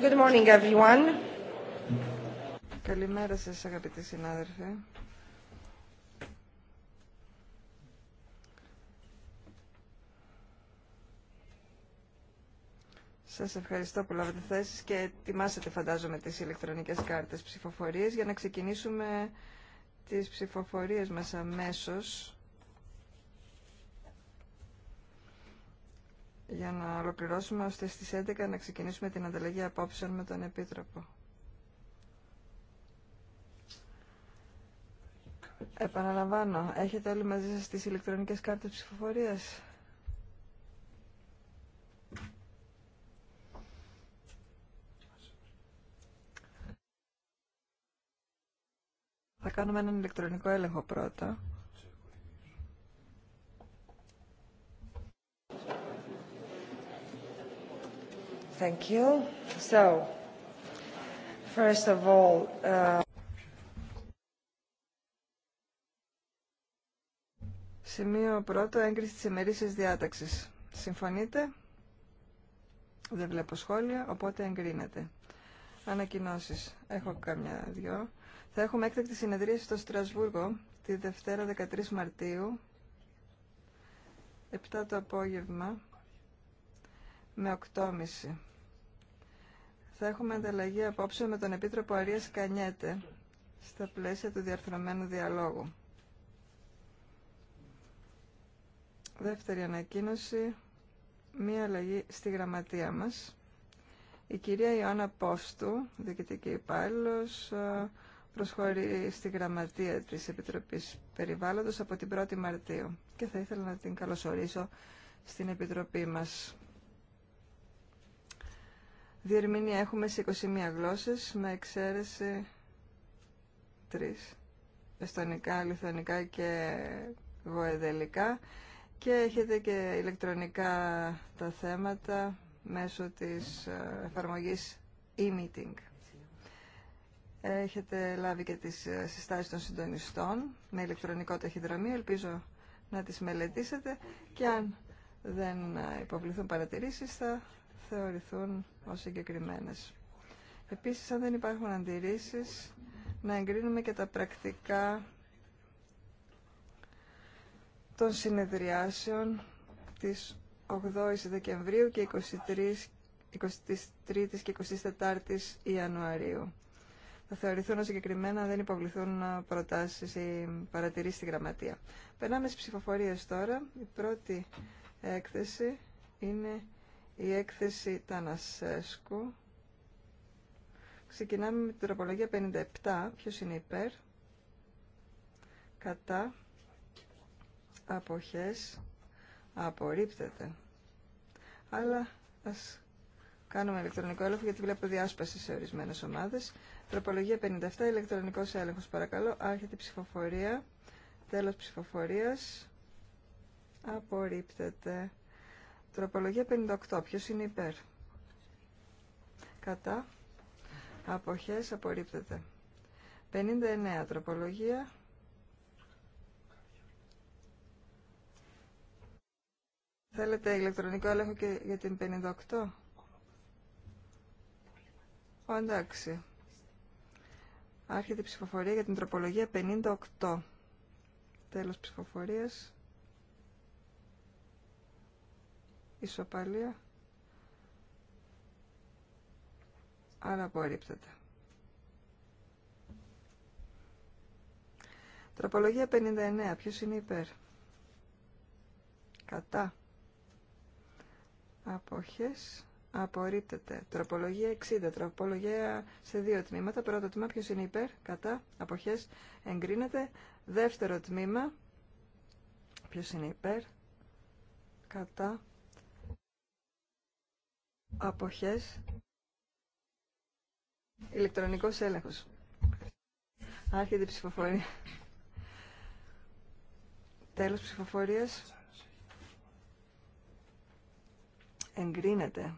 Good morning, everyone. Καλημέρα σας αγαπητοί συνάδελφοι. Σας ευχαριστώ που λάβατε θέσεις και ετοιμάσατε φαντάζομαι τις ηλεκτρονικές κάρτες ψηφοφορίες για να ξεκινήσουμε τις ψηφοφορίες μας αμέσως. για να ολοκληρώσουμε ώστε στις 11 να ξεκινήσουμε την ανταλλαγή απόψεων με τον Επίτροπο. Επαναλαμβάνω, έχετε όλοι μαζί σας τις ηλεκτρονικές κάρτες ψηφοφορίας. Θα κάνουμε έναν ηλεκτρονικό έλεγχο πρώτα. Uh, σημείο πρώτο, έγκριση της ημερήσεις διάταξης. Συμφωνείτε? Δεν βλέπω σχόλια, οπότε εγκρίνεται. Ανακοινώσεις. Έχω καμιά δυο. Θα έχουμε έκτακτη συνεδρίαση στο Στρασβούργο τη Δευτέρα 13 Μαρτίου, 7 το απόγευμα με 8.30. Θα έχουμε ανταλλαγή απόψε με τον Επίτροπο Αρίας Κανιέτε στα πλαίσια του διαρθρωμένου διαλόγου. Δεύτερη ανακοίνωση, μία αλλαγή στη γραμματεία μας. Η κυρία Ιωάννα Πόστου, διοικητική υπάλληλο, προσχωρεί στη γραμματεία της Επιτροπής Περιβάλλοντος από την 1η Μαρτίου και θα ήθελα να την καλωσορίσω στην Επιτροπή μας. Διερμηνία έχουμε σε 21 γλώσσες με εξαίρεση τρεις. Εστονικά, λιθονικά και βοεδελικά. και έχετε και ηλεκτρονικά τα θέματα μέσω της ε, εφαρμογής e-meeting. Έχετε λάβει και τις ε, συστάσεις των συντονιστών με ηλεκτρονικό ταχυδρομείο. Ελπίζω να τις μελετήσετε και αν δεν ε, υποβληθούν παρατηρήσεις θα θεωρηθούν ως συγκεκριμένες. Επίσης, αν δεν υπάρχουν αντιρρήσεις, να εγκρίνουμε και τα πρακτικά των συνεδριάσεων της 8ης Δεκεμβρίου και 23, 23ης και 24ης Ιανουαρίου. Θα θεωρηθούν ως συγκεκριμένα αν δεν υποβληθούν προτάσεις ή παρατηρήσεις στη γραμματεία. Περνάμε στις ψηφοφορίες τώρα. Η πρώτη έκθεση είναι η έκθεση Τανασέσκου. Ξεκινάμε με την τροπολογία 57. Ποιος είναι υπέρ. Κατά. Αποχές. Απορρίπτεται. Αλλά ας κάνουμε ηλεκτρονικό έλεγχο γιατί βλέπω διάσπαση σε ορισμένες ομάδες. Τροπολογία 57. Ηλεκτρονικός έλεγχος παρακαλώ. Άρχεται η ψηφοφορία. Τέλος ψηφοφορίας. Απορρίπτεται. Τροπολογία 58. Ποιος είναι υπέρ. Κατά. Αποχές απορρίπτεται. 59. Τροπολογία. Θέλετε ηλεκτρονικό έλεγχο και για την 58. Ο, εντάξει. Άρχεται η ψηφοφορία για την τροπολογία 58. Τέλος ψηφοφορίας. ισοπαλία αλλά απορρίπτεται. Τροπολογία 59. Ποιος είναι υπέρ. Κατά. Αποχές. Απορρίπτεται. Τροπολογία 60. Τροπολογία σε δύο τμήματα. Πρώτο τμήμα. Ποιος είναι υπέρ. Κατά. Αποχές. Εγκρίνεται. Δεύτερο τμήμα. Ποιος είναι υπέρ. Κατά αποχές ηλεκτρονικός έλεγχος άρχεται η ψηφοφορία τέλος ψηφοφορίας εγκρίνεται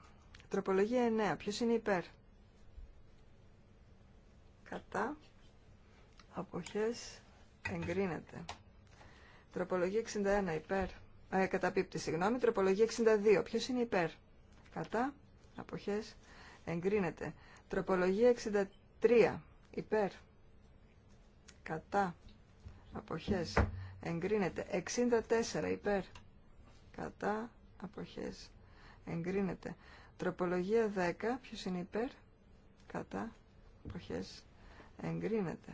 τροπολογία 9 ποιος είναι υπέρ κατά αποχές εγκρίνεται τροπολογία 61 υπέρ ε, καταπίπτει συγγνώμη τροπολογία 62 ποιος είναι υπέρ κατά αποχές εγκρίνεται. Τροπολογία 63 υπέρ κατά αποχές εγκρίνεται. 64 υπέρ κατά αποχές εγκρίνεται. Τροπολογία 10 ποιος είναι υπέρ κατά αποχές εγκρίνεται.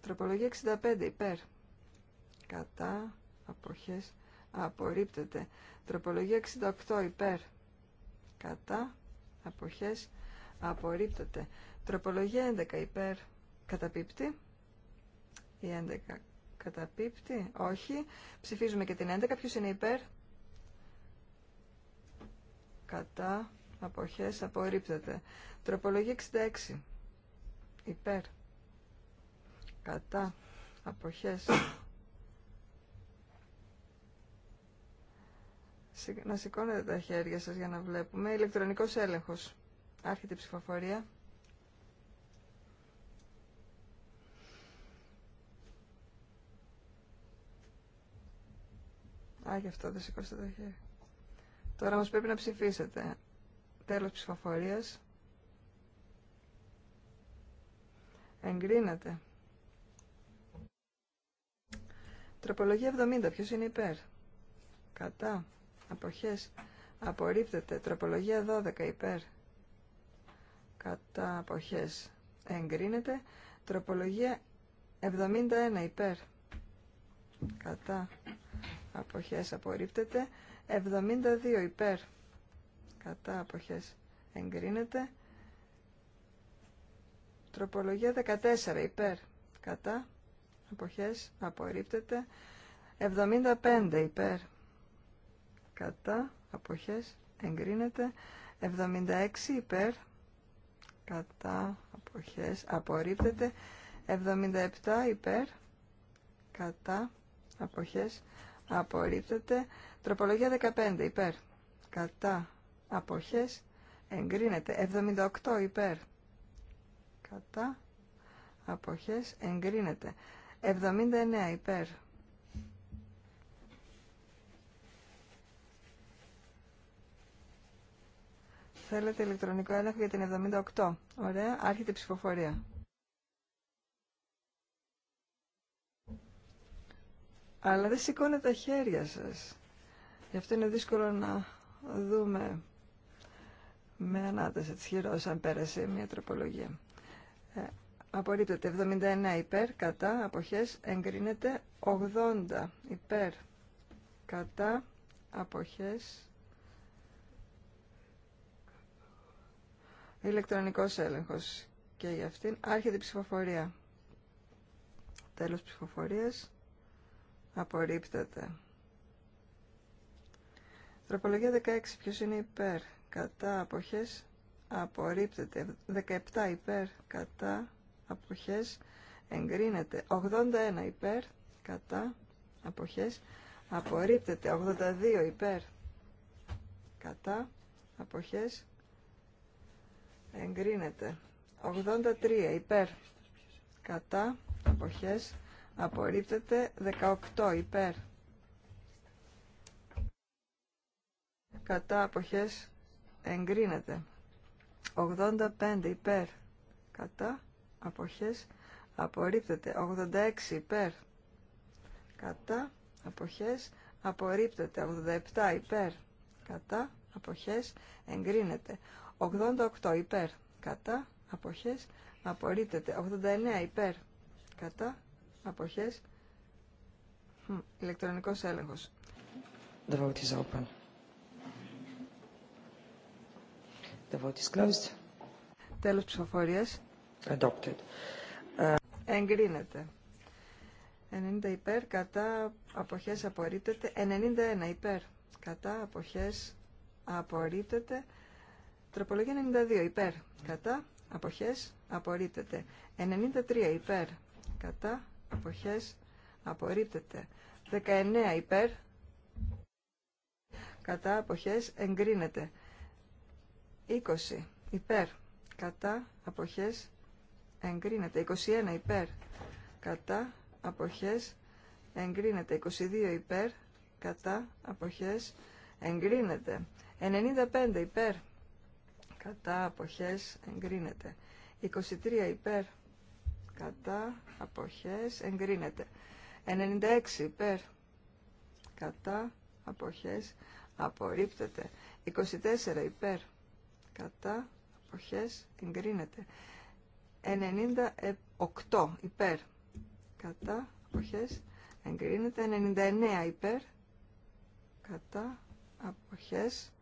Τροπολογία 65 υπέρ κατά αποχές απορρίπτεται. Τροπολογία 68 υπέρ κατά αποχές απορρίπτεται. Τροπολογία 11 υπέρ καταπίπτει. Η 11 καταπίπτει. Όχι. Ψηφίζουμε και την 11. Ποιος είναι υπέρ. Κατά αποχές απορρίπτεται. Τροπολογία 66 υπέρ κατά αποχές να σηκώνετε τα χέρια σας για να βλέπουμε. Ηλεκτρονικός έλεγχος. Άρχεται η ψηφοφορία. Α, γι' αυτό δεν σηκώσετε τα χέρια. Τώρα μας πρέπει να ψηφίσετε. Τέλος ψηφοφορίας. Εγκρίνατε. Τροπολογία 70. Ποιος είναι υπέρ. Κατά αποχές απορρίπτεται τροπολογία 12 υπέρ κατά αποχές εγκρίνεται τροπολογία 71 υπέρ κατά αποχές απορρίπτεται 72 υπέρ κατά αποχές εγκρίνεται τροπολογία 14 υπέρ κατά αποχές απορρίπτεται 75 υπέρ κατά αποχές εγκρίνεται 76 υπέρ κατά αποχές απορρίπτεται 77 υπέρ κατά αποχές απορρίπτεται τροπολογία 15 υπέρ κατά αποχές εγκρίνεται 78 υπέρ κατά αποχές εγκρίνεται 79 υπέρ Θέλετε ηλεκτρονικό έλεγχο για την 78. Ωραία. Άρχεται η ψηφοφορία. Αλλά δεν σηκώνετε τα χέρια σας. Γι' αυτό είναι δύσκολο να δούμε με ανάταση της χειρός αν πέρασε μια τροπολογία. Ε, απορρίπτεται 79 υπέρ, κατά, αποχές, εγκρίνεται 80 υπέρ, κατά, αποχές, Ηλεκτρονικός έλεγχος και για αυτήν. Άρχεται η ψηφοφορία. Τέλος ψηφοφορίας. Απορρίπτεται. Τροπολογία 16. Ποιος είναι υπέρ. Κατά αποχές. Απορρίπτεται. 17 υπέρ. Κατά αποχές. Εγκρίνεται. 81 υπέρ. Κατά αποχές. Απορρίπτεται. 82 υπέρ. Κατά αποχές εγκρίνεται. 83 υπέρ κατά αποχές απορρίπτεται. 18 υπέρ κατά αποχές εγκρίνεται. 85 υπέρ κατά αποχές απορρίπτεται. 86 υπέρ κατά αποχές απορρίπτεται. 87 υπέρ κατά αποχές εγκρίνεται. 88 υπέρ κατά αποχές απορρίπτεται 89 υπέρ κατά αποχές ηλεκτρονικός έλεγχος The vote is open The vote is closed Τέλος ψηφοφορίας Adopted ε, Εγκρίνεται 90 υπέρ κατά αποχές απορρίπτεται 91 υπέρ κατά αποχές απορρίπτεται Τροπολογία 92 υπέρ κατά αποχές απορρίπτεται. 93 υπέρ κατά αποχές απορρίπτεται. 19 υπέρ κατά αποχές εγκρίνεται. 20 υπέρ κατά αποχές εγκρίνεται. 21 υπέρ κατά αποχές εγκρίνεται. 22 υπέρ κατά αποχές εγκρίνεται. 95 υπέρ κατά αποχές εγκρίνεται. 23 υπέρ κατά αποχές εγκρίνεται. 96 υπέρ κατά αποχές απορρίπτεται. 24 υπέρ κατά αποχές εγκρίνεται. 98 υπέρ κατά αποχές εγκρίνεται. 99 υπέρ κατά αποχές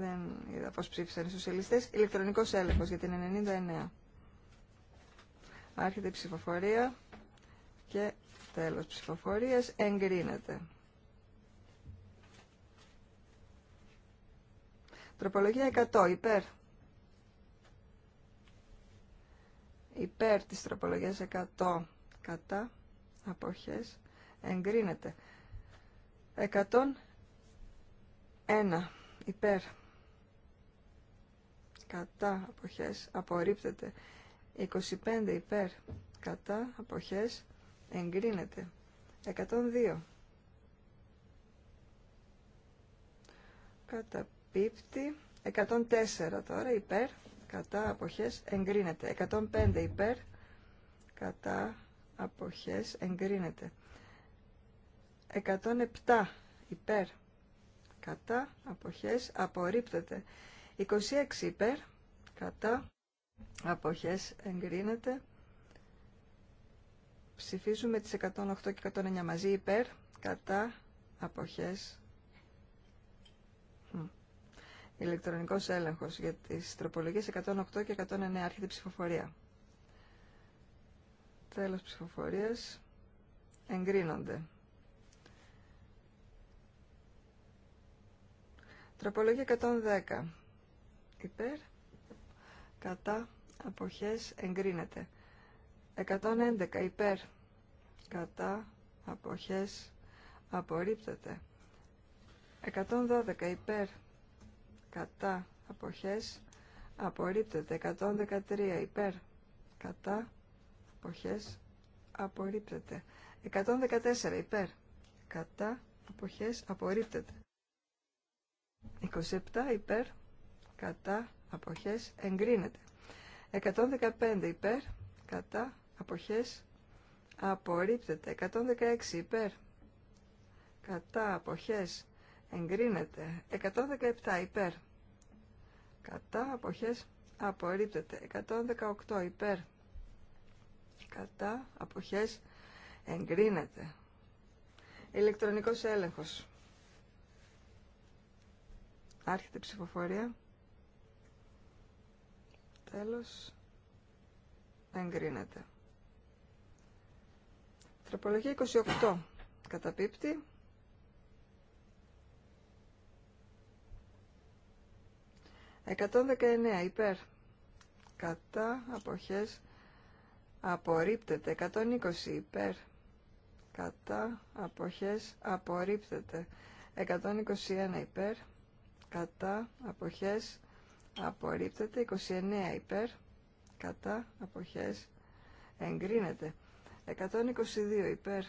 Δεν είδα πώς ψήφισαν οι σοσιαλιστές. Ηλεκτρονικός έλεγχος για την 99. Άρχεται η ψηφοφορία και τέλος ψηφοφορίας εγκρίνεται. Τροπολογία 100. Υπέρ. Υπέρ της τροπολογίας 100. Κατά. Αποχές. Εγκρίνεται. 101. Υπέρ κατά αποχές απορρίπτεται 25 υπέρ κατά αποχές εγκρίνεται 102 καταπίπτει 104 τώρα υπέρ κατά αποχές εγκρίνεται 105 υπέρ κατά αποχές εγκρίνεται 107 υπέρ κατά αποχές απορρίπτεται 26 υπέρ, κατά, αποχές εγκρίνεται. Ψηφίζουμε τις 108 και 109 μαζί υπέρ, κατά, αποχές. Ηλεκτρονικός έλεγχος για τις τροπολογίες 108 και 109 άρχεται ψηφοφορία. Τέλος ψηφοφορίας. Εγκρίνονται. Τροπολογία 110 υπέρ, κατά, αποχές, εγκρίνεται. 111 υπέρ, κατά, αποχές, απορρίπτεται. 112 υπέρ, κατά, αποχές, απορρίπτεται. 113 υπέρ, κατά, αποχές, απορρίπτεται. 114 υπέρ, κατά, αποχές, απορρίπτεται. 27 υπέρ, κατά αποχές εγκρίνεται. 115 υπέρ κατά αποχές απορρίπτεται. 116 υπέρ κατά αποχές εγκρίνεται. 117 υπέρ κατά αποχές απορρίπτεται. 118 υπέρ κατά αποχές εγκρίνεται. Ηλεκτρονικός έλεγχος. Άρχεται ψηφοφορία. Τέλος. Εγκρίνεται. Τροπολογία 28. Καταπίπτει. Εκατόν δεκαεννέα υπέρ. Κατά αποχές απορρίπτεται. 120 υπέρ. Κατά αποχές απορρίπτεται. 121 υπέρ. Κατά αποχές απορρίπτεται 29 υπέρ κατά αποχές εγκρίνεται 122 υπέρ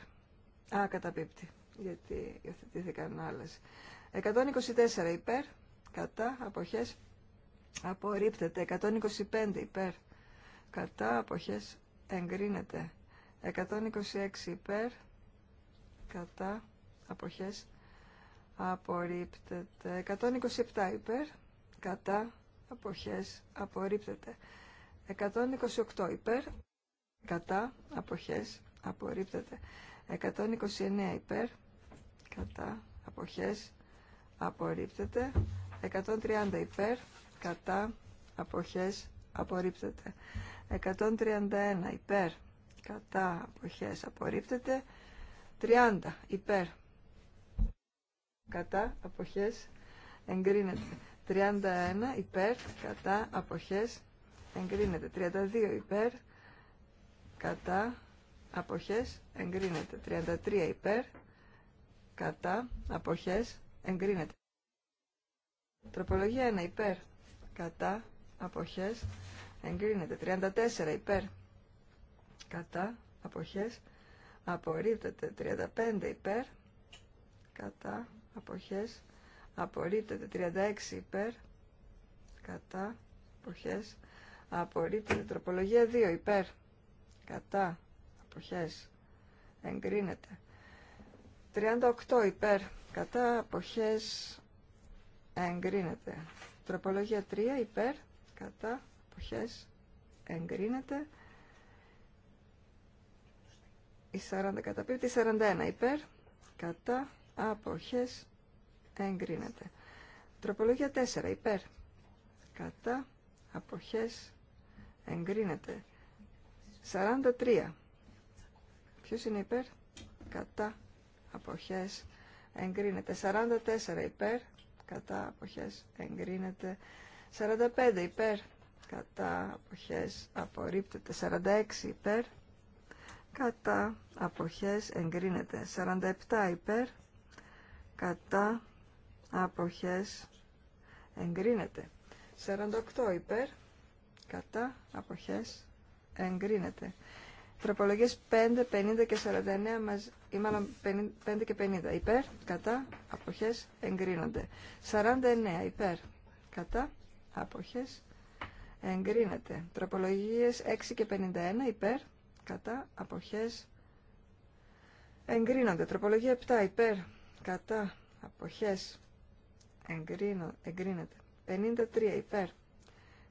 α καταπίπτει γιατί υιοθετήθηκαν άλλες 124 υπέρ κατά αποχές απορρίπτεται 125 υπέρ κατά αποχές εγκρίνεται 126 υπέρ κατά αποχές απορρίπτεται 127 υπέρ κατά αποχές απορρίπτεται. 128 υπέρ, κατά, αποχές απορρίπτεται. 129 υπέρ, κατά, αποχές απορρίπτεται. 130 υπέρ, κατά, αποχές απορρίπτεται. 131 υπέρ, κατά, αποχές απορρίπτεται. 30 υπέρ, κατά, αποχές εγκρίνεται. 31 υπέρ κατά αποχές εγκρίνεται. 32 υπέρ κατά αποχές εγκρίνεται. 33 υπέρ κατά αποχές εγκρίνεται. Τροπολογία 1 υπέρ κατά αποχές εγκρίνεται. 34 υπέρ κατά αποχές απορρίπτεται. 35 υπέρ κατά αποχές απορρίπτεται 36 υπέρ κατά αποχές απορρίπτεται τροπολογία 2 υπέρ κατά αποχές εγκρίνεται 38 υπέρ κατά αποχές εγκρίνεται τροπολογία 3 υπέρ κατά αποχές εγκρίνεται η 40 καταπίπτει 41 υπέρ κατά αποχές εγκρίνεται. Τροπολογία 4 υπέρ κατά αποχές εγκρίνεται. 43 ποιος είναι υπέρ κατά αποχές εγκρίνεται. 44 υπέρ κατά αποχές εγκρίνεται. 45 υπέρ κατά αποχές απορρίπτεται. 46 υπέρ κατά αποχές εγκρίνεται. 47 υπέρ κατά αποχές εγκρίνεται. 48 υπέρ, κατά, αποχές εγκρίνεται. Τροπολογίες 5, 50 και 49 μαζί, ή μάλλον 5 και 50 υπέρ, κατά, αποχές εγκρίνονται. 49 υπέρ, κατά, αποχές εγκρίνεται. Τροπολογίες 6 και 51 υπέρ, κατά, αποχές εγκρίνονται. Τροπολογία 7 υπέρ, κατά, αποχές εγκρίνω, εγκρίνεται. 53 υπέρ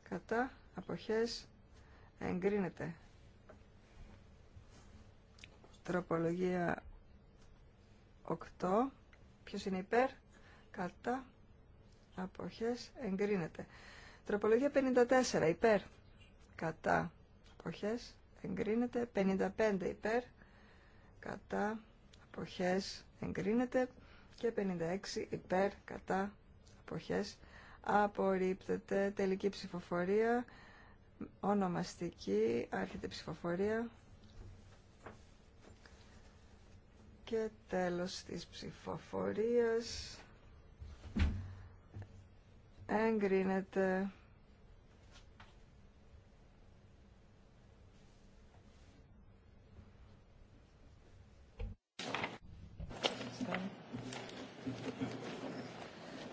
κατά αποχές εγκρίνεται. Τροπολογία 8. Ποιος είναι υπέρ κατά αποχές εγκρίνεται. Τροπολογία 54 υπέρ κατά αποχές εγκρίνεται. 55 υπέρ κατά αποχές εγκρίνεται και 56 υπέρ κατά εποχές απορρίπτεται τελική ψηφοφορία ονομαστική άρχεται ψηφοφορία και τέλος της ψηφοφορίας εγκρίνεται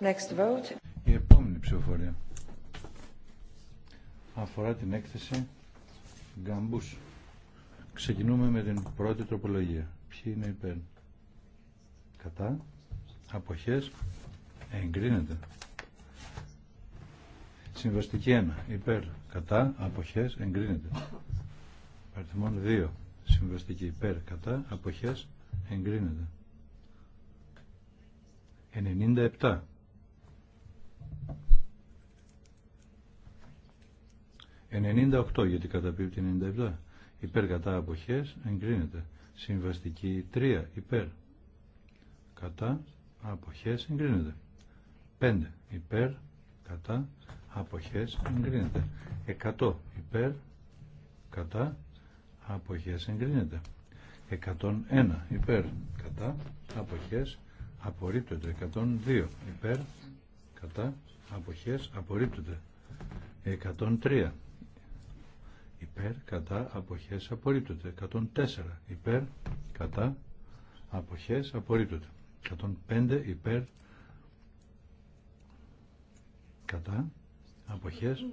Next vote. Η επόμενη ψηφοφορία αφορά την έκθεση Γκαμπούς. Ξεκινούμε με την πρώτη τροπολογία. Ποιοι είναι υπέρ. Κατά. Αποχές. Εγκρίνεται. Συμβαστική 1. Υπέρ. Κατά. Αποχές. Εγκρίνεται. Παριθμόν 2. Συμβαστική υπέρ. Κατά. Αποχές. Εγκρίνεται. 97. 98 γιατί καταπίπτει 97. Υπέρ κατά αποχές εγκρίνεται. Συμβαστική 3 υπέρ κατά αποχές εγκρίνεται. 5 υπέρ κατά αποχές εγκρίνεται. 100 υπέρ κατά αποχές εγκρίνεται. 101 υπέρ κατά αποχές απορρίπτεται. 102 υπέρ κατά αποχές απορρίπτεται. 103 υπέρ, κατά, αποχές, απορρίπτωται. 104 υπέρ, κατά, αποχές, απορρίπτωται. 105 υπέρ, κατά, αποχές,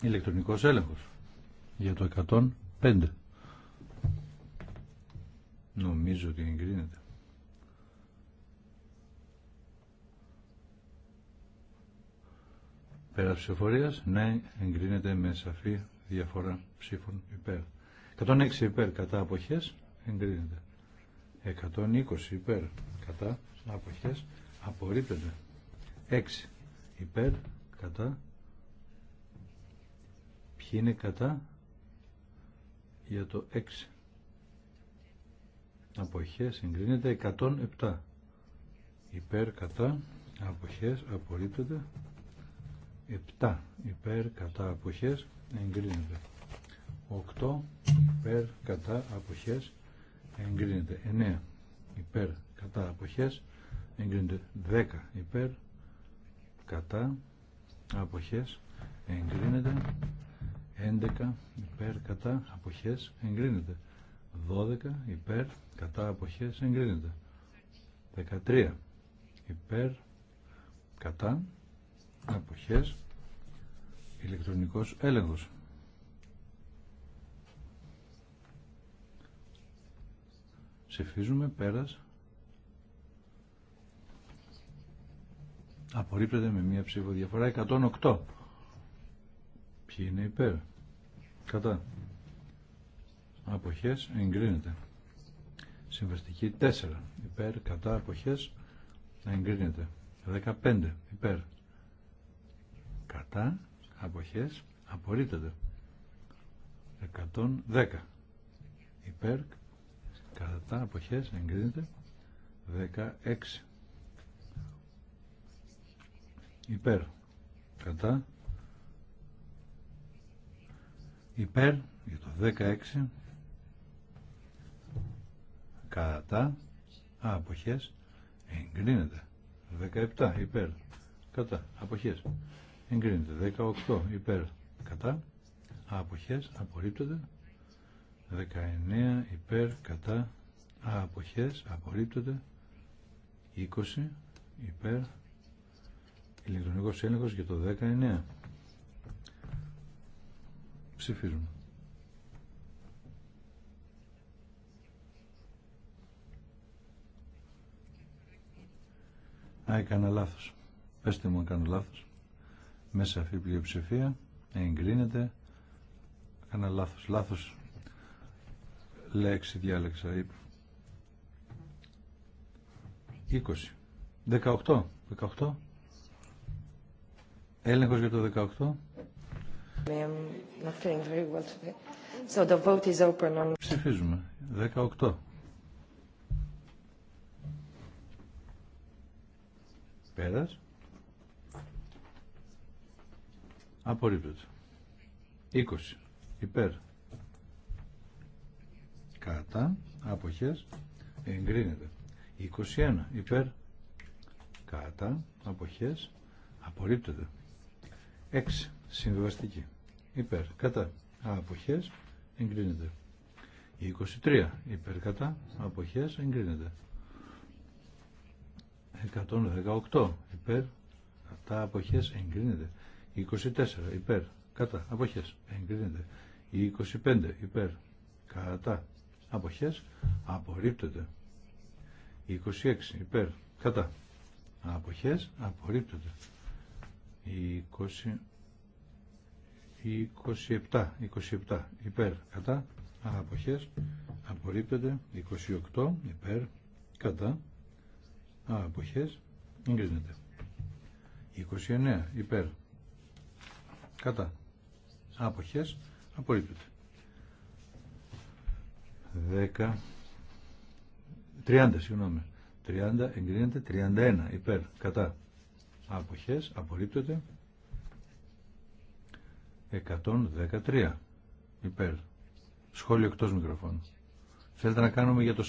ηλεκτρονικός έλεγχος για το 105. Νομίζω ότι εγκρίνεται. Πέρα ψηφοφορία, ναι, εγκρίνεται με σαφή διαφορά ψήφων υπέρ. 106 υπέρ κατά αποχέ, εγκρίνεται. 120 υπέρ κατά αποχέ, απορρίπτεται. 6 υπέρ κατά. Ποιοι είναι κατά για το 6. Αποχές εγκρίνεται 107. Υπέρ κατά αποχές απορρίπτεται 7 υπέρ κατά αποχές εγκρίνεται. 8 υπέρ κατά αποχές εγκρίνεται. 9 υπέρ κατά απόχέ, εγκρίνεται. 10 υπέρ κατά αποχές εγκρίνεται. 11 υπέρ κατά αποχές εγκρίνεται. 12 υπέρ κατά αποχές εγκρίνεται. 13 υπέρ κατά αποχές ηλεκτρονικός έλεγχος ψηφίζουμε πέρας απορρίπτεται με μία ψήφο διαφορά 108 ποιοι είναι υπέρ κατά αποχές εγκρίνεται συμβαστική 4 υπέρ κατά αποχές εγκρίνεται 15 υπέρ κατά αποχές απορρίπτεται 110 υπέρ κατά αποχές εγκρίνεται 16 υπέρ κατά υπέρ για το 16 κατά αποχές εγκρίνεται 17 υπέρ κατά αποχές εγκρίνεται. 18 υπέρ κατά αποχές απορρίπτονται. 19 υπέρ κατά αποχές απορρίπτονται. 20 υπέρ ηλεκτρονικός έλεγχος για το 19. Ψηφίζουμε. Α, έκανα λάθος. Πεςτε μου αν κάνω λάθος μέσα αυτή η πλειοψηφία εγκρίνεται ένα λάθος λάθος λέξη διάλεξα 20 18 18 έλεγχος για το 18 Ψηφίζουμε. 18. Πέρας. Απορρίπτεται. 20. Υπέρ. Κατά. Αποχές. Εγκρίνεται. 21. Υπέρ. Κατά. Αποχές. Απορρίπτεται. 6. Συμβιβαστική. Υπέρ. Κατά. Αποχές. Εγκρίνεται. 23. Υπέρ. Κατά. Αποχές. Εγκρίνεται. 118. Υπέρ. Κατά. Αποχές. Εγκρίνεται. 24 υπέρ κατά αποχές εγκρίνεται. 25 υπέρ κατά αποχές απορρίπτεται. 26 υπέρ κατά αποχές απορρίπτεται. 20 27, 27 υπέρ κατά αποχές απορρίπτεται 28 υπέρ κατά αποχές εγκρίνεται 29 υπέρ Κατά. Αποχές. Απορρίπτεται. 10. 30, συγγνώμη. 30 εγκρίνεται. 31 υπέρ. Κατά. Αποχές. Απορρίπτεται. 113 υπέρ. Σχόλιο εκτός μικροφώνου. Θέλετε να κάνουμε για το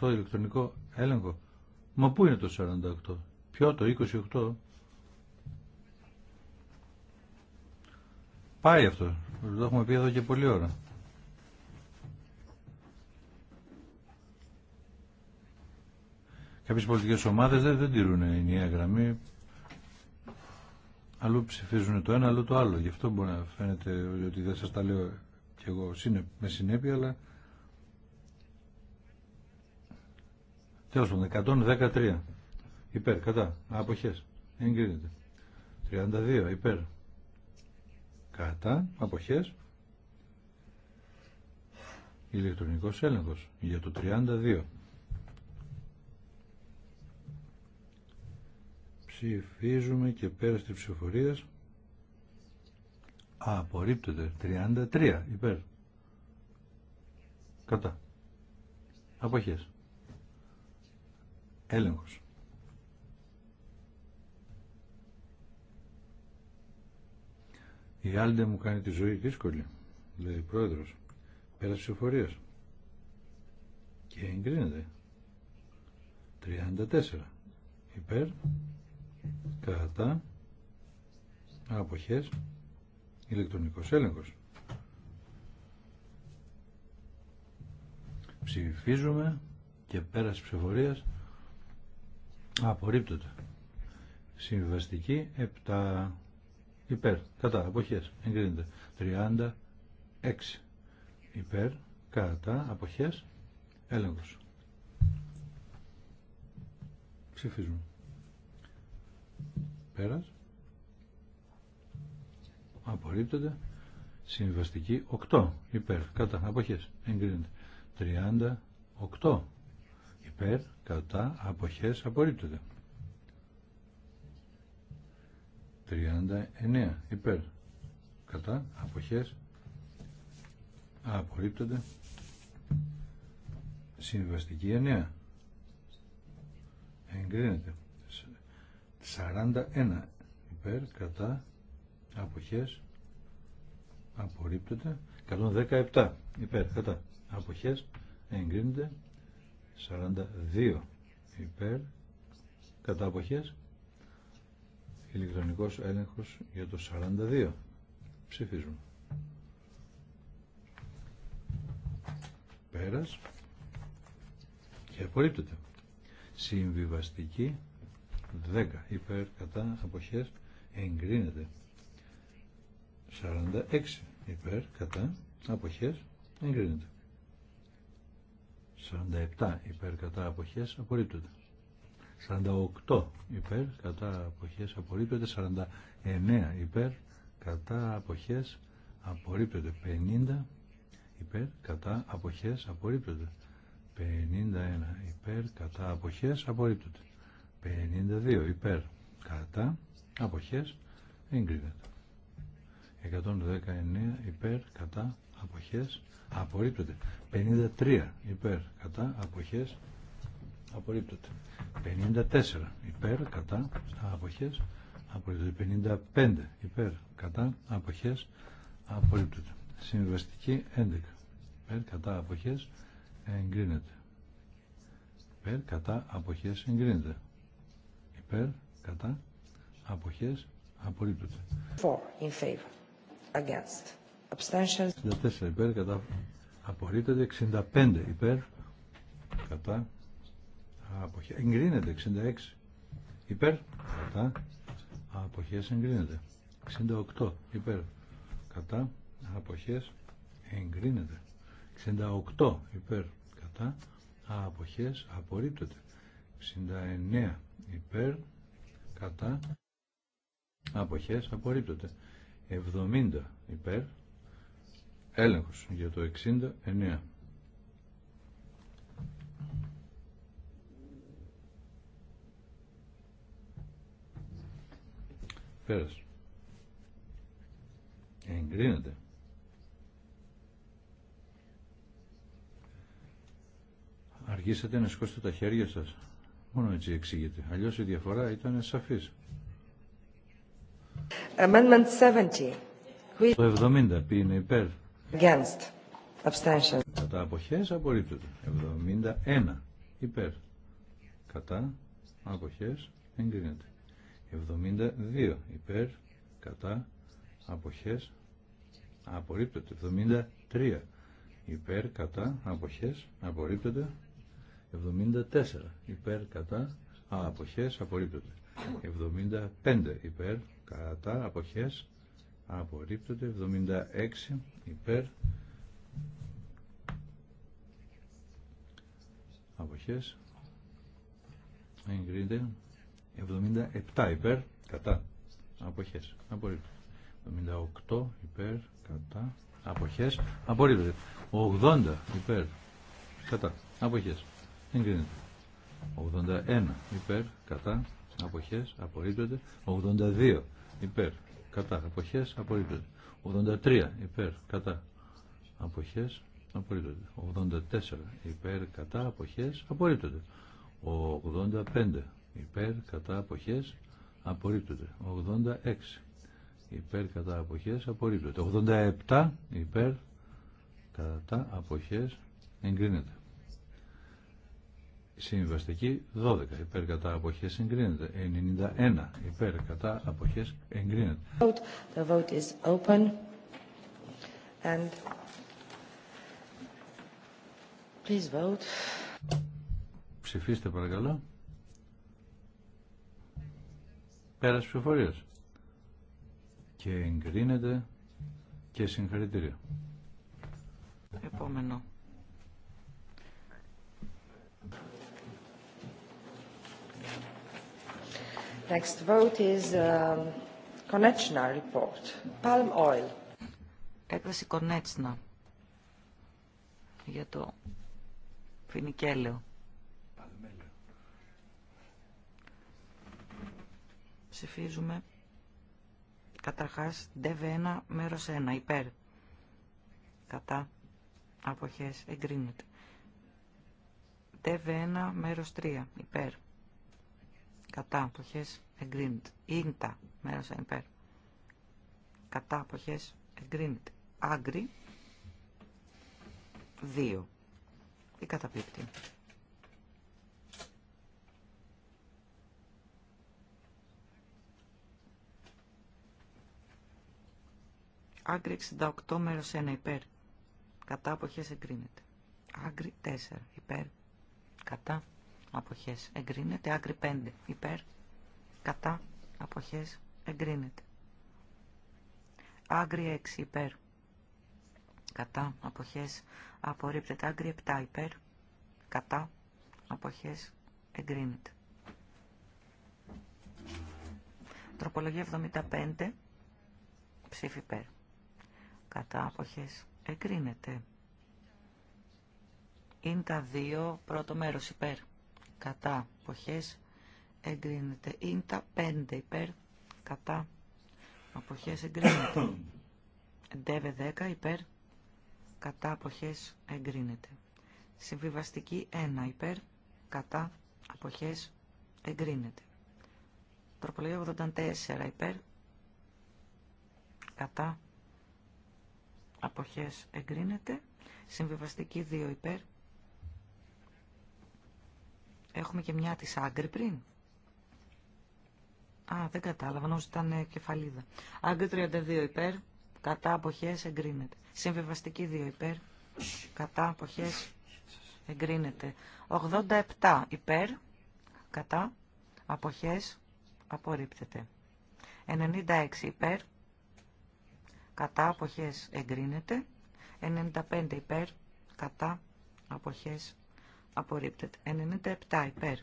48 ηλεκτρονικό έλεγχο. Μα πού είναι το 48. Ποιο το 28. Πάει αυτό. Το έχουμε πει εδώ και πολλή ώρα. Κάποιες πολιτικές ομάδες δεν, δεν τηρούν ενιαία γραμμή. Αλλού ψηφίζουν το ένα, αλλού το άλλο. Γι' αυτό μπορεί να φαίνεται ότι δεν σας τα λέω κι εγώ με συνέπεια, αλλά... Τέλος πάντων, 113. Υπέρ, κατά. Αποχές. Εγκρίνεται. 32. Υπέρ κατά αποχές ηλεκτρονικός έλεγχος για το 32 ψηφίζουμε και πέρα στις ψηφορίες Α, απορρίπτεται 33 υπέρ κατά αποχές έλεγχος Η Άλντε μου κάνει τη ζωή δύσκολη, λέει πρόεδρο. Πέρα εφορία. Και εγκρίνεται. 34. Υπέρ. Κατά. Αποχές. Ηλεκτρονικός έλεγχο Ψηφίζουμε και πέρας ψηφορίας απορρίπτωται Συμβαστική 7 υπέρ, κατά, αποχές, εγκρίνεται. 36 υπέρ, κατά, αποχές, έλεγχος. Ψηφίζουμε. Πέρας. Απορρίπτεται. Συμβαστική 8 υπέρ, κατά, αποχές, εγκρίνεται. 38 υπέρ, κατά, αποχές, απορρίπτεται. 39 υπέρ κατά αποχές απορρίπτονται συμβαστική 9 εγκρίνεται 41 υπέρ κατά αποχές απορρίπτονται 117 υπέρ κατά αποχές εγκρίνεται 42 υπέρ κατά αποχές ηλεκτρονικός έλεγχος για το 42. Ψηφίζουμε. Πέρας και απορρίπτεται. Συμβιβαστική 10 υπέρ κατά αποχές εγκρίνεται. 46 υπέρ κατά αποχές εγκρίνεται. 47 υπέρ κατά αποχές απορρίπτεται. 48 υπέρ κατά αποχές απορρίπτεται 49 υπέρ κατά αποχές απορρίπτεται 50 υπέρ κατά αποχές απορρίπτεται 51 υπέρ κατά αποχές απορρίπτεται 52 υπέρ κατά αποχές εγκρίνεται 119 υπέρ κατά αποχές απορρίπτεται 53 υπέρ κατά αποχές Απορρίπτωται. 54 υπέρ, κατά, αποχές, Απορρίπτωται. 55 υπέρ, κατά, αποχές, Απορρίπτωται. Συμβαστική 11 υπέρ, κατά, αποχές, εγκρίνεται. Υπέρ, κατά, αποχές, εγκρίνεται. Υπέρ, κατά, αποχές, Απορρίπτωται. 4 in favor, against, abstentions. 64 υπέρ, κατά, απορρίπτωται. 65 υπέρ, κατά, Αποχέ. εγκρίνεται 66 υπέρ κατά απόχέ εγκρίνεται 68 υπέρ κατά αποχές εγκρίνεται 68 υπέρ κατά αποχές απορρίπτεται 69 υπέρ κατά αποχές απορρίπτεται 70 υπέρ έλεγχος για το 69 Πέρας. Εγκρίνεται. Αργήσατε να σηκώσετε τα χέρια σας. Μόνο έτσι εξηγείται. Αλλιώς η διαφορά ήταν σαφής. Amendment 70. Το 70 ποιοι είναι υπέρ. Against. Abstention. Κατά αποχές απορρίπτεται. 71 υπέρ. Κατά αποχές εγκρίνεται. 72 υπέρ κατά αποχές απορρίπτεται 73 υπέρ κατά αποχές απορρίπτεται 74 υπέρ κατά αποχές απορρίπτεται 75 υπέρ κατά αποχές απορρίπτεται 76 υπέρ αποχές εγκρίνεται 77 υπέρ κατά αποχές απορρίπτω 78 υπέρ κατά αποχές απορρίπτω 80 υπέρ κατά αποχές εγκρίνεται 81 υπέρ κατά αποχές απορρίπτωται 82 υπέρ κατά αποχές απορρίπτωται 83 υπέρ κατά αποχές απορρίπτωται 84 υπέρ κατά αποχές απορρίπτωται 85 υπέρ κατά αποχές απορρίπτονται 86 υπέρ κατά αποχές απορρίπτονται 87 υπέρ κατά αποχές εγκρίνεται Συμβαστική 12 υπέρ κατά αποχές εγκρίνεται 91 υπέρ κατά αποχές εγκρίνεται The vote is open and please vote Ψηφίστε παρακαλώ Πέρας ψηφοφορίας. Και εγκρίνεται και συγχαρητήριο. Επόμενο. Next vote is uh, report. Palm oil. Έκθεση Κονέτσνα για το φινικέλαιο. Ψηφίζουμε καταρχάς DV1 μέρος 1 υπέρ κατά αποχές εγκρίνεται. DV1 μέρος 3 υπέρ κατά αποχές εγκρίνεται. Ίντα μέρος 1 υπέρ κατά αποχές εγκρίνεται. Άγκρι 2 η καταπληκτή. Άγκρι 68 μέρος 1 υπέρ. Κατά αποχέ εγκρίνεται. Άγκρι 4 υπέρ. Κατά αποχές εγκρίνεται. Άγκρι 5 υπέρ. Κατά αποχές εγκρίνεται. Άγκρι 6 υπέρ. Κατά αποχές απορρίπτεται. Άγκρι 7 υπέρ. Κατά αποχές εγκρίνεται. Τροπολογία 75 ψήφι πέρα κατά αποχές εγκρίνεται. Είναι τα δύο πρώτο μέρος υπέρ κατά αποχές εγκρίνεται. Είναι τα πέντε υπέρ κατά αποχές εγκρίνεται. Ντέβε δέκα υπέρ κατά αποχές εγκρίνεται. Συμβιβαστική ένα υπέρ κατά αποχές εγκρίνεται. Τροπολογία 84 υπέρ κατά αποχές εγκρίνεται. Συμβιβαστική 2 υπέρ. Έχουμε και μια της άγκρη πριν. Α, δεν κατάλαβα, Νόμως ήταν ε, κεφαλίδα. Άγκρη 32 υπέρ, κατά αποχές εγκρίνεται. Συμβιβαστική 2 υπέρ, κατά αποχές εγκρίνεται. 87 υπέρ, κατά αποχές απορρίπτεται. 96 υπέρ, κατά αποχές εγκρίνεται, 95 υπέρ, κατά αποχές απορρίπτεται, 97 υπέρ,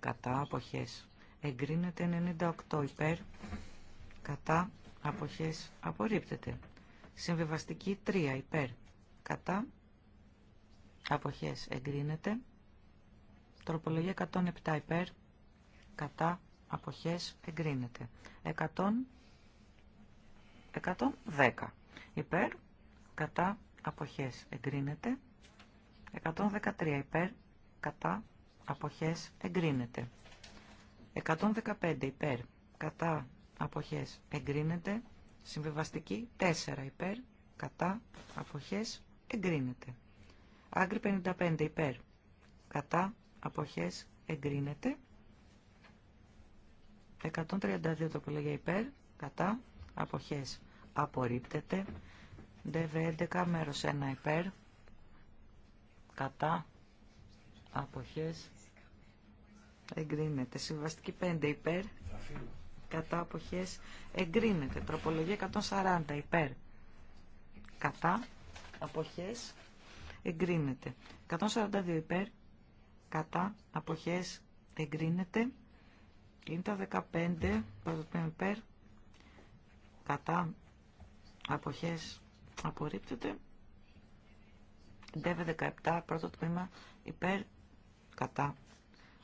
κατά αποχές εγκρίνεται, 98 υπέρ, κατά αποχές απορρίπτεται, συμβιβαστική 3 υπέρ, κατά αποχές εγκρίνεται, τροπολογία 107 υπέρ, κατά αποχές εγκρίνεται, 110 υπέρ, κατά, αποχές εγκρίνεται. 113 υπέρ, κατά, αποχές εγκρίνεται. 115 υπέρ, κατά, αποχές εγκρίνεται. Συμβιβαστική 4 υπέρ, κατά, αποχές εγκρίνεται. Άγκρι 55 υπέρ, κατά, αποχές εγκρίνεται. 132 λέγε υπέρ, κατά, αποχές απορρίπτεται. ΔΒ11 μέρος 1 υπέρ, κατά, αποχές, εγκρίνεται. Συμβαστική 5 υπέρ, κατά αποχές, εγκρίνεται. Τροπολογία 140 υπέρ, κατά, αποχές, εγκρίνεται. 142 υπέρ, κατά, αποχές, εγκρίνεται. Είναι τα 15, υπέρ, κατά, αποχές απορρίπτεται. ΔΕΒΕ 17 πρώτο τμήμα υπέρ κατά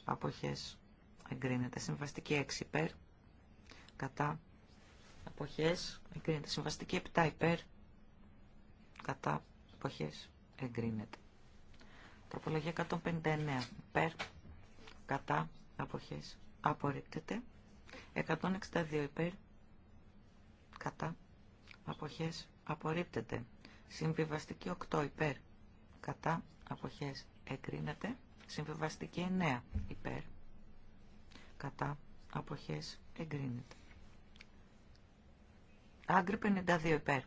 αποχές εγκρίνεται. Συμβαστική 6 υπέρ κατά αποχές εγκρίνεται. Συμβαστική 7 υπέρ κατά αποχές εγκρίνεται. Τροπολογία 159 υπέρ κατά αποχές απορρίπτεται. 162 υπέρ κατά αποχές απορρίπτεται. Συμβιβαστική 8 υπέρ, κατά, αποχές εκρίνεται Συμβιβαστική 9 υπέρ, κατά, αποχές εγκρίνεται. Άγκρι 52 υπέρ,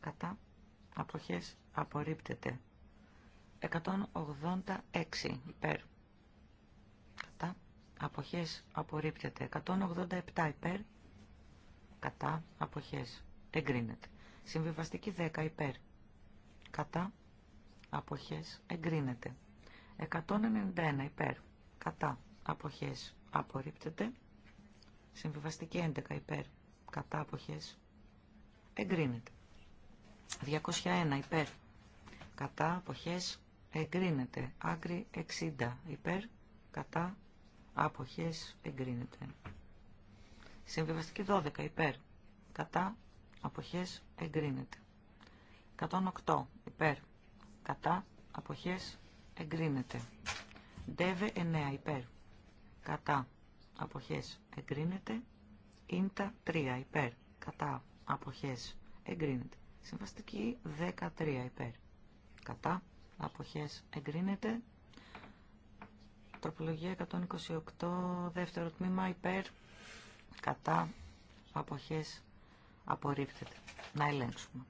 κατά, αποχές απορρίπτεται. 186 υπέρ, κατά, αποχές απορρίπτεται. 187 υπέρ, κατά αποχές εγκρίνεται. Συμβιβαστική 10 υπέρ κατά αποχές εγκρίνεται. 191 υπέρ κατά αποχές απορρίπτεται. Συμβιβαστική 11 υπέρ κατά αποχές εγκρίνεται. 201 υπέρ κατά αποχές εγκρίνεται. Άγκρι 60 υπέρ κατά αποχές εγκρίνεται. Συμβιβαστική 12 υπέρ. Κατά αποχές εγκρίνεται. 108 υπέρ. Κατά αποχές εγκρίνεται. Δεύε 9 υπέρ. Κατά αποχές εγκρίνεται. Ίντα 3 υπέρ. Κατά αποχές εγκρίνεται. Συμβαστική 13 υπέρ. Κατά αποχές εγκρίνεται. Τροπολογία 128 δεύτερο τμήμα υπέρ κατά αποχές απορρίπτεται. Να ελέγξουμε.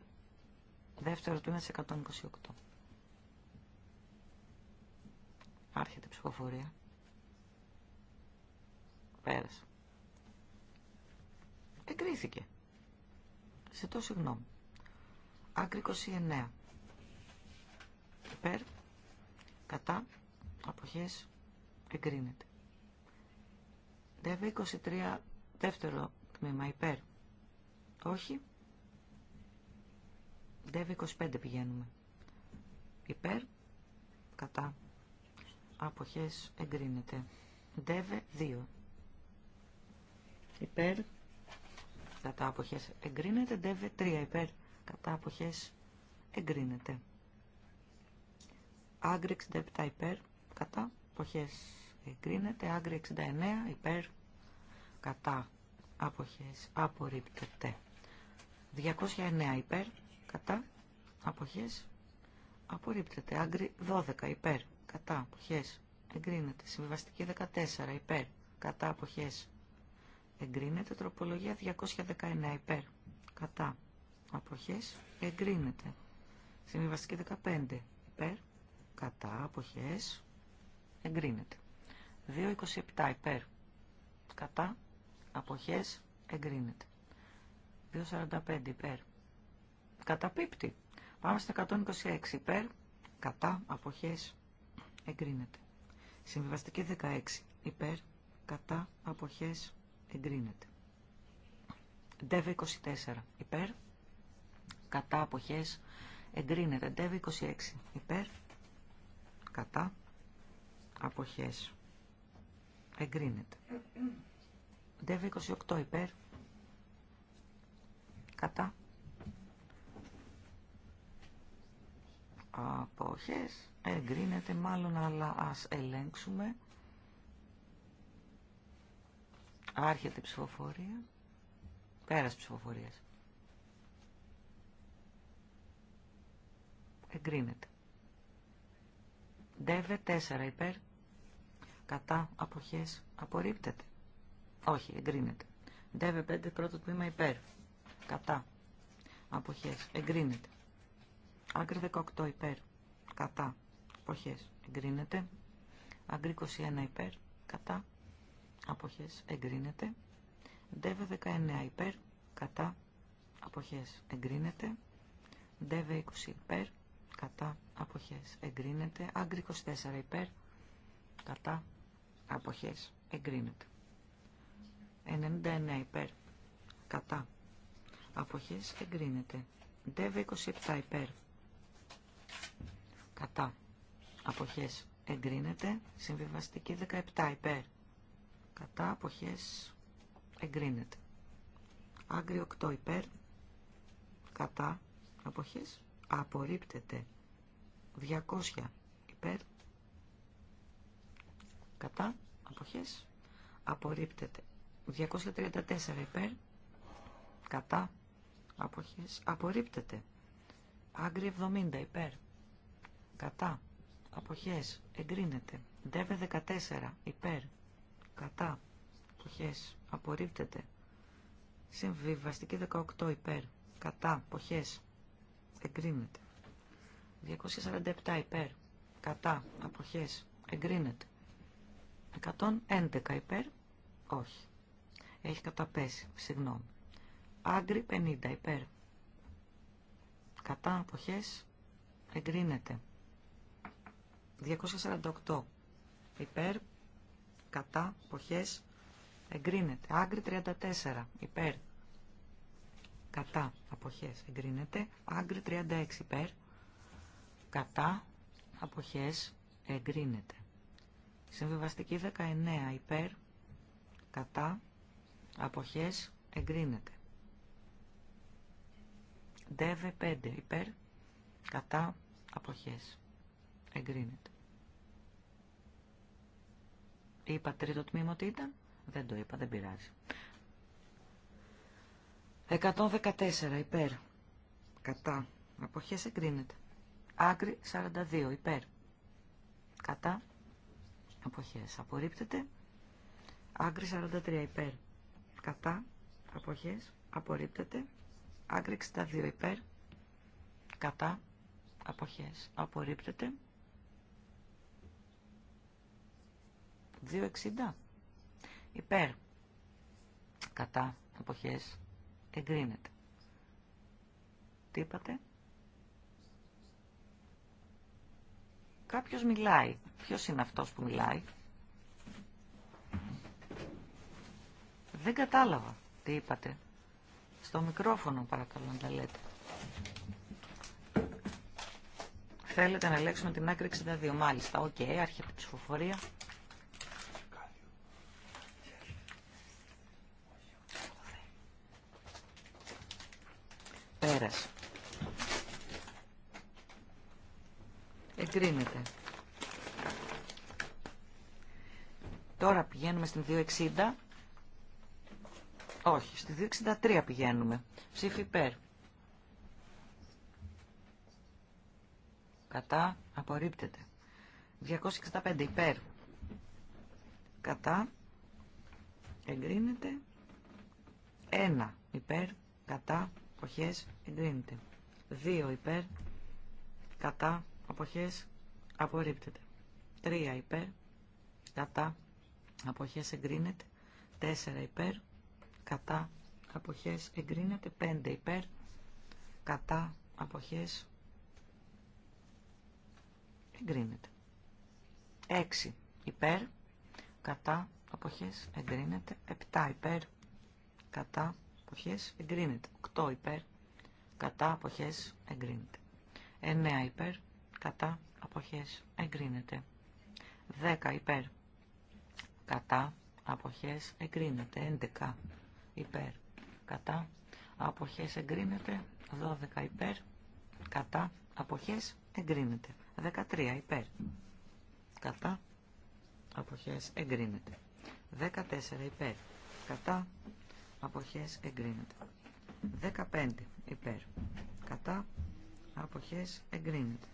Δεύτερο είναι της 128. Άρχεται η ψηφοφορία. Πέρασε. Εγκρίθηκε. τόσο συγγνώμη. Άκρη 29. Υπέρ, κατά, αποχές, εγκρίνεται. Δεύτερο 23 Δεύτερο τμήμα υπέρ. Όχι. Δεύει 25 πηγαίνουμε. Υπέρ. Κατά. Αποχές εγκρίνεται. Δεύε 2. Υπέρ. Κατά αποχές εγκρίνεται. Δεύε 3. Υπέρ. Κατά αποχές εγκρίνεται. Άγκρι 67 υπέρ. Κατά αποχές εγκρίνεται. Άγκρι 69 υπέρ. Κατά αποχές απορρίπτεται. 209 υπέρ, κατά, αποχές απορρίπτεται. Άγκρι 12 υπέρ, κατά, αποχές εγκρίνεται. Συμβιβαστική 14 υπέρ, κατά, αποχές εγκρίνεται. Τροπολογία 219 υπέρ, κατά, αποχές εγκρίνεται. Συμβιβαστική 15 υπέρ, κατά, αποχές εγκρίνεται. 227 υπέρ, κατά, αποχές εγκρίνεται. 2.45 υπέρ. Καταπίπτει. Πάμε στο 126 υπέρ. Κατά αποχές εγκρίνεται. Συμβιβαστική 16 υπέρ. Κατά αποχές εγκρίνεται. ΔΕΒ 24 υπέρ. Κατά αποχές εγκρίνεται. ΔΕΒ 26 υπέρ. Κατά αποχές εγκρίνεται. Δεύε 28 υπέρ. Κατά. Αποχές. Εγκρίνεται μάλλον, αλλά ας ελέγξουμε. Άρχεται ψηφοφορία. Πέρας ψηφοφορίας. Εγκρίνεται. Δεύε 4 υπέρ. Κατά. Αποχές. Απορρίπτεται. Όχι, εγκρίνεται. Δεύε 5 πρώτο τμήμα υπέρ. Κατά. Αποχές. Εγκρίνεται. Άγκρι 18 υπέρ. Κατά. Αποχές. Εγκρίνεται. Άγκρι 21 υπέρ. Κατά. Αποχές. Εγκρίνεται. Δεύε 19 υπέρ. Κατά. Αποχές. Εγκρίνεται. Δεύε 20 υπέρ. Κατά. Αποχές. Εγκρίνεται. Άγκρι 24 υπέρ. Κατά. Αποχές. Εγκρίνεται. 99 υπέρ. Κατά. Αποχές εγκρίνεται. ΔΕΒΕ 27 υπέρ. Κατά. Αποχές εγκρίνεται. Συμβιβαστική 17 υπέρ. Κατά. Αποχές εγκρίνεται. Άγκρι 8 υπέρ. Κατά. Αποχές απορρίπτεται. 200 υπέρ. Κατά. Αποχές απορρίπτεται. 234 υπέρ, κατά, αποχές, απορρίπτεται. Άγκρι 70 υπέρ, κατά, αποχές, εγκρίνεται. Δέβε 14 υπέρ, κατά, αποχές, απορρίπτεται. Συμβιβαστική 18 υπέρ, κατά, αποχές, εγκρίνεται. 247 υπέρ, κατά, αποχές, εγκρίνεται. 111 υπέρ, όχι. Έχει καταπέσει, συγγνώμη. Άγκρι 50 υπέρ. Κατά αποχές εγκρίνεται. 248 υπέρ. Κατά αποχές εγκρίνεται. Άγκρι 34 υπέρ. Κατά αποχές εγκρίνεται. Άγκρι 36 υπέρ. Κατά αποχές εγκρίνεται. Συμβιβαστική 19 υπέρ. Κατά αποχές εγκρίνεται. Δεύε 5 υπέρ κατά αποχές εγκρίνεται. Είπα τρίτο τμήμα ότι ήταν. Δεν το είπα, δεν πειράζει. 114 υπέρ. Κατά. Αποχές εγκρίνεται. Άκρη 42 υπέρ. Κατά. Αποχές. Απορρίπτεται. Άκρη 43 υπέρ κατά, αποχές, απορρίπτεται. τα 62 υπέρ, κατά, αποχές, απορρίπτεται. 2,60 υπέρ, κατά, αποχές, εγκρίνεται. Τι είπατε? Κάποιος μιλάει. Ποιος είναι αυτός που μιλάει? Δεν κατάλαβα τι είπατε. Στο μικρόφωνο παρακαλώ να τα λέτε. Θέλετε να ελέγξουμε την άκρη 62. Μάλιστα, οκ, okay, άρχεται η ψηφοφορία. Πέρασε. Εγκρίνεται. Τώρα πηγαίνουμε στην 260 όχι, στη 263 πηγαίνουμε. Ψήφι υπέρ. Κατά, απορρίπτεται. 265 υπέρ. Κατά, εγκρίνεται. 1 υπέρ, κατά, αποχές, εγκρίνεται. 2 υπέρ, κατά, αποχές, απορρίπτεται. 3 υπέρ, κατά, αποχές, εγκρίνεται. 4 υπέρ, κατά αποχές εγκρίνεται 5 υπέρ κατά αποχές εγκρίνεται 6 υπέρ κατά αποχές εγκρίνεται 7 υπέρ κατά αποχές εγκρίνεται 8 υπέρ κατά αποχές εγκρίνεται 9 υπέρ κατά αποχές εγκρίνεται 10 υπέρ κατά αποχές εγκρίνεται 11 υπέρ, κατά, αποχές εγκρίνεται, 12 υπέρ, κατά, αποχές εγκρίνεται, 13 υπέρ, κατά, αποχές εγκρίνεται, 14 υπέρ, κατά, αποχές εγκρίνεται, 15 υπέρ, κατά, αποχές εγκρίνεται,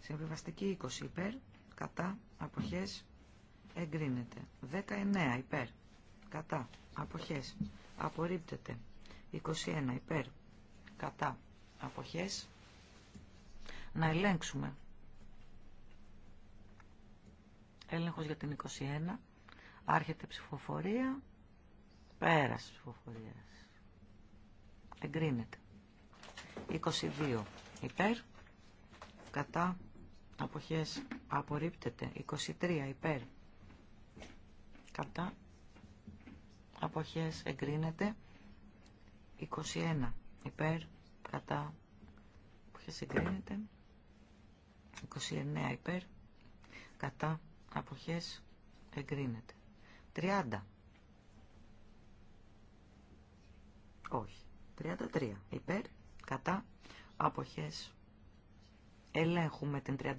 συμβιβαστική 20 υπέρ, κατά, αποχές εγκρίνεται, 19 υπέρ, κατά, αποχές απορρίπτεται. 21 υπέρ κατά αποχές να ελέγξουμε. Έλεγχος για την 21. Άρχεται ψηφοφορία. Πέρας ψηφοφορίας. Εγκρίνεται. 22 υπέρ. Κατά αποχές απορρίπτεται. 23 υπέρ. Κατά αποχές εγκρίνεται 21 υπέρ κατά αποχές εγκρίνεται 29 υπέρ κατά αποχές εγκρίνεται 30 όχι 33 υπέρ κατά αποχές ελέγχουμε την 33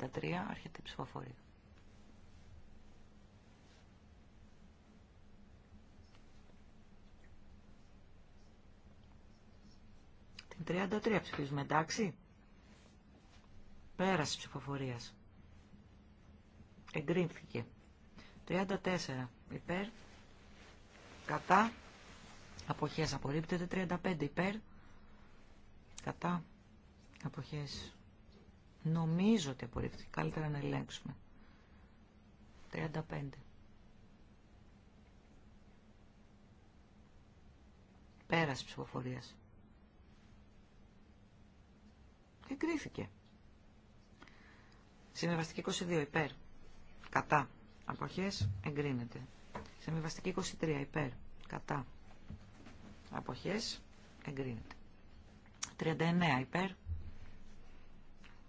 αρχιτή ψηφοφορία 33 ψηφίζουμε, εντάξει. Πέραση ψηφοφορία. Εγκρίνθηκε. 34 υπέρ. Κατά. Αποχές απορρίπτεται. 35 υπέρ. Κατά. Αποχές. Νομίζω ότι απορρίπτεται. Καλύτερα να ελέγξουμε. 35. Πέραση ψηφοφορίας. Εγκρίθηκε. Συμβιβαστική 22 υπέρ. Κατά. Αποχές εγκρίνεται. Συμβιβαστική 23 υπέρ. Κατά. Αποχές εγκρίνεται. 39 υπέρ.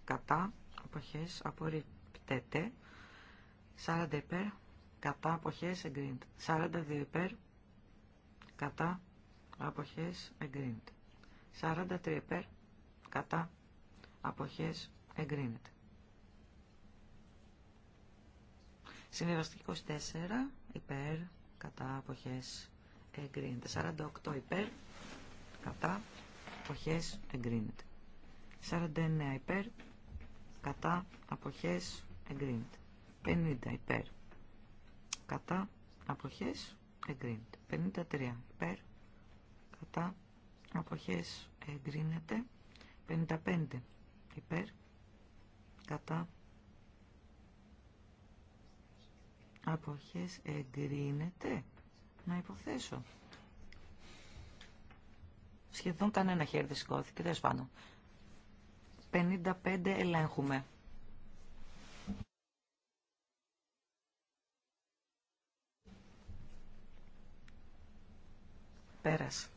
Κατά. Αποχές απορρίπτεται. 40 υπέρ. Κατά. Αποχές εγκρίνεται. 42 υπέρ. Κατά. Αποχές εγκρίνεται. 43 υπέρ. Κατά αποχές εγκρίνεται. Συνεργαστική 24 υπέρ κατά αποχές εγκρίνεται. 48 υπέρ κατά αποχές εγκρίνεται. 49 υπέρ κατά αποχές εγκρίνεται. 50 υπέρ κατά αποχές εγκρίνεται. 53 υπέρ κατά αποχές εγκρίνεται. 55 υπέρ, κατά, αποχές εγκρίνεται, να υποθέσω. Σχεδόν κανένα χέρι δεν σηκώθηκε, δεν πάνω. 55 ελέγχουμε. Πέρασε.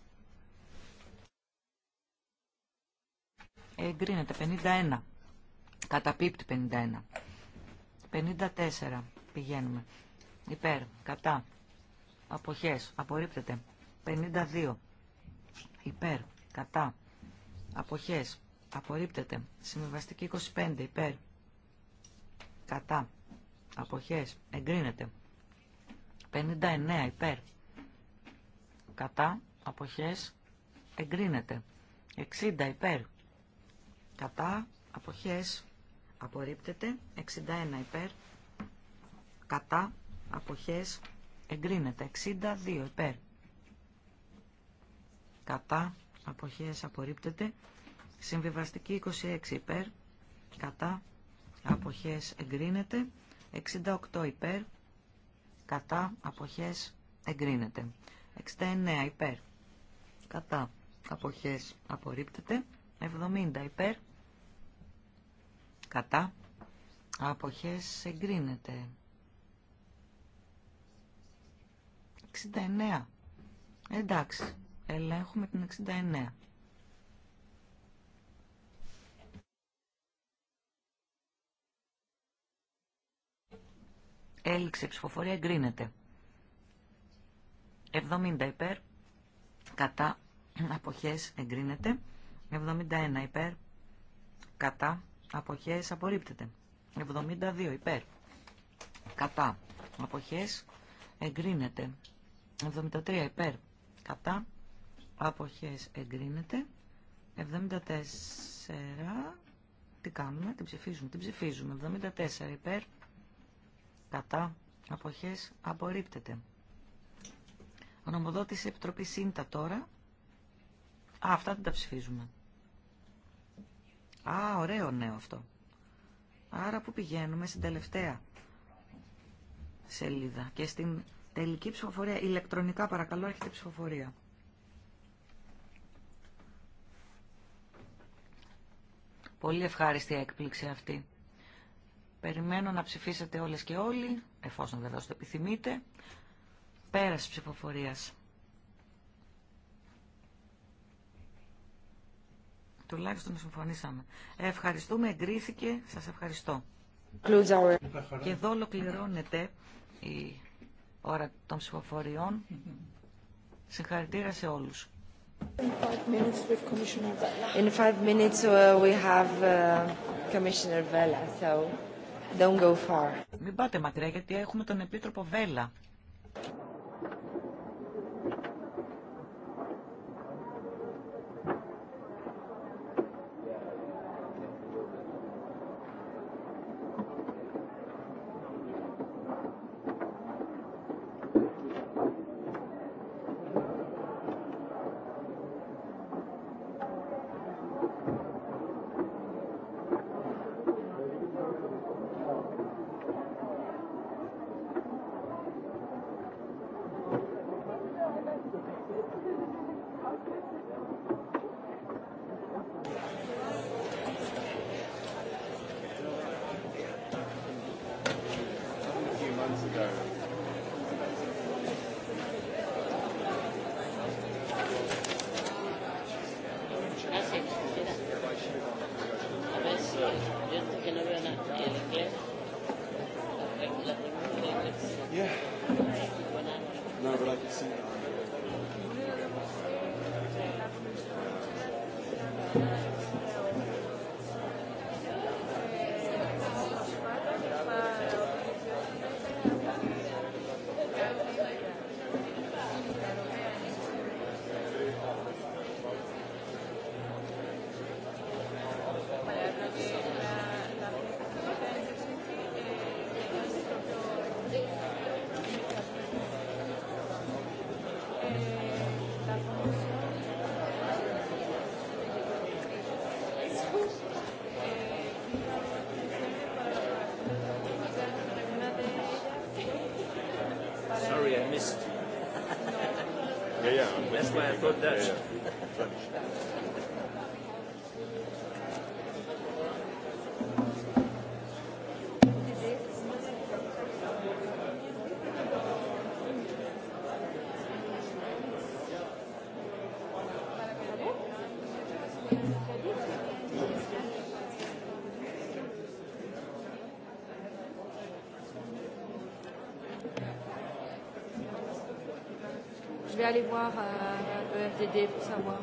εγκρίνεται 51. Καταπίπτει 51. 54 πηγαίνουμε. Υπέρ, κατά, αποχές, απορρίπτεται. 52. Υπέρ, κατά, αποχές, απορρίπτεται. Συμβιβαστική 25, υπέρ, κατά, αποχές, εγκρίνεται. 59, υπέρ, κατά, αποχές, εγκρίνεται. 60, υπέρ, Κατά. Αποχές. Απορρίπτεται. 61 υπέρ. Κατά. Αποχές. Εγκρίνεται. 62 υπέρ. Κατά. Αποχές. Απορρίπτεται. Συμβιβαστική 26 υπέρ. Κατά. Αποχές. Εγκρίνεται. 68 υπέρ. Κατά. Αποχές. Εγκρίνεται. 69 υπέρ. Κατά. Αποχές. Απορρίπτεται. 70 υπέρ κατά αποχές εγκρίνεται 69 εντάξει ελέγχουμε την 69 Έληξε ψηφοφορία εγκρίνεται. 70 υπέρ, κατά αποχές εγκρίνεται. 71 υπέρ, κατά αποχές απορρίπτεται. 72 υπέρ. Κατά. Αποχές εγκρίνεται. 73 υπέρ. Κατά. Αποχές εγκρίνεται. 74. Τι κάνουμε, την ψηφίζουμε, την ψηφίζουμε. 74 υπέρ. Κατά. Αποχές απορρίπτεται. Ονομοδότηση Επιτροπή ΣΥΝΤΑ τώρα. αυτά δεν τα ψηφίζουμε. Α, ωραίο νέο αυτό. Άρα που πηγαίνουμε στην τελευταία σελίδα και στην τελική ψηφοφορία. Ηλεκτρονικά παρακαλώ έρχεται ψηφοφορία. Πολύ ευχάριστη έκπληξη αυτή. Περιμένω να ψηφίσετε όλες και όλοι, εφόσον βεβαίως το επιθυμείτε, πέρας ψηφοφορίας. Τουλάχιστον συμφωνήσαμε. Ευχαριστούμε, εγκρίθηκε. Σας ευχαριστώ. Και εδώ ολοκληρώνεται η ώρα των ψηφοφοριών. Συγχαρητήρα σε όλους. In five minutes uh, we have uh, Commissioner Vela, so don't go far. Μην πάτε μακριά γιατί έχουμε τον Επίτροπο Βέλα. d'aller aller voir le FDD pour savoir.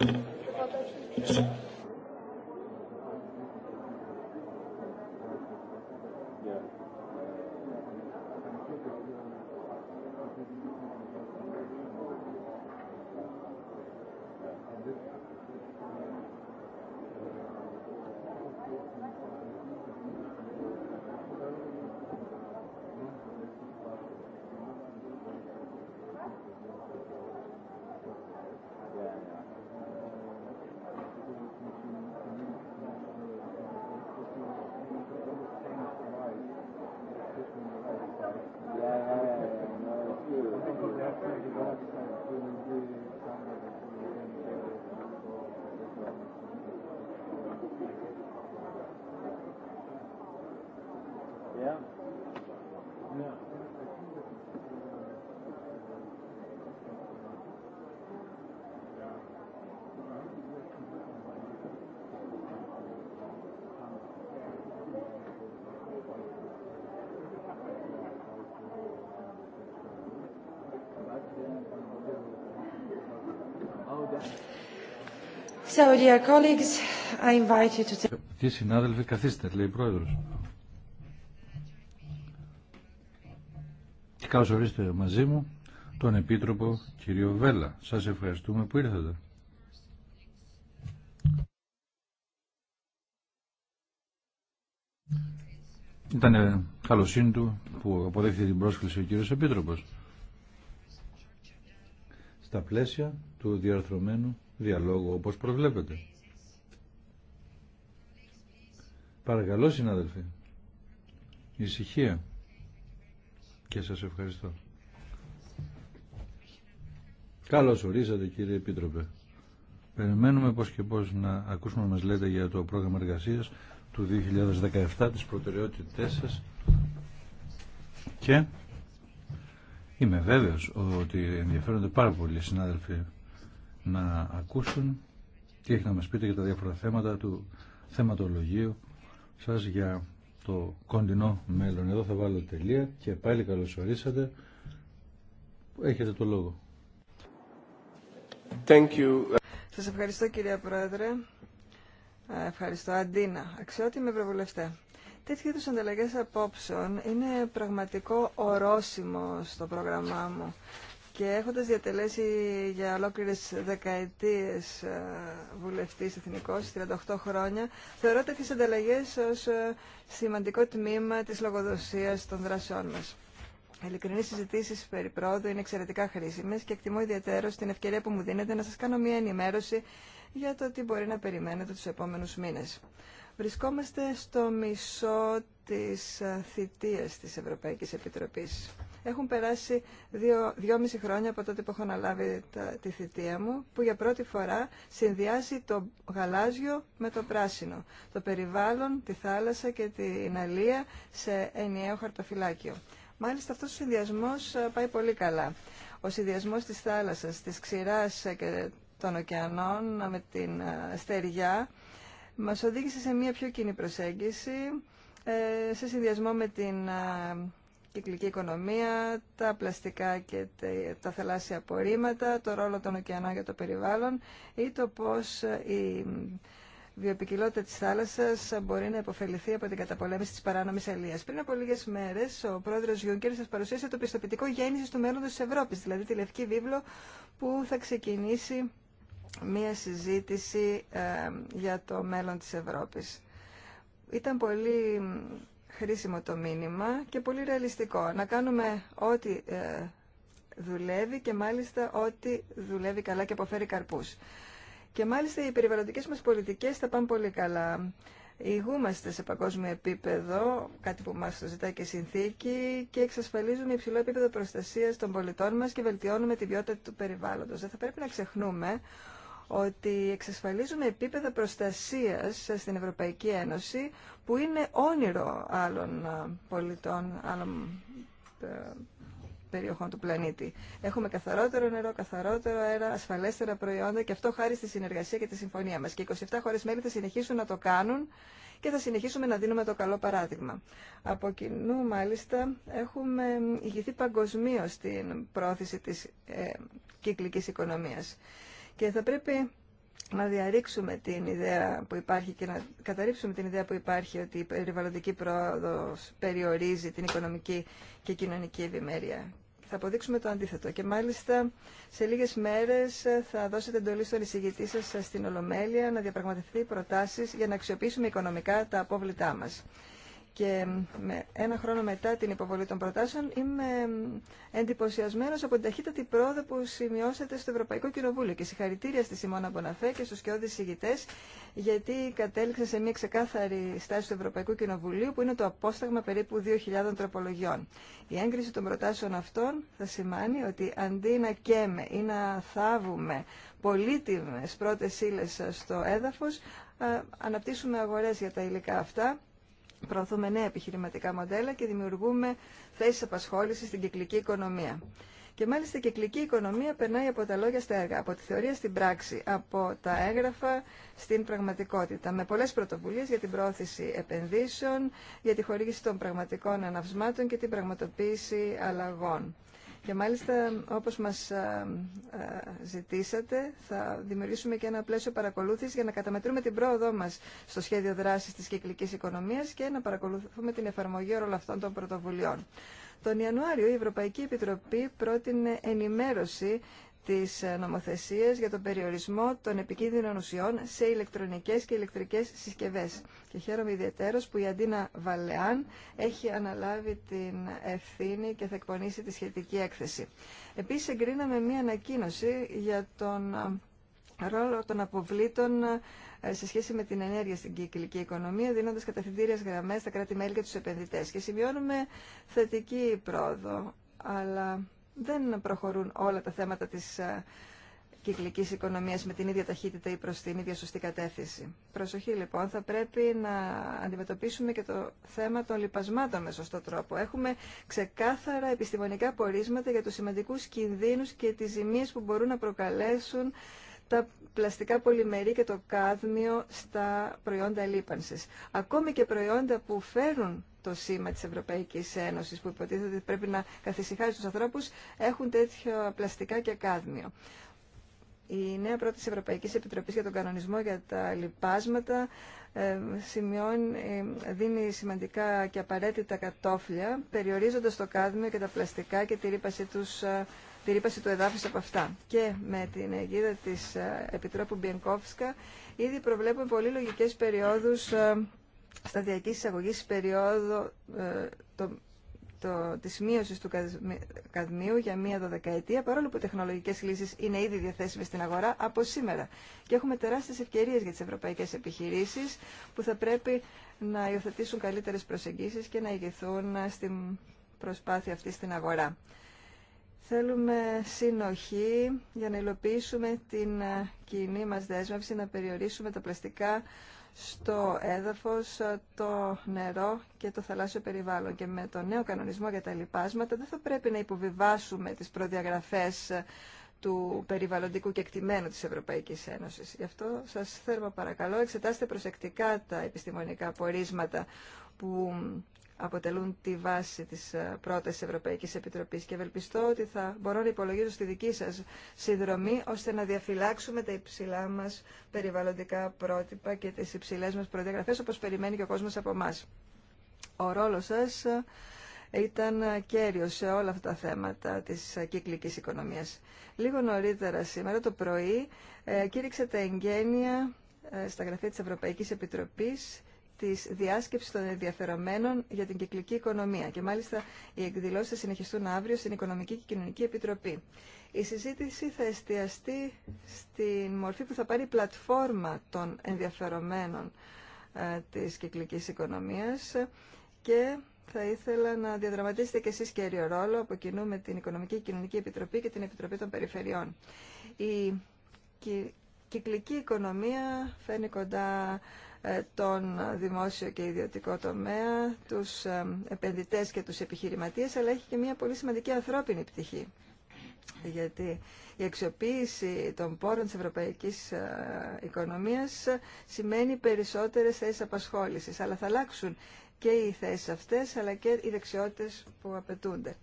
Thank you. So, συνάδελφοι, καθίστε, λέει η Πρόεδρος. Και καλώ ορίστε μαζί μου τον Επίτροπο κύριο Βέλλα. Σας ευχαριστούμε που ήρθατε. Ήταν ε, καλοσύνη του που αποδέχθηκε την πρόσκληση ο κύριος Επίτροπος στα πλαίσια του διαρθρωμένου διαλόγου όπως προβλέπετε. Παρακαλώ συνάδελφοι. Ησυχία. Και σας ευχαριστώ. Καλώς ορίζατε, κύριε Επίτροπε. Περιμένουμε πώς και πώς να ακούσουμε μας λέτε για το πρόγραμμα εργασίας του 2017, τις προτεραιότητές σας και είμαι βέβαιος ότι ενδιαφέρονται πάρα πολλοί συνάδελφοι να ακούσουν τι έχει να μας πείτε για τα διάφορα θέματα του θεματολογίου σας για το κοντινό μέλλον. Εδώ θα βάλω τελεία και πάλι καλώς ορίσατε. Έχετε το λόγο. Thank you. Σας ευχαριστώ κυρία Πρόεδρε. Ε, ευχαριστώ. Αντίνα, αξιότιμη ευρωβουλευτέ. Τέτοιου είδου ανταλλαγέ απόψεων είναι πραγματικό ορόσημο στο πρόγραμμά μου και έχοντας διατελέσει για ολόκληρες δεκαετίες ε, βουλευτής εθνικός, 38 χρόνια, θεωρώ τέτοιες ανταλλαγές ως ε, σημαντικό τμήμα της λογοδοσίας των δράσεών μας. Ειλικρινή συζητήσει περί πρόοδου είναι εξαιρετικά χρήσιμε και εκτιμώ ιδιαίτερω την ευκαιρία που μου δίνετε να σα κάνω μια ενημέρωση για το τι μπορεί να περιμένετε του επόμενου μήνε. Βρισκόμαστε στο μισό τη ε, θητεία τη Ευρωπαϊκή Επιτροπή. Έχουν περάσει δύο, δυόμιση χρόνια από τότε που έχω αναλάβει τη θητεία μου, που για πρώτη φορά συνδυάζει το γαλάζιο με το πράσινο, το περιβάλλον, τη θάλασσα και την αλία σε ενιαίο χαρτοφυλάκιο. Μάλιστα αυτός ο συνδυασμός ε, πάει πολύ καλά. Ο συνδυασμός της θάλασσας, της ξηράς και των ωκεανών ε, με την ε, στεριά μας οδήγησε σε μια πιο κοινή προσέγγιση σε συνδυασμό με την κυκλική οικονομία, τα πλαστικά και τα θαλάσσια απορρίμματα, το ρόλο των ωκεανών για το περιβάλλον ή το πώς ε, η βιοπικιλότητα της θάλασσας μπορεί να υποφεληθεί από την καταπολέμηση της παράνομης αλίας. Πριν από λίγες μέρες, ο πρόεδρος Γιούνκερ σας παρουσίασε το πιστοποιητικό γέννηση του μέλλοντος της Ευρώπης, ο προεδρος γιουγκερ σας παρουσιασε το πιστοποιητικο γεννηση του μελλοντος της ευρωπης δηλαδη τη Λευκή Βίβλο που θα ξεκινήσει μία συζήτηση ε, για το μέλλον της Ευρώπης. Ήταν πολύ χρήσιμο το μήνυμα και πολύ ρεαλιστικό. Να κάνουμε ό,τι ε, δουλεύει και μάλιστα ό,τι δουλεύει καλά και αποφέρει καρπούς. Και μάλιστα οι περιβαλλοντικές μας πολιτικές θα πάνε πολύ καλά. Υγούμαστε σε παγκόσμιο επίπεδο, κάτι που μας το ζητάει και συνθήκη, και εξασφαλίζουμε υψηλό επίπεδο προστασίας των πολιτών μας και βελτιώνουμε τη ποιότητα του περιβάλλοντος. Δεν θα πρέπει να ξεχνούμε ότι εξασφαλίζουμε επίπεδα προστασίας στην Ευρωπαϊκή Ένωση που είναι όνειρο άλλων ε, πολιτών, άλλων ε, περιοχών του πλανήτη. Έχουμε καθαρότερο νερό, καθαρότερο αέρα, ασφαλέστερα προϊόντα και αυτό χάρη στη συνεργασία και τη συμφωνία μας. Και 27 χώρες μέλη θα συνεχίσουν να το κάνουν και θα συνεχίσουμε να δίνουμε το καλό παράδειγμα. Από κοινού, μάλιστα, έχουμε ηγηθεί παγκοσμίω στην πρόθεση της ε, κύκλικης οικονομίας. Και θα πρέπει να διαρρήξουμε την ιδέα που υπάρχει και να καταρρύψουμε την ιδέα που υπάρχει ότι η περιβαλλοντική πρόοδος περιορίζει την οικονομική και κοινωνική ευημέρεια. Θα αποδείξουμε το αντίθετο. Και μάλιστα σε λίγες μέρες θα δώσετε εντολή στον εισηγητή σας στην Ολομέλεια να διαπραγματευτεί προτάσεις για να αξιοποιήσουμε οικονομικά τα απόβλητά μας και με ένα χρόνο μετά την υποβολή των προτάσεων είμαι εντυπωσιασμένο από την ταχύτατη πρόοδο που σημειώσατε στο Ευρωπαϊκό Κοινοβούλιο και συγχαρητήρια στη Σιμώνα Μποναφέ και στου κοιόδη ηγητέ, γιατί κατέληξαν σε μια ξεκάθαρη στάση του Ευρωπαϊκού Κοινοβουλίου που είναι το απόσταγμα περίπου 2.000 τροπολογιών. Η έγκριση των προτάσεων αυτών θα σημάνει ότι αντί να καίμε ή να θάβουμε πολύτιμε πρώτε ύλε στο έδαφο, αναπτύσσουμε αγορέ για τα υλικά αυτά προωθούμε νέα επιχειρηματικά μοντέλα και δημιουργούμε θέσεις απασχόλησης στην κυκλική οικονομία. Και μάλιστα η κυκλική οικονομία περνάει από τα λόγια στα έργα, από τη θεωρία στην πράξη, από τα έγγραφα στην πραγματικότητα, με πολλές πρωτοβουλίες για την πρόωθηση επενδύσεων, για τη χορήγηση των πραγματικών αναυσμάτων και την πραγματοποίηση αλλαγών. Και μάλιστα, όπως μας ε, ε, ζητήσατε, θα δημιουργήσουμε και ένα πλαίσιο παρακολούθησης για να καταμετρούμε την πρόοδό μας στο σχέδιο δράσης της κυκλικής οικονομίας και να παρακολουθούμε την εφαρμογή όλων αυτών των πρωτοβουλειών. Τον Ιανουάριο η Ευρωπαϊκή Επιτροπή πρότεινε ενημέρωση της ε, νομοθεσίας για τον περιορισμό των επικίνδυνων ουσιών σε ηλεκτρονικές και ηλεκτρικές συσκευές. Και χαίρομαι ιδιαίτερος που η Αντίνα Βαλεάν έχει αναλάβει την ευθύνη και θα εκπονήσει τη σχετική έκθεση. Επίσης εγκρίναμε μία ανακοίνωση για τον ε, ρόλο των αποβλήτων ε, σε σχέση με την ενέργεια στην κυκλική οικονομία, δίνοντας κατευθυντήριες γραμμές στα κράτη-μέλη και τους επενδυτές. Και σημειώνουμε θετική πρόοδο, αλλά δεν προχωρούν όλα τα θέματα της ε, κυκλικής οικονομίας με την ίδια ταχύτητα ή προς την ίδια σωστή κατεύθυνση. Προσοχή λοιπόν, θα πρέπει να αντιμετωπίσουμε και το θέμα των λοιπασμάτων με σωστό τρόπο. Έχουμε ξεκάθαρα επιστημονικά πορίσματα για τους σημαντικούς κινδύνους και τις ζημίες που μπορούν να προκαλέσουν τα πλαστικά πολυμερή και το κάδμιο στα προϊόντα λίπανσης. Ακόμη και προϊόντα που φέρουν το σήμα της Ευρωπαϊκής Ένωσης που υποτίθεται ότι πρέπει να καθησυχάζει τους ανθρώπους έχουν τέτοιο πλαστικά και κάδμιο. Η νέα πρόταση Ευρωπαϊκής Επιτροπής για τον κανονισμό για τα λιπάσματα ε, σημειώνει, ε, δίνει σημαντικά και απαραίτητα κατόφλια περιορίζοντας το κάδμιο και τα πλαστικά και τη ρήπαση τους ε, τη ρήπαση του εδάφους από αυτά. Και με την αιγίδα της ε, Επιτρόπου Μπιενκόφσκα ήδη προβλέπουμε πολύ λογικές περιόδους ε, σταδιακής εισαγωγής περίοδο ε, το, το, της μείωσης του καδμίου για μία δωδεκαετία, παρόλο που τεχνολογικές λύσεις είναι ήδη διαθέσιμες στην αγορά από σήμερα. Και έχουμε τεράστιες ευκαιρίες για τις ευρωπαϊκές επιχειρήσεις που θα πρέπει να υιοθετήσουν καλύτερες προσεγγίσεις και να ηγηθούν στην προσπάθεια αυτή στην αγορά. Θέλουμε συνοχή για να υλοποιήσουμε την ε, κοινή μας δέσμευση, να περιορίσουμε τα πλαστικά στο έδαφος, ε, το νερό και το θαλάσσιο περιβάλλον. Και με το νέο κανονισμό για τα λοιπάσματα δεν θα πρέπει να υποβιβάσουμε τις προδιαγραφές ε, του περιβαλλοντικού κεκτημένου της Ευρωπαϊκής Ένωσης. Γι' αυτό σας θέλω παρακαλώ, εξετάστε προσεκτικά τα επιστημονικά πορίσματα που αποτελούν τη βάση της ε, πρώτης Ευρωπαϊκής Επιτροπής και ευελπιστώ ότι θα μπορώ να υπολογίσω στη δική σας συνδρομή ώστε να διαφυλάξουμε τα υψηλά μας περιβαλλοντικά πρότυπα και τις υψηλές μας προδιαγραφές όπως περιμένει και ο κόσμος από εμά. Ο ρόλος σας ε, ήταν κέριο σε όλα αυτά τα θέματα της ε, κύκλικης οικονομίας. Λίγο νωρίτερα σήμερα το πρωί κήρυξε τα εγγένεια στα γραφεία της Ευρωπαϊκής Επιτροπής της διάσκεψης των ενδιαφερομένων για την κυκλική οικονομία. Και μάλιστα οι εκδηλώσεις θα συνεχιστούν αύριο στην Οικονομική και Κοινωνική Επιτροπή. Η συζήτηση θα εστιαστεί στην μορφή που θα πάρει η πλατφόρμα των ενδιαφερομένων ε, της κυκλικής οικονομίας και θα ήθελα να διαδραματίσετε και εσείς κέριο ρόλο από κοινού με την Οικονομική και Κοινωνική Επιτροπή και την Επιτροπή των Περιφερειών. Η κυκλική οικονομία φέρνει κοντά ε, τον δημόσιο και ιδιωτικό τομέα, τους ε, επενδυτές και τους επιχειρηματίες, αλλά έχει και μια πολύ σημαντική ανθρώπινη πτυχή. Γιατί η αξιοποίηση των πόρων της ευρωπαϊκής ε, οικονομίας σημαίνει περισσότερες θέσεις απασχόλησης, αλλά θα αλλάξουν και οι θέσεις αυτές, αλλά και οι δεξιότητες που απαιτούνται.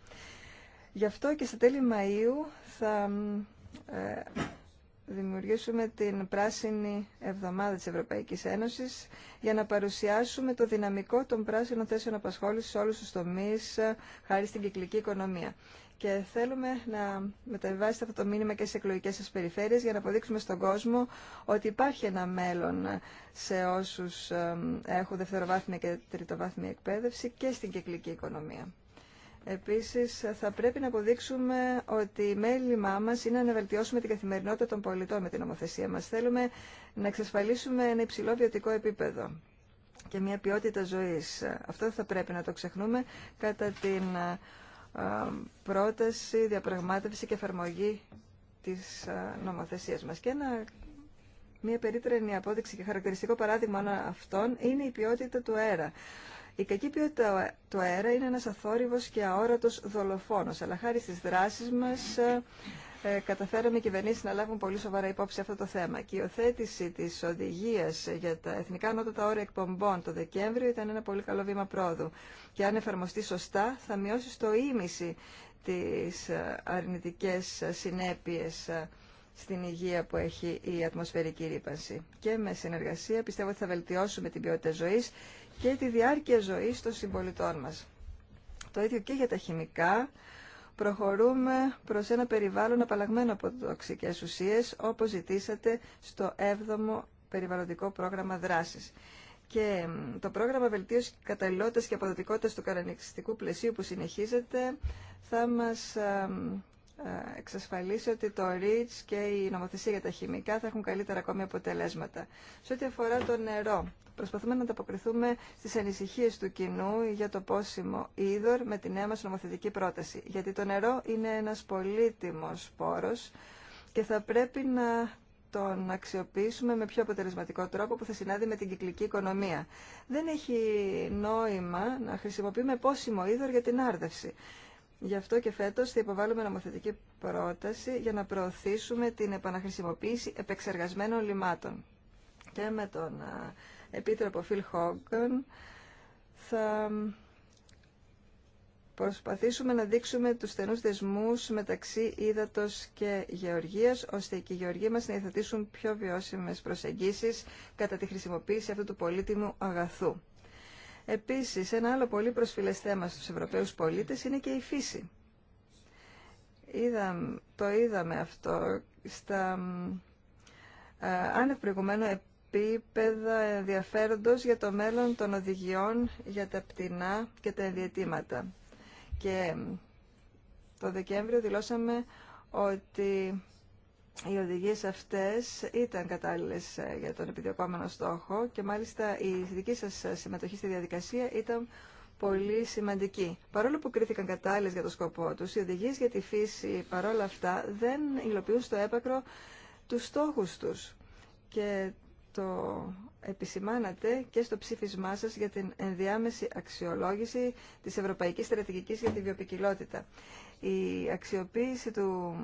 Γι' αυτό και στα τέλη Μαΐου θα δημιουργήσουμε την Πράσινη Εβδομάδα της Ευρωπαϊκής Ένωσης για να παρουσιάσουμε το δυναμικό των πράσινων θέσεων απασχόλησης σε όλους τους τομείς χάρη στην κυκλική οικονομία. Και θέλουμε να μεταβιβάσετε αυτό το μήνυμα και σε εκλογικές σας περιφέρειες για να αποδείξουμε στον κόσμο ότι υπάρχει ένα μέλλον σε όσους έχουν δευτεροβάθμια και τριτοβάθμια εκπαίδευση και στην κυκλική οικονομία. Επίσης, θα πρέπει να αποδείξουμε ότι η μέλημά μας είναι να βελτιώσουμε την καθημερινότητα των πολιτών με την νομοθεσία μας. Θέλουμε να εξασφαλίσουμε ένα υψηλό βιωτικό επίπεδο και μια ποιότητα ζωής. Αυτό θα πρέπει να το ξεχνούμε κατά την πρόταση, διαπραγμάτευση και εφαρμογή της νομοθεσίας μας. Και μια περίτρενη απόδειξη και χαρακτηριστικό παράδειγμα αυτών είναι η ποιότητα του αέρα. Η κακή ποιότητα του αέρα είναι ένας αθόρυβος και αόρατος δολοφόνος, αλλά χάρη στις δράσεις μας ε, καταφέραμε οι κυβερνήσεις να λάβουν πολύ σοβαρά υπόψη αυτό το θέμα. Και η οθέτηση της οδηγίας για τα εθνικά ανώτατα όρια εκπομπών το Δεκέμβριο ήταν ένα πολύ καλό βήμα πρόοδου. Και αν εφαρμοστεί σωστά θα μειώσει στο ίμιση τις ε, αρνητικές συνέπειες ε, στην υγεία που έχει η ατμοσφαιρική ρήπανση. Και με συνεργασία πιστεύω ότι θα βελτιώσουμε την ποιότητα ζωή και τη διάρκεια ζωής των συμπολιτών μας. Το ίδιο και για τα χημικά. Προχωρούμε προς ένα περιβάλλον απαλλαγμένο από τοξικές ουσίες, όπως ζητήσατε στο 7ο Περιβαλλοντικό Πρόγραμμα Δράσης. Και το πρόγραμμα βελτίωση καταλληλότητας και αποδοτικότητας του καρανιστικού πλαισίου που συνεχίζεται θα μας ε, ε, εξασφαλίσει ότι το REACH και η νομοθεσία για τα χημικά θα έχουν καλύτερα ακόμη αποτελέσματα. Σε ό,τι αφορά το νερό, προσπαθούμε να ανταποκριθούμε στις ανησυχίες του κοινού για το πόσιμο είδωρ με τη νέα μας νομοθετική πρόταση. Γιατί το νερό είναι ένας πολύτιμος πόρος και θα πρέπει να τον αξιοποιήσουμε με πιο αποτελεσματικό τρόπο που θα συνάδει με την κυκλική οικονομία. Δεν έχει νόημα να χρησιμοποιούμε πόσιμο είδωρ για την άρδευση. Γι' αυτό και φέτο θα υποβάλουμε νομοθετική πρόταση για να προωθήσουμε την επαναχρησιμοποίηση επεξεργασμένων λιμάτων. Και με τον Επίτροπο Φιλ Χόγκον θα προσπαθήσουμε να δείξουμε τους στενούς δεσμούς μεταξύ ύδατος και γεωργίας, ώστε και οι γεωργοί μας να υιοθετήσουν πιο βιώσιμες προσεγγίσεις κατά τη χρησιμοποίηση αυτού του πολύτιμου αγαθού. Επίσης, ένα άλλο πολύ προσφυλές θέμα στους Ευρωπαίους πολίτες είναι και η φύση. Είδα, το είδαμε αυτό στα ε, επίπεδα ενδιαφέροντος για το μέλλον των οδηγιών για τα πτηνά και τα ενδιατήματα. Και ε, το Δεκέμβριο δηλώσαμε ότι οι οδηγίες αυτές ήταν κατάλληλες ε, για τον επιδιωκόμενο στόχο και μάλιστα η δική σας ε, συμμετοχή στη διαδικασία ήταν πολύ σημαντική. Παρόλο που κρίθηκαν κατάλληλες για το σκοπό τους, οι οδηγίες για τη φύση παρόλα αυτά δεν υλοποιούν στο έπακρο του στόχους τους. Και το επισημάνατε και στο ψήφισμά σας για την ενδιάμεση αξιολόγηση της Ευρωπαϊκής Στρατηγικής για τη Βιοπικιλότητα. Η αξιοποίηση του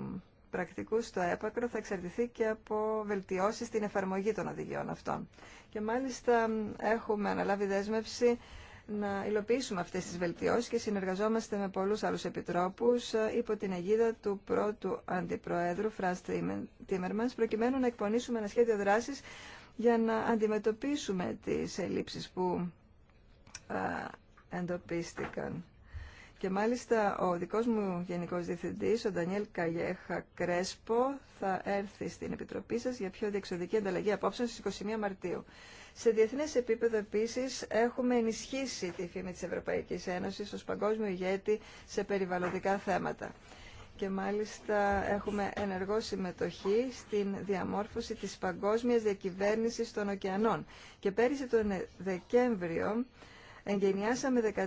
πρακτικού στο έπακρο θα εξαρτηθεί και από βελτιώσεις στην εφαρμογή των οδηγιών αυτών. Και μάλιστα έχουμε αναλάβει δέσμευση να υλοποιήσουμε αυτές τις βελτιώσεις και συνεργαζόμαστε με πολλούς άλλους επιτρόπους ε, υπό την αιγίδα του πρώτου αντιπροέδρου Φρανς Τίμερμανς προκειμένου να εκπονήσουμε ένα σχέδιο δράση για να αντιμετωπίσουμε τι ελλείψεις που ε, εντοπίστηκαν. Και μάλιστα ο δικός μου γενικός διευθυντής, ο Ντανιέλ Καγιέχα Κρέσπο, θα έρθει στην Επιτροπή σας για πιο διεξοδική ανταλλαγή απόψεων στις 21 Μαρτίου. Σε διεθνές επίπεδο επίσης έχουμε ενισχύσει τη φήμη της Ευρωπαϊκής Ένωσης ως παγκόσμιο ηγέτη σε περιβαλλοντικά θέματα. Και μάλιστα έχουμε ενεργό συμμετοχή στην διαμόρφωση της παγκόσμιας διακυβέρνησης των ωκεανών. Και πέρυσι τον Δεκέμβριο Εγκαινιάσαμε 14 ε,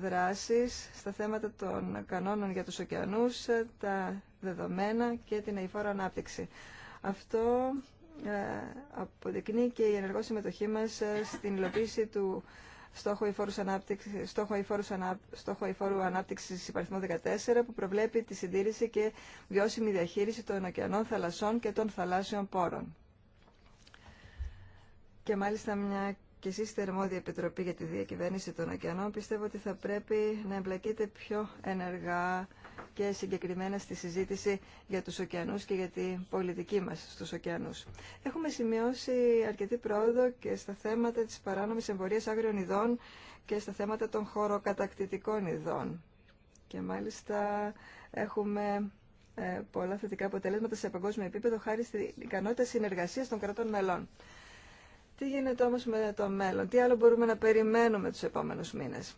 δράσεις στα θέματα των κανόνων για τους ωκεανούς, ε, τα δεδομένα και την αηφόρο ανάπτυξη. Αυτό ε, αποδεικνύει και η ενεργό συμμετοχή μας στην υλοποίηση του στόχου αηφόρου ανάπτυξης, στόχο ανάπτυξης υπαριθμό 14 που προβλέπει τη συντήρηση και βιώσιμη διαχείριση των ωκεανών θαλασσών και των θαλάσσιων πόρων. Και μάλιστα μια και εσείς στη Ερμόδια Επιτροπή για τη Διακυβέρνηση των Ωκεανών πιστεύω ότι θα πρέπει να εμπλακείτε πιο ενεργά και συγκεκριμένα στη συζήτηση για τους ωκεανούς και για την πολιτική μας στους ωκεανούς. Έχουμε σημειώσει αρκετή πρόοδο και στα θέματα της παράνομης εμπορίας άγριων ειδών και στα θέματα των χωροκατακτητικών ειδών. Και μάλιστα έχουμε ε, πολλά θετικά αποτελέσματα σε παγκόσμιο επίπεδο χάρη στην ικανότητα συνεργασία των κρατών μελών. Τι γίνεται όμως με το μέλλον, τι άλλο μπορούμε να περιμένουμε τους επόμενους μήνες.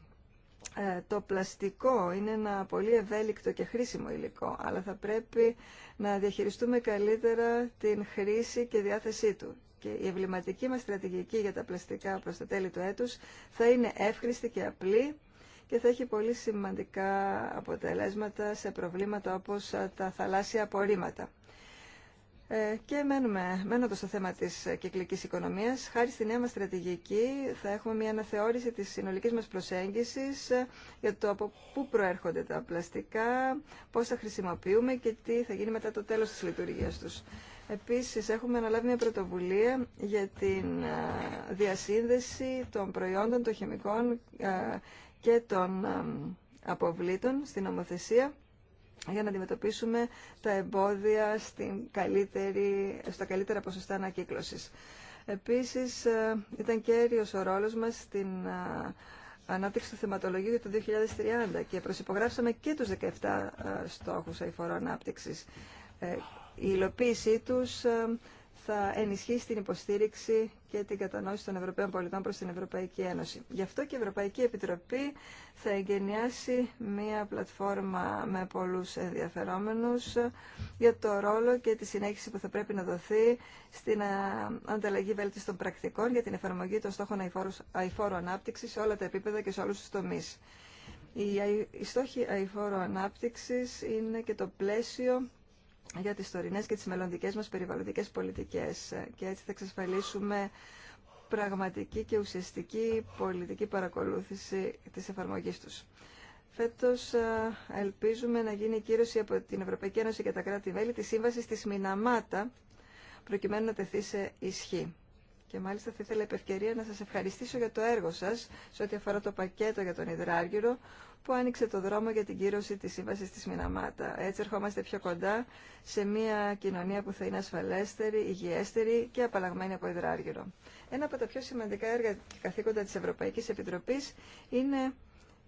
Ε, το πλαστικό είναι ένα πολύ ευέλικτο και χρήσιμο υλικό, αλλά θα πρέπει να διαχειριστούμε καλύτερα την χρήση και διάθεσή του. Και η ευληματική μας στρατηγική για τα πλαστικά προς τα τέλη του έτους θα είναι εύχρηστη και απλή και θα έχει πολύ σημαντικά αποτελέσματα σε προβλήματα όπως τα θαλάσσια απορρίμματα. Ε, και μένουμε, μένοντα στο θέμα τη ε, κυκλικής οικονομίας, χάρη στη νέα μα στρατηγική θα έχουμε μια αναθεώρηση της συνολικής μας προσέγγισης ε, για το από πού προέρχονται τα πλαστικά, πώς θα χρησιμοποιούμε και τι θα γίνει μετά το τέλος της λειτουργίας τους. Επίσης, έχουμε αναλάβει μια πρωτοβουλία για την διασύνδεση των προϊόντων, των χημικών και των αποβλήτων στην νομοθεσία για να αντιμετωπίσουμε τα εμπόδια στην καλύτερη, στα καλύτερα ποσοστά ανακύκλωσης. Επίσης, ε, ήταν κέριος ο ρόλος μας στην ε, ανάπτυξη του θεματολογίου για το 2030 και προσυπογράψαμε και τους 17 ε, στόχους αηφορών ανάπτυξης. Η υλοποίησή τους θα ενισχύσει την υποστήριξη και την κατανόηση των Ευρωπαίων πολιτών προς την Ευρωπαϊκή Ένωση. Γι' αυτό και η Ευρωπαϊκή Επιτροπή θα εγκαινιάσει μία πλατφόρμα με πολλούς ενδιαφερόμενους για το ρόλο και τη συνέχιση που θα πρέπει να δοθεί στην ε, ανταλλαγή βέλτιστων των πρακτικών για την εφαρμογή των στόχων αηφόρου ανάπτυξη σε όλα τα επίπεδα και σε όλους τους τομείς. Οι στόχοι αηφόρου ανάπτυξης είναι και το πλαίσιο για τις τωρινές και τις μελλοντικές μας περιβαλλοντικές πολιτικές και έτσι θα εξασφαλίσουμε πραγματική και ουσιαστική πολιτική παρακολούθηση της εφαρμογής τους. Φέτος ελπίζουμε να γίνει η κύρωση από την Ευρωπαϊκή Ένωση και τα κράτη-μέλη της σύμβασης της Μιναμάτα προκειμένου να τεθεί σε ισχύ. Και μάλιστα θα ήθελα επευκαιρία να σας ευχαριστήσω για το έργο σας σε ό,τι αφορά το πακέτο για τον Ιδράργυρο που άνοιξε το δρόμο για την κύρωση της σύμβασης της Μιναμάτα. Έτσι ερχόμαστε πιο κοντά σε μια κοινωνία που θα είναι ασφαλέστερη, υγιέστερη και απαλλαγμένη από υδράργυρο. Ένα από τα πιο σημαντικά έργα και καθήκοντα της Ευρωπαϊκής Επιτροπής είναι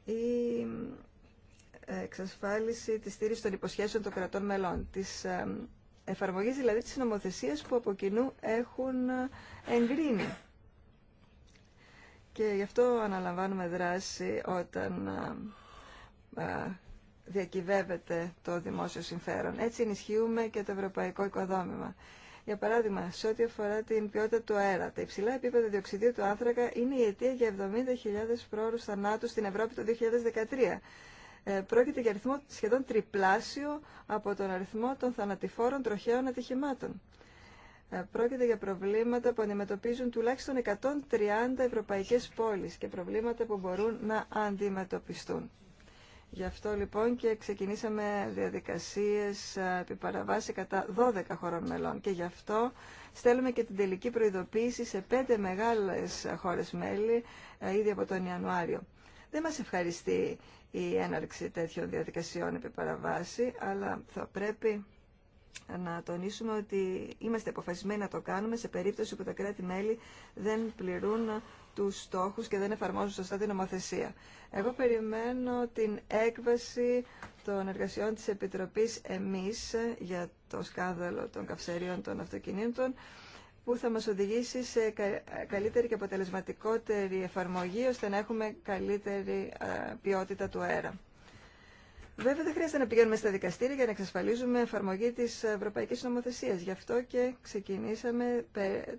η ε, εξασφάλιση της στήριξης των υποσχέσεων των κρατών μελών, της ε, εφαρμογής δηλαδή της νομοθεσίας που από κοινού έχουν ε, εγκρίνει. Και γι' αυτό αναλαμβάνουμε δράση όταν α, διακυβεύεται το δημόσιο συμφέρον. Έτσι ενισχύουμε και το ευρωπαϊκό οικοδόμημα. Για παράδειγμα, σε ό,τι αφορά την ποιότητα του αέρα, τα υψηλά επίπεδα διοξιδίου του άνθρακα είναι η αιτία για 70.000 πρόωρους θανάτου στην Ευρώπη το 2013. Ε, πρόκειται για αριθμό σχεδόν τριπλάσιο από τον αριθμό των θανατηφόρων τροχαίων ατυχημάτων. Ε, πρόκειται για προβλήματα που αντιμετωπίζουν τουλάχιστον 130 ευρωπαϊκές πόλεις και προβλήματα που μπορούν να αντιμετωπιστούν. Γι' αυτό λοιπόν και ξεκινήσαμε διαδικασίες ε, παραβάση κατά 12 χωρών μελών και γι' αυτό στέλνουμε και την τελική προειδοποίηση σε πέντε μεγάλες χώρες μέλη ε, ήδη από τον Ιανουάριο. Δεν μας ευχαριστεί η έναρξη τέτοιων διαδικασιών επιπαραβάση, αλλά θα πρέπει να τονίσουμε ότι είμαστε αποφασισμένοι να το κάνουμε σε περίπτωση που τα κράτη-μέλη δεν πληρούν τους στόχους και δεν εφαρμόζουν σωστά την νομοθεσία. Εγώ περιμένω την έκβαση των εργασιών της Επιτροπής εμείς για το σκάνδαλο των καυσερίων των αυτοκινήτων που θα μας οδηγήσει σε καλύτερη και αποτελεσματικότερη εφαρμογή ώστε να έχουμε καλύτερη ποιότητα του αέρα. Βέβαια δεν χρειάζεται να πηγαίνουμε στα δικαστήρια για να εξασφαλίζουμε εφαρμογή της Ευρωπαϊκής Νομοθεσίας. Γι' αυτό και ξεκινήσαμε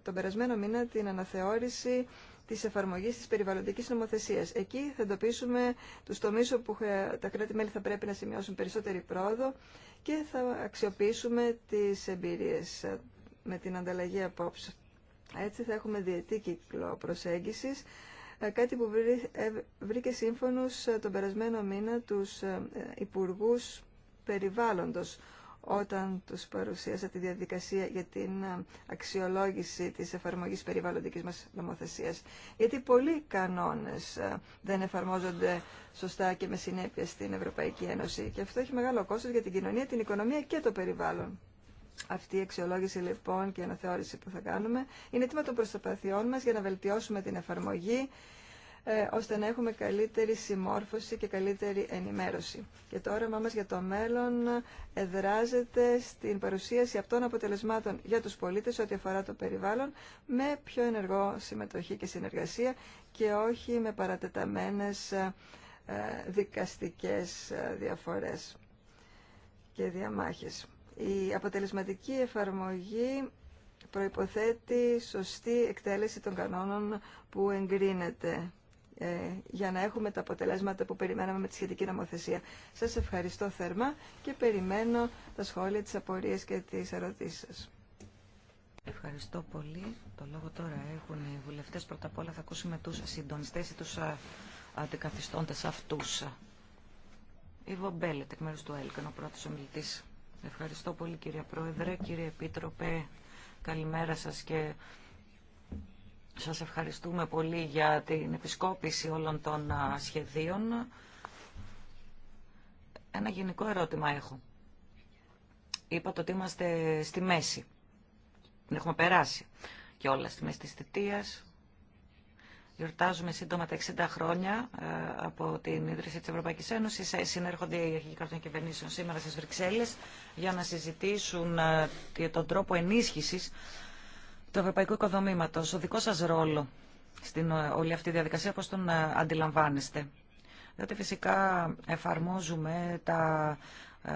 τον περασμένο μήνα την αναθεώρηση τη εφαρμογή τη περιβαλλοντική νομοθεσία. Εκεί θα εντοπίσουμε του τομεί όπου τα κράτη-μέλη θα πρέπει να σημειώσουν περισσότερη πρόοδο και θα αξιοποιήσουμε τι εμπειρίε ε, με την ανταλλαγή απόψε. Έτσι θα έχουμε διετή κύκλο προσέγγισης ε, κάτι που ε, βρήκε σύμφωνος ε, τον περασμένο μήνα τους υπουργούς περιβάλλοντος όταν τους παρουσίασα τη διαδικασία για την αξιολόγηση της εφαρμογής περιβαλλοντικής μας νομοθεσίας. Γιατί πολλοί κανόνες δεν εφαρμόζονται σωστά και με συνέπεια στην Ευρωπαϊκή Ένωση και αυτό έχει μεγάλο κόστος για την κοινωνία, την οικονομία και το περιβάλλον. Αυτή η αξιολόγηση λοιπόν και η αναθεώρηση που θα κάνουμε είναι τίμα των προσπαθειών μας για να βελτιώσουμε την εφαρμογή ε, ώστε να έχουμε καλύτερη συμμόρφωση και καλύτερη ενημέρωση. Και το όραμά μας για το μέλλον εδράζεται στην παρουσίαση αυτών αποτελεσμάτων για τους πολίτες ό,τι αφορά το περιβάλλον με πιο ενεργό συμμετοχή και συνεργασία και όχι με παρατεταμένες ε, δικαστικές ε, διαφορές και διαμάχες. Η αποτελεσματική εφαρμογή προϋποθέτει σωστή εκτέλεση των κανόνων που εγκρίνεται ε, για να έχουμε τα αποτελέσματα που περιμέναμε με τη σχετική νομοθεσία. Σας ευχαριστώ θερμά και περιμένω τα σχόλια, τις απορίες και τις ερωτήσεις σας. Ευχαριστώ πολύ. Το λόγο τώρα έχουν οι βουλευτές. Πρώτα απ' όλα θα ακούσουμε τους συντονιστές ή τους αντικαθιστώντες αυτούς. Ιβο Μπέλετ, εκ μέρους του ΕΛΚΑΝ, ο πρώτος ομιλητής. Ευχαριστώ πολύ κύριε Πρόεδρε, κύριε Επίτροπε. Καλημέρα σας και σας ευχαριστούμε πολύ για την επισκόπηση όλων των σχεδίων. Ένα γενικό ερώτημα έχω. Είπατε ότι είμαστε στη μέση. Έχουμε περάσει και όλα στη μέση της θητείας. Γιορτάζουμε σύντομα τα 60 χρόνια ε, από την ίδρυση τη Ευρωπαϊκή Ένωση. Ε, συνέρχονται οι αρχικοί κρατών κυβερνήσεων σήμερα στις Βρυξέλλες για να συζητήσουν ε, τον τρόπο ενίσχυσης του ευρωπαϊκού οικοδομήματος, Ο δικό σας ρόλο στην όλη αυτή τη διαδικασία, πώς τον αντιλαμβάνεστε. Διότι φυσικά εφαρμόζουμε τα ε,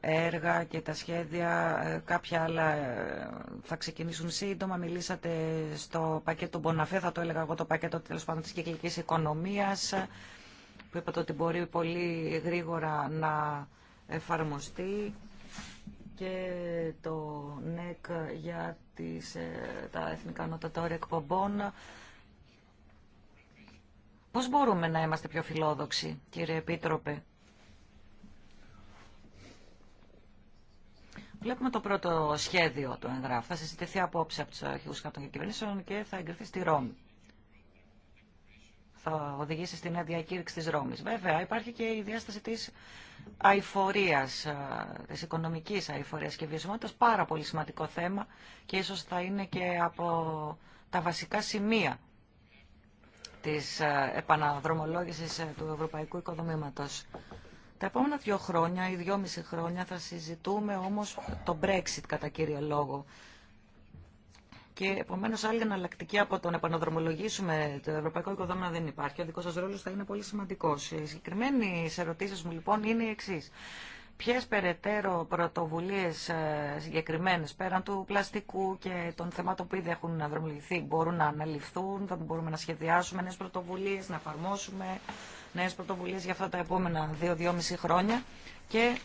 έργα και τα σχέδια. Ε, κάποια άλλα ε, θα ξεκινήσουν σύντομα. Μιλήσατε στο πακέτο Μποναφέ, θα το έλεγα εγώ το πακέτο τέλο πάντων της οικονομίας, που είπατε ότι μπορεί πολύ γρήγορα να εφαρμοστεί και το ΝΕΚ για τις, τα εθνικά νοτατόρια εκπομπών. Πώς μπορούμε να είμαστε πιο φιλόδοξοι, κύριε Επίτροπε, Βλέπουμε το πρώτο σχέδιο του εγγράφου. Θα συζητηθεί απόψε από του αρχηγού κρατών και κυβερνήσεων και θα εγκριθεί στη Ρώμη. Θα οδηγήσει στην νέα διακήρυξη τη Ρώμη. Βέβαια, υπάρχει και η διάσταση τη αηφορία, τη οικονομική αηφορία και βιωσιμότητα. Πάρα πολύ σημαντικό θέμα και ίσω θα είναι και από τα βασικά σημεία της επαναδρομολόγησης του ευρωπαϊκού οικοδομήματος. Τα επόμενα δύο χρόνια ή δυόμιση χρόνια θα συζητούμε όμως το Brexit κατά κύριο λόγο. Και επομένως άλλη εναλλακτική από το να επαναδρομολογήσουμε το ευρωπαϊκό οικοδόμημα δεν υπάρχει. Ο δικός σας ρόλος θα είναι πολύ σημαντικός. Οι συγκεκριμένες ερωτήσεις μου λοιπόν είναι οι εξής. Ποιε περαιτέρω πρωτοβουλίε συγκεκριμένε πέραν του πλαστικού και των θεμάτων που ήδη έχουν δρομολογηθεί μπορούν να αναλυφθούν, θα μπορούμε να σχεδιάσουμε νέε πρωτοβουλίε, να εφαρμόσουμε νέε πρωτοβουλίε για αυτά τα επόμενα 2-2,5 χρόνια και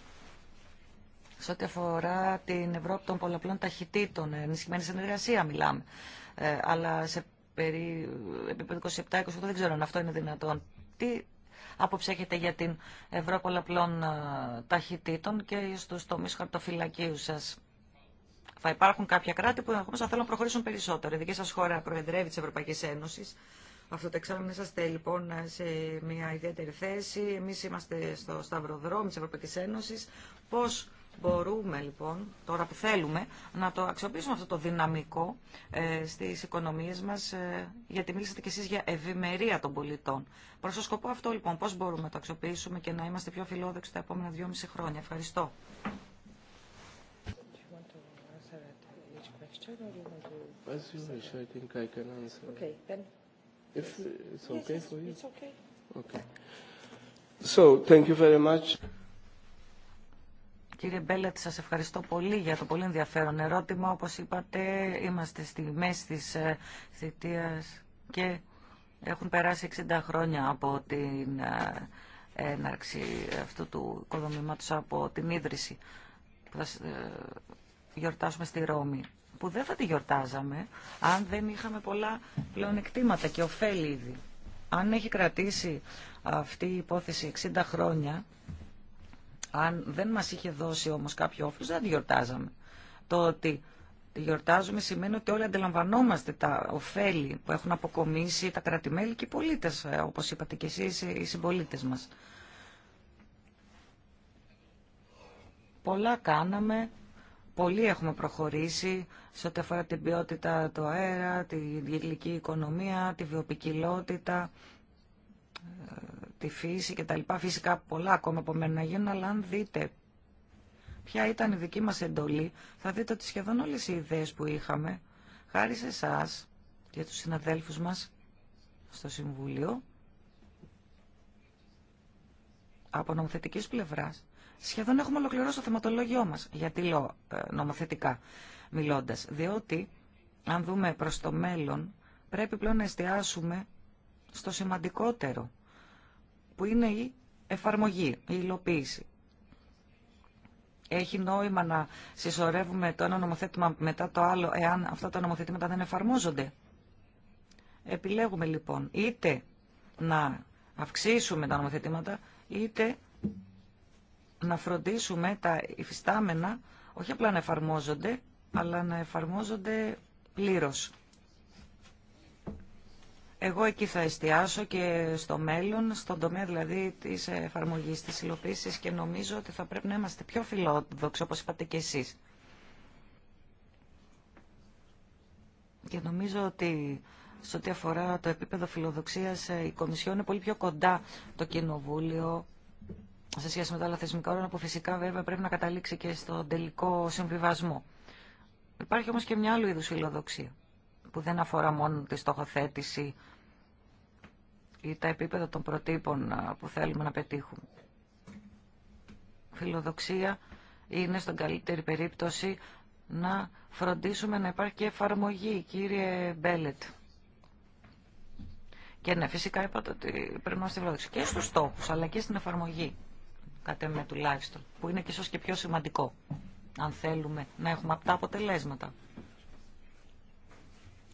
σε ό,τι αφορά την Ευρώπη των πολλαπλών ταχυτήτων, ενισχυμένη συνεργασία μιλάμε. Ε, αλλά σε περί, επίπεδο 27-28 δεν ξέρω αν αυτό είναι δυνατόν. Τι άποψη έχετε για την Ευρώπη πολλαπλών ε, ταχυτήτων και στους τομείς χαρτοφυλακίου σας. Θα υπάρχουν κάποια κράτη που ενδεχομένω θα θέλουν να προχωρήσουν περισσότερο. Η δική σα χώρα προεδρεύει τη Ευρωπαϊκή Ένωση αυτό το εξάμεινο είσαστε λοιπόν σε μια ιδιαίτερη θέση. Εμείς είμαστε στο σταυροδρόμι της Ευρωπαϊκής Ένωσης. Πώς μπορούμε λοιπόν, τώρα που θέλουμε, να το αξιοποιήσουμε αυτό το δυναμικό ε, στις οικονομίες μας, ε, γιατί μίλησατε κι εσείς για ευημερία των πολιτών. Προς το σκοπό αυτό λοιπόν, πώς μπορούμε να το αξιοποιήσουμε και να είμαστε πιο φιλόδοξοι τα επόμενα δυόμιση χρόνια. Ευχαριστώ. If it's okay for you. It's okay. Okay. So, Κύριε Μπέλετ, σας ευχαριστώ πολύ για το πολύ ενδιαφέρον ερώτημα. Όπως είπατε, είμαστε στη μέση της ε, θητείας και έχουν περάσει 60 χρόνια από την ε, έναρξη αυτού του οικοδομήματος, από την ίδρυση που θα ε, γιορτάσουμε στη Ρώμη που δεν θα τη γιορτάζαμε αν δεν είχαμε πολλά πλεονεκτήματα και ωφέλη ήδη. Αν έχει κρατήσει αυτή η υπόθεση 60 χρόνια, αν δεν μας είχε δώσει όμως κάποιο όφελος, δεν τη γιορτάζαμε. Το ότι τη γιορτάζουμε σημαίνει ότι όλοι αντιλαμβανόμαστε τα ωφέλη που έχουν αποκομίσει τα κρατημέλη και οι πολίτες, ε, όπως είπατε και εσείς, οι συμπολίτες μας. Πολλά κάναμε, Πολύ έχουμε προχωρήσει σε ό,τι αφορά την ποιότητα του αέρα, τη γλυκή οικονομία, τη βιοπικιλότητα, τη φύση κτλ. Φυσικά πολλά ακόμα από να γίνουν, αλλά αν δείτε ποια ήταν η δική μας εντολή, θα δείτε ότι σχεδόν όλες οι ιδέες που είχαμε, χάρη σε εσά και τους συναδέλφους μας στο Συμβούλιο, από νομοθετικής πλευράς, σχεδόν έχουμε ολοκληρώσει το θεματολόγιό μας. Γιατί λέω ε, νομοθετικά μιλώντας. Διότι, αν δούμε προς το μέλλον, πρέπει πλέον να εστιάσουμε στο σημαντικότερο, που είναι η εφαρμογή, η υλοποίηση. Έχει νόημα να συσσωρεύουμε το ένα νομοθέτημα μετά το άλλο, εάν αυτά τα νομοθετήματα δεν εφαρμόζονται. Επιλέγουμε λοιπόν είτε να αυξήσουμε τα νομοθετήματα, είτε να φροντίσουμε τα υφιστάμενα όχι απλά να εφαρμόζονται, αλλά να εφαρμόζονται πλήρως. Εγώ εκεί θα εστιάσω και στο μέλλον, στον τομέα δηλαδή της εφαρμογής, της υλοποίησης και νομίζω ότι θα πρέπει να είμαστε πιο φιλόδοξοι, όπως είπατε και εσείς. Και νομίζω ότι σε ό,τι αφορά το επίπεδο φιλοδοξίας, ε, η Κομισιόν είναι πολύ πιο κοντά το Κοινοβούλιο, σε σχέση με τα άλλα θεσμικά όργανα που φυσικά βέβαια πρέπει να καταλήξει και στο τελικό συμβιβασμό. Υπάρχει όμως και μια άλλη είδους φιλοδοξία που δεν αφορά μόνο τη στοχοθέτηση ή τα επίπεδα των προτύπων που θέλουμε να πετύχουμε. Φιλοδοξία είναι στον καλύτερη περίπτωση να φροντίσουμε να υπάρχει και εφαρμογή, κύριε Μπέλετ. Και ναι, φυσικά είπατε ότι πρέπει να είμαστε φιλοδοξοί και στους στόχους, αλλά και στην εφαρμογή τουλάχιστον, που είναι και ίσως και πιο σημαντικό, αν θέλουμε να έχουμε αυτά αποτελέσματα.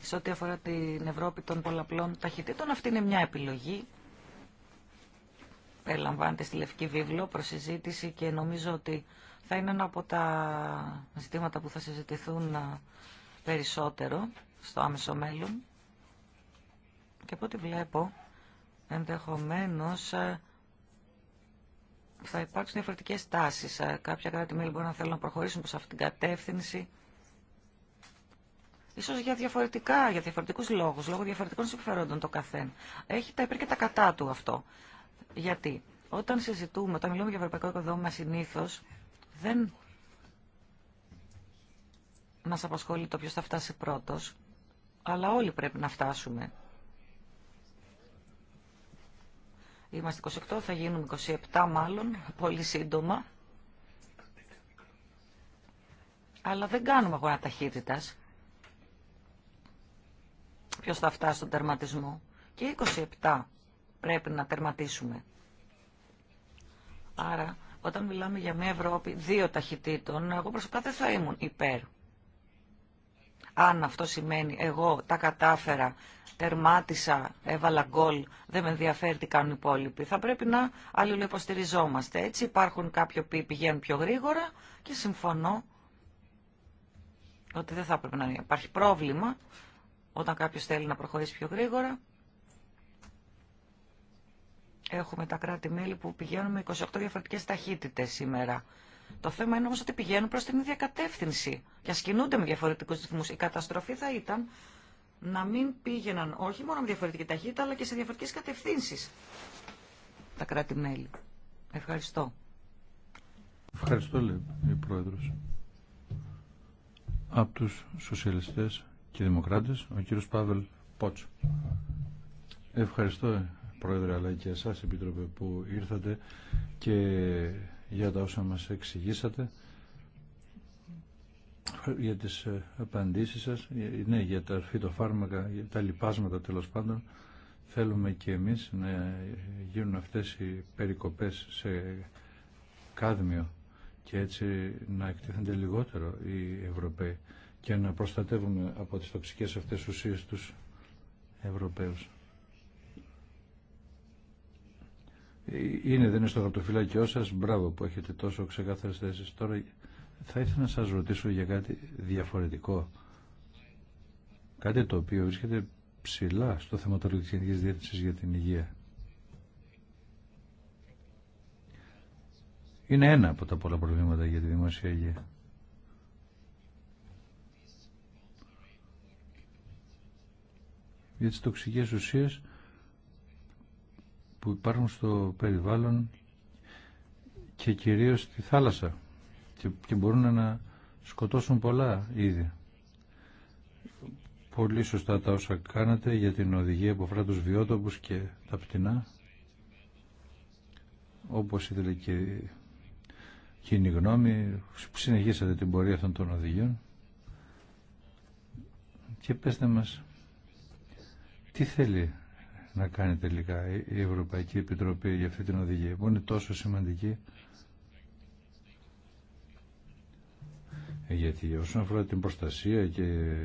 Σε ό,τι αφορά την Ευρώπη των πολλαπλών ταχυτήτων, αυτή είναι μια επιλογή. Περιλαμβάνεται στη Λευκή Βίβλο προσυζήτηση και νομίζω ότι θα είναι ένα από τα ζητήματα που θα συζητηθούν περισσότερο στο άμεσο μέλλον. Και από ό,τι βλέπω, ενδεχομένως θα υπάρξουν διαφορετικές τάσεις. Ε, κάποια κράτη-μέλη μπορεί να θέλουν να προχωρήσουν προς αυτήν την κατεύθυνση. Ίσως για διαφορετικά, για διαφορετικούς λόγους, λόγω διαφορετικών συμφερόντων το καθένα. Έχει τα υπέρ και τα κατά του αυτό. Γιατί όταν συζητούμε, όταν μιλούμε για ευρωπαϊκό οικοδόμημα συνήθω, δεν μας απασχολεί το ποιος θα φτάσει πρώτος, αλλά όλοι πρέπει να φτάσουμε Είμαστε 28, θα γίνουμε 27 μάλλον, πολύ σύντομα. Αλλά δεν κάνουμε αγορά ταχύτητα. Ποιο θα φτάσει στον τερματισμό. Και 27 πρέπει να τερματίσουμε. Άρα, όταν μιλάμε για μια Ευρώπη δύο ταχυτήτων, εγώ προσωπικά δεν θα ήμουν υπέρ. Αν αυτό σημαίνει εγώ τα κατάφερα, τερμάτισα, έβαλα γκολ, δεν με ενδιαφέρει τι κάνουν οι υπόλοιποι. Θα πρέπει να αλληλοϊποστηριζόμαστε. Έτσι υπάρχουν κάποιοι που πηγαίνουν πιο γρήγορα και συμφωνώ ότι δεν θα πρέπει να υπάρχει πρόβλημα όταν κάποιο θέλει να προχωρήσει πιο γρήγορα. Έχουμε τα κράτη-μέλη που πηγαίνουν με 28 διαφορετικές ταχύτητες σήμερα. Το θέμα είναι όμω ότι πηγαίνουν προς την ίδια κατεύθυνση και ασκηνούνται με διαφορετικούς ρυθμού. Η καταστροφή θα ήταν να μην πήγαιναν όχι μόνο με διαφορετική ταχύτητα, αλλά και σε διαφορετικές κατευθύνσεις τα κράτη-μέλη. Ευχαριστώ. Ευχαριστώ, λέει η Πρόεδρος. Από τους Σοσιαλιστές και Δημοκράτες, ο κύριο Πάβελ Πότσο. Ευχαριστώ, Πρόεδρε, αλλά και εσά Επίτροπε, που ήρθατε και για τα όσα μας εξηγήσατε για τις ε, απαντήσεις σας ναι, για τα φυτοφάρμακα για τα λοιπάσματα τέλος πάντων θέλουμε και εμείς να γίνουν αυτές οι περικοπές σε κάδμιο και έτσι να εκτίθενται λιγότερο οι Ευρωπαίοι και να προστατεύουμε από τις τοξικές αυτές ουσίες τους Ευρωπαίους. Είναι, δεν είναι στο γραπτοφυλάκιό σας. Μπράβο που έχετε τόσο ξεκάθαρε θέσει. Τώρα θα ήθελα να σας ρωτήσω για κάτι διαφορετικό. Κάτι το οποίο βρίσκεται ψηλά στο θέμα τη Γενικής Διεύθυνση για την Υγεία. Είναι ένα από τα πολλά προβλήματα για τη δημόσια υγεία. Για τις τοξικές ουσίες που υπάρχουν στο περιβάλλον και κυρίως στη θάλασσα και, μπορούν να σκοτώσουν πολλά ήδη. Πολύ σωστά τα όσα κάνατε για την οδηγία που αφορά τους βιότοπους και τα πτηνά όπως ήθελε και κοινή γνώμη, συνεχίσατε την πορεία αυτών των οδηγιών και πέστε μας τι θέλει να κάνει τελικά η Ευρωπαϊκή Επιτροπή για αυτή την οδηγία που είναι τόσο σημαντική ε, γιατί όσον αφορά την προστασία και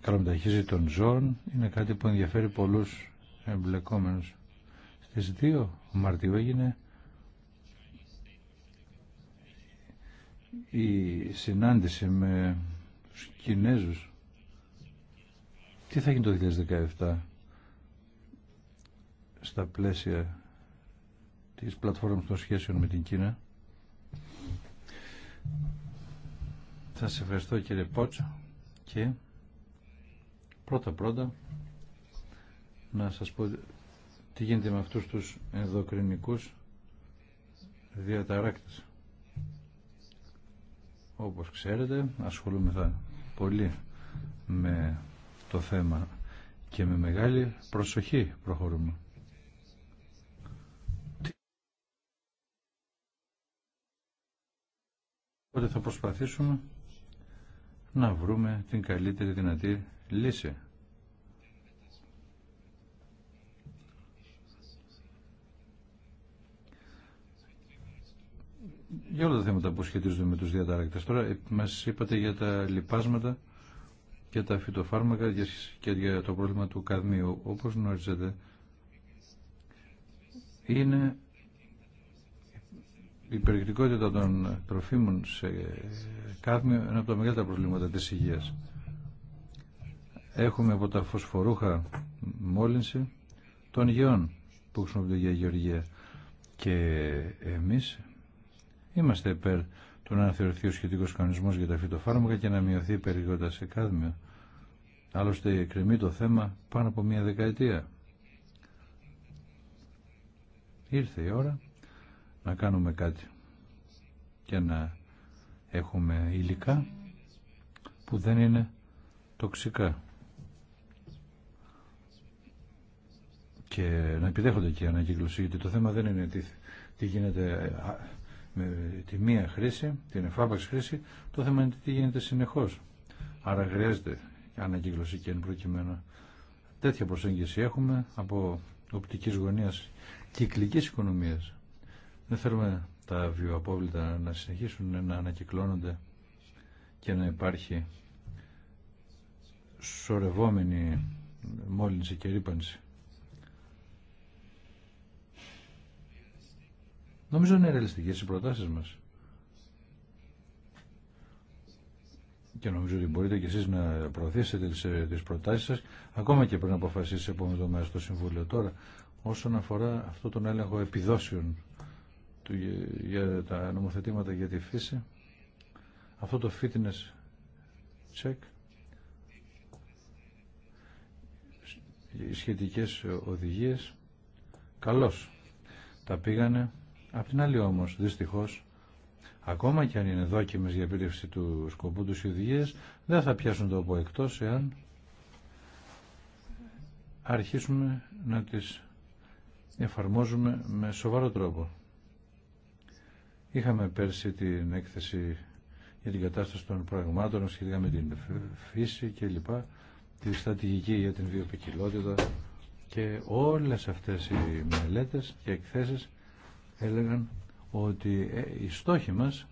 καλομεταχείριση των ζώων είναι κάτι που ενδιαφέρει πολλούς εμπλεκόμενους. Στις 2 Μαρτίου έγινε η συνάντηση με τους Κινέζους. Τι θα γίνει το 2017 στα πλαίσια της πλατφόρμας των σχέσεων με την Κίνα. Θα σε ευχαριστώ κύριε Πότσο και πρώτα πρώτα να σας πω τι γίνεται με αυτούς τους ενδοκρινικούς διαταράκτες. Όπως ξέρετε ασχολούμεθα πολύ με το θέμα και με μεγάλη προσοχή προχωρούμε. Οπότε θα προσπαθήσουμε να βρούμε την καλύτερη δυνατή λύση. Για όλα τα θέματα που σχετίζονται με τους διαταράκτες. Τώρα ε, μας είπατε για τα λιπάσματα και τα φυτοφάρμακα και για το πρόβλημα του καδμίου. Όπως γνωρίζετε, είναι η περιεκτικότητα των τροφίμων σε κάδμιο είναι από τα μεγαλύτερα προβλήματα της υγείας. Έχουμε από τα φωσφορούχα μόλυνση των γεών που χρησιμοποιούνται για γεωργία. Και εμείς είμαστε υπέρ του να αναθεωρηθεί ο σχετικός κανονισμός για τα φυτοφάρμακα και να μειωθεί η περιεκτικότητα σε κάδμιο. Άλλωστε εκκρεμεί το θέμα πάνω από μια δεκαετία. Ήρθε η ώρα να κάνουμε κάτι και να έχουμε υλικά που δεν είναι τοξικά και να επιδέχονται και ανακύκλωση γιατί το θέμα δεν είναι τι, γίνεται ε, με τη μία χρήση, την εφάπαξ χρήση το θέμα είναι τι γίνεται συνεχώς άρα χρειάζεται ανακύκλωση και εν προκειμένου τέτοια προσέγγιση έχουμε από οπτικής γωνίας κυκλικής οικονομίας δεν θέλουμε τα βιοαπόβλητα να συνεχίσουν να ανακυκλώνονται και να υπάρχει σορευόμενη μόλυνση και ρήπανση. Νομίζω είναι ρεαλιστικές οι προτάσεις μας. Και νομίζω ότι μπορείτε και εσείς να προωθήσετε ε, τις προτάσεις σας, ακόμα και πριν αποφασίσει επόμενο τομέα στο Συμβούλιο. Τώρα, όσον αφορά αυτό τον έλεγχο επιδόσεων του, για τα νομοθετήματα για τη φύση. Αυτό το fitness check οι σχετικές οδηγίες καλώς τα πήγανε απ' την άλλη όμως δυστυχώς ακόμα και αν είναι δόκιμες για επίρρευση του σκοπού τους οι οδηγίες δεν θα πιάσουν το από εκτός εάν αρχίσουμε να τις εφαρμόζουμε με σοβαρό τρόπο Είχαμε πέρσι την έκθεση για την κατάσταση των πραγμάτων σχετικά με την φύση και λοιπά, τη στρατηγική για την βιοπικιλότητα και όλες αυτές οι μελέτες και εκθέσεις έλεγαν ότι ε, οι στόχοι μας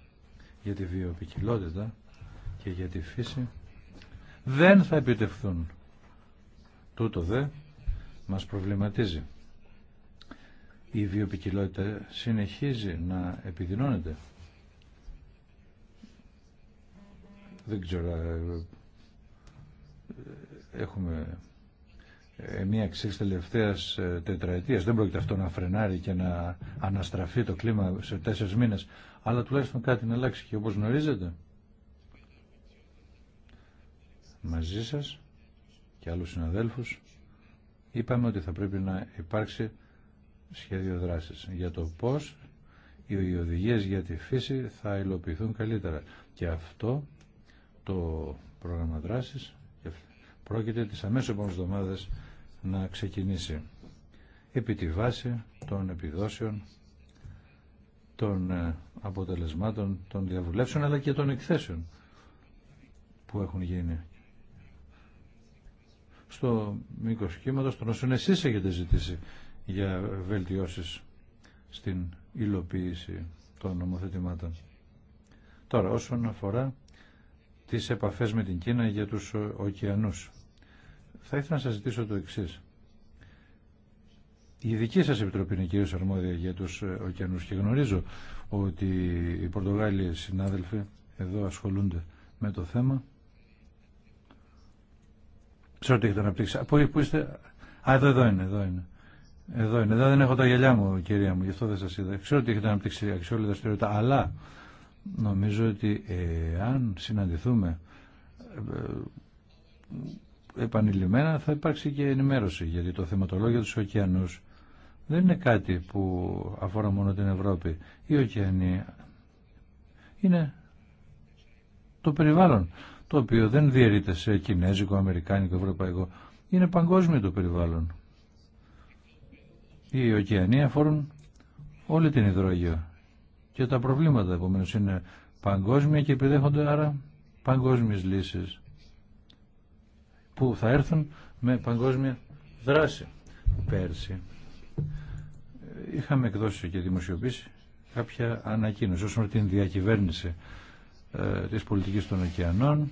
για τη βιοπικιλότητα και για τη φύση δεν θα επιτευχθούν. Τούτο δε μας προβληματίζει η βιοπικιλότητα συνεχίζει να επιδεινώνεται. Δεν ξέρω, ε, έχουμε ε, μια εξής τελευταίας ε, τετραετίας. Δεν πρόκειται αυτό να φρενάρει και να αναστραφεί το κλίμα σε τέσσερις μήνες, αλλά τουλάχιστον κάτι να αλλάξει και όπως γνωρίζετε. Μαζί σας και άλλους συναδέλφους είπαμε ότι θα πρέπει να υπάρξει σχέδιο δράσης για το πώς οι οδηγίες για τη φύση θα υλοποιηθούν καλύτερα. Και αυτό το πρόγραμμα δράσης πρόκειται τις αμέσως επόμενες εβδομάδες να ξεκινήσει επί τη βάση των επιδόσεων των ε, αποτελεσμάτων των διαβουλεύσεων αλλά και των εκθέσεων που έχουν γίνει στο μήκο κύματος των όσων εσείς έχετε ζητήσει για βελτιώσεις στην υλοποίηση των νομοθετημάτων. Τώρα, όσον αφορά τις επαφές με την Κίνα για τους ωκεανούς, θα ήθελα να σας ζητήσω το εξής. Η δική σας επιτροπή είναι κυρίως αρμόδια για τους ωκεανούς και γνωρίζω ότι οι Πορτογάλοι συνάδελφοι εδώ ασχολούνται με το θέμα. Ξέρω ότι έχετε αναπτύξει. Πού είστε. Α, εδώ είναι, εδώ είναι. Εδώ είναι. δεν έχω τα γυαλιά μου, κυρία μου, γι' αυτό δεν σας είδα. Ξέρω ότι έχετε αναπτύξει τα δραστηριότητα, αλλά νομίζω ότι αν συναντηθούμε ε, ε, επανειλημμένα θα υπάρξει και ενημέρωση, γιατί το θεματολόγιο του ωκεανού δεν είναι κάτι που αφορά μόνο την Ευρώπη. ή ωκεανοί είναι το περιβάλλον, το οποίο δεν διαιρείται σε κινέζικο, αμερικάνικο, ευρωπαϊκό. Είναι παγκόσμιο το περιβάλλον οι ωκεανοί αφορούν όλη την υδρόγειο. Και τα προβλήματα επομένως είναι παγκόσμια και επιδέχονται άρα παγκόσμιες λύσεις που θα έρθουν με παγκόσμια δράση. Πέρσι είχαμε εκδώσει και δημοσιοποιήσει κάποια ανακοίνωση όσον την διακυβέρνηση ε, της πολιτικής των ωκεανών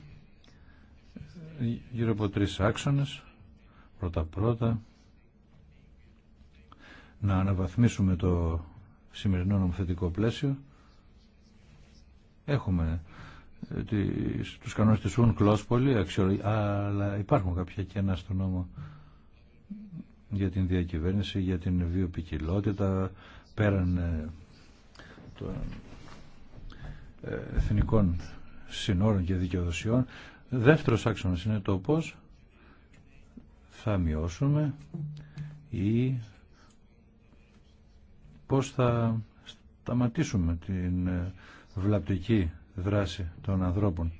γύρω από τρεις άξονες πρώτα-πρώτα να αναβαθμίσουμε το σημερινό νομοθετικό πλαίσιο. Έχουμε ε, του τους κανόνες ον UNCLOS πολύ αλλά υπάρχουν κάποια κενά στο νόμο για την διακυβέρνηση, για την βιοπικιλότητα, πέραν ε, των ε, εθνικών συνόρων και δικαιοδοσιών. Δεύτερος άξονα είναι το πώς θα μειώσουμε ή πώς θα σταματήσουμε την ε, βλαπτική δράση των ανθρώπων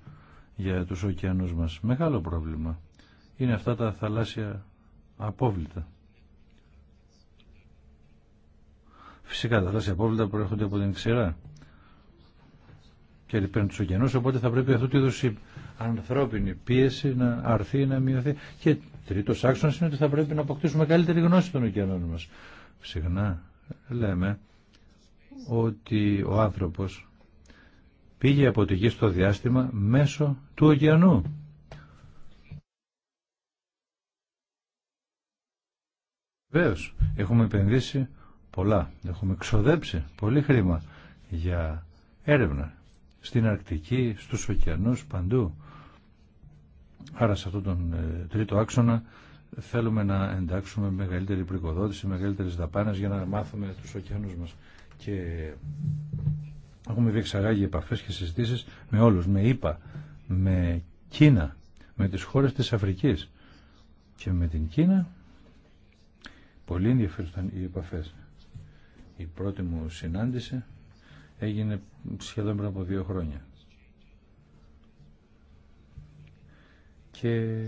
για τους ωκεανούς μας. Μεγάλο πρόβλημα. Είναι αυτά τα θαλάσσια απόβλητα. Φυσικά τα θαλάσσια απόβλητα προέρχονται από την ξηρά και λοιπόν του ωκεανού. Οπότε θα πρέπει αυτού του είδου η ανθρώπινη πίεση να αρθεί, να μειωθεί. Και τρίτο άξονα είναι ότι θα πρέπει να αποκτήσουμε καλύτερη γνώση των ωκεανών μα. Συχνά λέμε ότι ο άνθρωπος πήγε από τη γη στο διάστημα μέσω του ωκεανού. Βεβαίω, έχουμε επενδύσει πολλά, έχουμε ξοδέψει πολύ χρήμα για έρευνα στην Αρκτική, στους ωκεανούς, παντού. Άρα σε αυτόν τον ε, τρίτο άξονα θέλουμε να εντάξουμε μεγαλύτερη πρικοδότηση, μεγαλύτερες δαπάνες για να μάθουμε τους ωκεανού μας. Και έχουμε διεξαγάγει επαφές και συζητήσεις με όλους, με ΙΠΑ, με Κίνα, με τις χώρες της Αφρικής και με την Κίνα. Πολύ ενδιαφέρουσαν οι επαφές. Η πρώτη μου συνάντηση έγινε σχεδόν πριν από δύο χρόνια. Και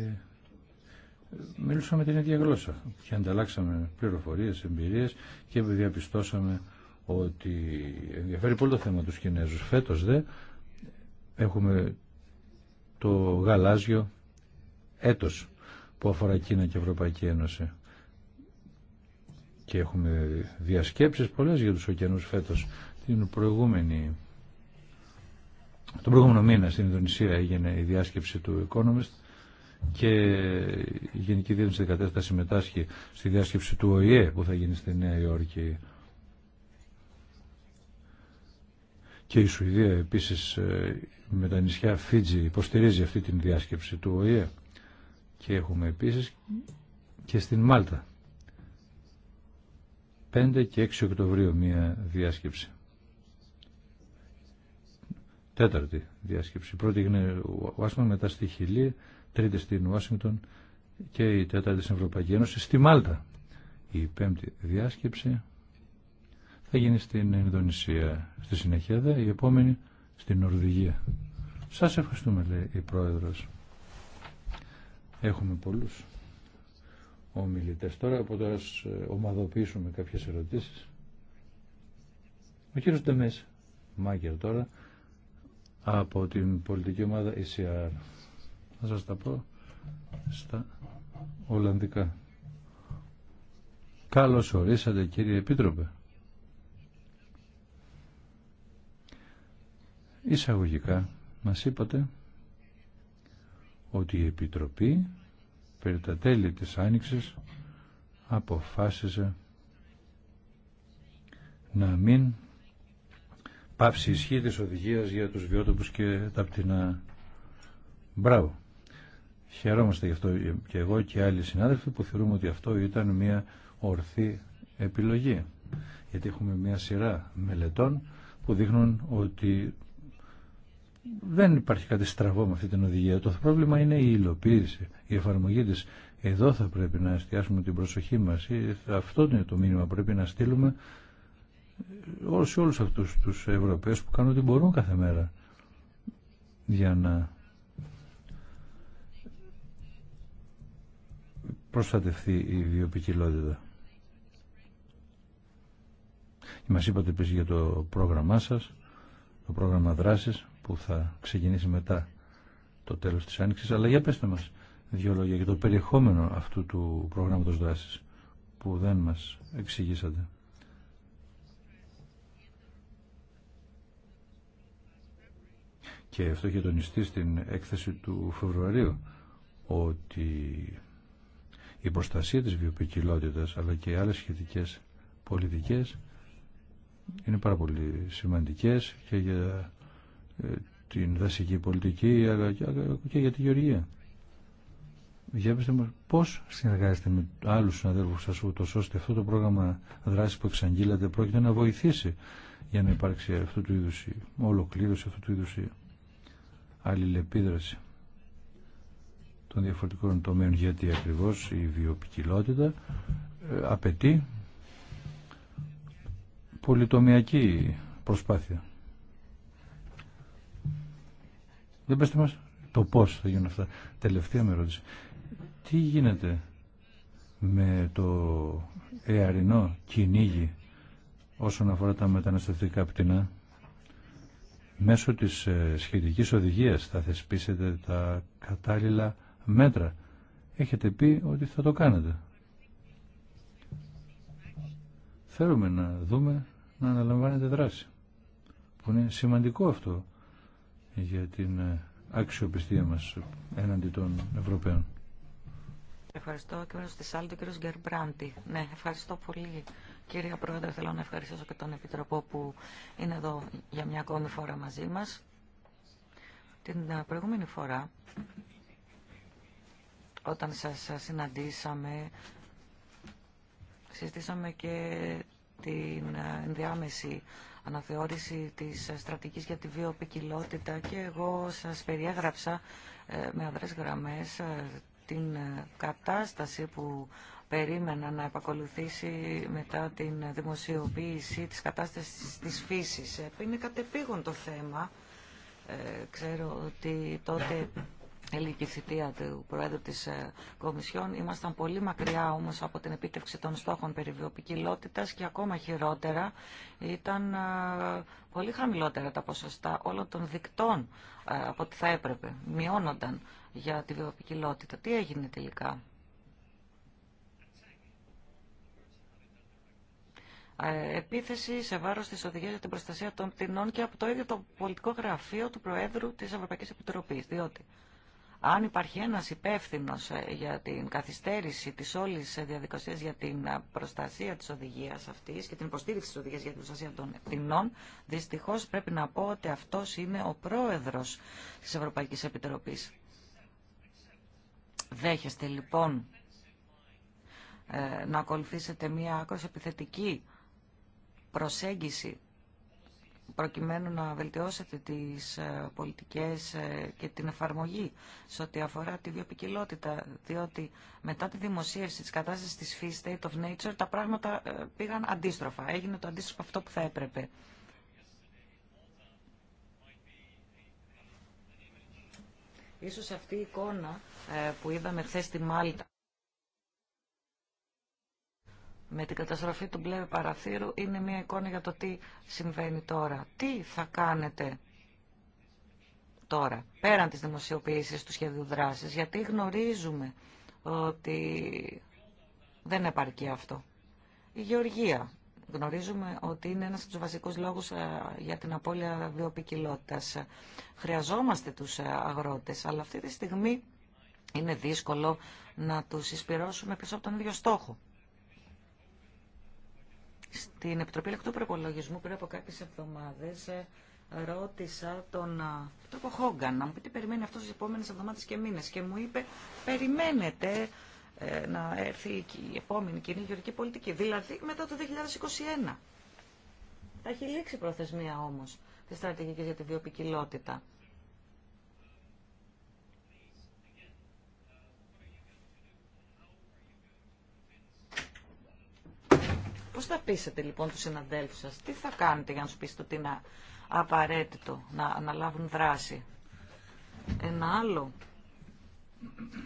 μίλησαμε την ίδια γλώσσα και ανταλλάξαμε πληροφορίες, εμπειρίες και διαπιστώσαμε ότι ενδιαφέρει πολύ το θέμα τους Κινέζους. Φέτος δε έχουμε το γαλάζιο έτος που αφορά Κίνα και Ευρωπαϊκή Ένωση. Και έχουμε διασκέψεις πολλές για τους ωκεανούς φέτος. Την προηγούμενη, τον προηγούμενο μήνα στην Ινδονησία έγινε η διάσκεψη του Economist και η Γενική Διεύθυνση 14 θα συμμετάσχει στη διάσκεψη του ΟΗΕ που θα γίνει στη Νέα Υόρκη. Και η Σουηδία επίσης ε, με τα νησιά Φίτζη υποστηρίζει αυτή την διάσκεψη του ΟΗΕ. Και έχουμε επίσης και στην Μάλτα. 5 και 6 Οκτωβρίου μία διάσκεψη. Τέταρτη διάσκεψη. πρώτη έγινε ο Άσμα, μετά στη Χιλή, τρίτη στην Ουάσιγκτον και η τέταρτη στην Ευρωπαϊκή Ένωση στη Μάλτα. Η πέμπτη διάσκεψη θα γίνει στην Ινδονησία. Στη συνέχεια δε, η επόμενη στην Νορβηγία. Σας ευχαριστούμε λέει η Πρόεδρος. Έχουμε πολλούς ομιλητές. Τώρα από ε, ομαδοποιήσουμε κάποιες ερωτήσεις. Ο κύριος Ντεμές Μάκερ τώρα από την πολιτική ομάδα ECR να σας τα πω στα Ολλανδικά. Καλώς ορίσατε κύριε Επίτροπε. Εισαγωγικά μας είπατε ότι η Επιτροπή περί τα τέλη της Άνοιξης αποφάσισε να μην πάψει η ισχύ της οδηγίας για τους βιότοπους και τα πτηνά. Μπράβο. Χαιρόμαστε γι' αυτό και εγώ και άλλοι συνάδελφοι που θεωρούμε ότι αυτό ήταν μια ορθή επιλογή. Γιατί έχουμε μια σειρά μελετών που δείχνουν ότι δεν υπάρχει κάτι στραβό με αυτή την οδηγία. Το πρόβλημα είναι η υλοποίηση, η εφαρμογή της. Εδώ θα πρέπει να εστιάσουμε την προσοχή μας. Ε, αυτό είναι το μήνυμα που πρέπει να στείλουμε σε όλους αυτούς τους Ευρωπαίους που κάνουν ό,τι μπορούν κάθε μέρα για να προστατευτεί η βιοπικιλότητα. Μας είπατε επίση για το πρόγραμμά σας, το πρόγραμμα δράσης που θα ξεκινήσει μετά το τέλος της Άνοιξης, αλλά για πέστε μας δύο λόγια για το περιεχόμενο αυτού του προγράμματος δράσης που δεν μας εξηγήσατε. Και αυτό είχε τονιστεί στην έκθεση του Φεβρουαρίου ότι η προστασία της βιοποικιλότητας αλλά και άλλες σχετικές πολιτικές είναι πάρα πολύ σημαντικές και για ε, την δασική πολιτική αλλά και για τη γεωργία. Διάβεστε μας πώς συνεργάζεστε με άλλους συναδέλφους σας ούτως ώστε αυτό το πρόγραμμα δράσης που εξαγγείλατε πρόκειται να βοηθήσει για να υπάρξει αυτού του είδους ολοκλήρωση αυτού του είδους αλληλεπίδραση των διαφορετικών τομέων γιατί ακριβώς η βιοπικιλότητα ε, απαιτεί πολυτομιακή προσπάθεια. Δεν πέστε μας το πώς θα γίνουν αυτά. Τελευταία με ερώτηση. Τι γίνεται με το εαρινό κυνήγι όσον αφορά τα μεταναστευτικά πτηνά. Μέσω της ε, σχετικής οδηγίας θα θεσπίσετε τα κατάλληλα μέτρα. Έχετε πει ότι θα το κάνετε. Θέλουμε να δούμε να αναλαμβάνετε δράση. Που είναι σημαντικό αυτό για την ε, αξιοπιστία μας έναντι των Ευρωπαίων. Ευχαριστώ κύριο της άλλης κύριο Γκερμπράντη. Ναι, ευχαριστώ πολύ. Κύριε Πρόεδρε, θέλω να ευχαριστήσω και τον Επιτροπό που είναι εδώ για μια ακόμη φορά μαζί μας. Την ε, προηγούμενη φορά όταν σας συναντήσαμε, συζητήσαμε και την ενδιάμεση αναθεώρηση της στρατηγικής για τη βιοπικιλότητα και εγώ σας περιέγραψα ε, με αδρές γραμμές ε, την ε, κατάσταση που περίμενα να επακολουθήσει μετά την δημοσιοποίηση της κατάστασης της φύσης. Είναι κατεπήγον το θέμα. Ξέρω ότι τότε ελληνική θητεία του Προέδρου της ε, Κομισιόν. Ήμασταν πολύ μακριά όμως από την επίτευξη των στόχων περιβιοπικιλότητας και ακόμα χειρότερα ήταν ε, πολύ χαμηλότερα τα ποσοστά όλων των δικτών ε, από ό,τι θα έπρεπε. Μειώνονταν για τη βιοπικιλότητα. Τι έγινε τελικά. επίθεση σε βάρο τη οδηγία για την προστασία των πτηνών και από το ίδιο το πολιτικό γραφείο του Προέδρου τη Ευρωπαϊκή Επιτροπή. Διότι αν υπάρχει ένας υπεύθυνος ε, για την καθυστέρηση της όλης διαδικασίας για την ε, προστασία της οδηγίας αυτής και την υποστήριξη της οδηγίας για την προστασία των ποινών, δυστυχώς πρέπει να πω ότι αυτός είναι ο πρόεδρος της Ευρωπαϊκής Επιτροπής. Δέχεστε λοιπόν ε, να ακολουθήσετε μια άκρος επιθετική προσέγγιση προκειμένου να βελτιώσετε τις ε, πολιτικές ε, και την εφαρμογή σε ό,τι αφορά τη βιοπικιλότητα, διότι μετά τη δημοσίευση της κατάστασης της Free State of Nature τα πράγματα ε, πήγαν αντίστροφα, έγινε το αντίστροφο αυτό που θα έπρεπε. Ίσως αυτή η εικόνα που είδαμε χθε στη Μάλτα με την καταστροφή του μπλε παραθύρου είναι μια εικόνα για το τι συμβαίνει τώρα. Τι θα κάνετε τώρα, πέραν της δημοσιοποίησης του σχέδιου δράσης, γιατί γνωρίζουμε ότι δεν επαρκεί αυτό. Η γεωργία. Γνωρίζουμε ότι είναι ένας από τους βασικούς λόγους ε, για την απώλεια βιοπικιλότητας. Χρειαζόμαστε τους ε, αγρότες, αλλά αυτή τη στιγμή είναι δύσκολο να τους εισπυρώσουμε πίσω από τον ίδιο στόχο. Στην Επιτροπή Λεκτού Προπολογισμού πριν από κάποιες εβδομάδες ε, ρώτησα τον ε, Τόπο Χόγκαν να μου πει τι περιμένει αυτό τις επόμενες εβδομάδες και μήνες και μου είπε περιμένετε ε, να έρθει η επόμενη κοινή γεωργική πολιτική, δηλαδή μετά το 2021. Θα έχει λήξει προθεσμία όμως τη στρατηγική για τη βιοπικιλότητα. Πώς θα πείσετε λοιπόν τους συναντέλφου σας, τι θα κάνετε για να του πείσετε ότι είναι απαραίτητο να αναλάβουν δράση. Ένα άλλο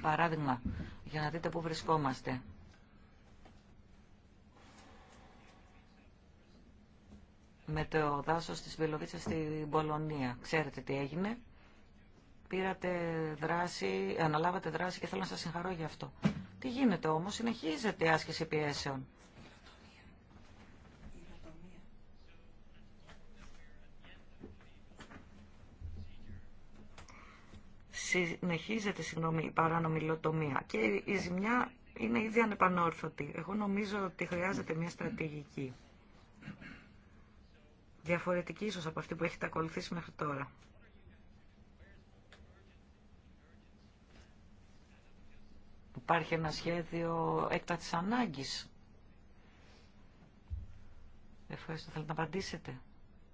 παράδειγμα για να δείτε πού βρισκόμαστε. Με το δάσος της Βιλοβίτσας στην Πολωνία. Ξέρετε τι έγινε. Πήρατε δράση, αναλάβατε δράση και θέλω να σας συγχαρώ για αυτό. Τι γίνεται όμως, συνεχίζεται η άσκηση πιέσεων. συνεχίζεται συγγνώμη, η παράνομη και η ζημιά είναι ήδη ανεπανόρθωτη. Εγώ νομίζω ότι χρειάζεται μια στρατηγική. Διαφορετική ίσως από αυτή που έχετε ακολουθήσει μέχρι τώρα. Υπάρχει ένα σχέδιο έκτατης ανάγκης. Ευχαριστώ. Θέλετε να απαντήσετε.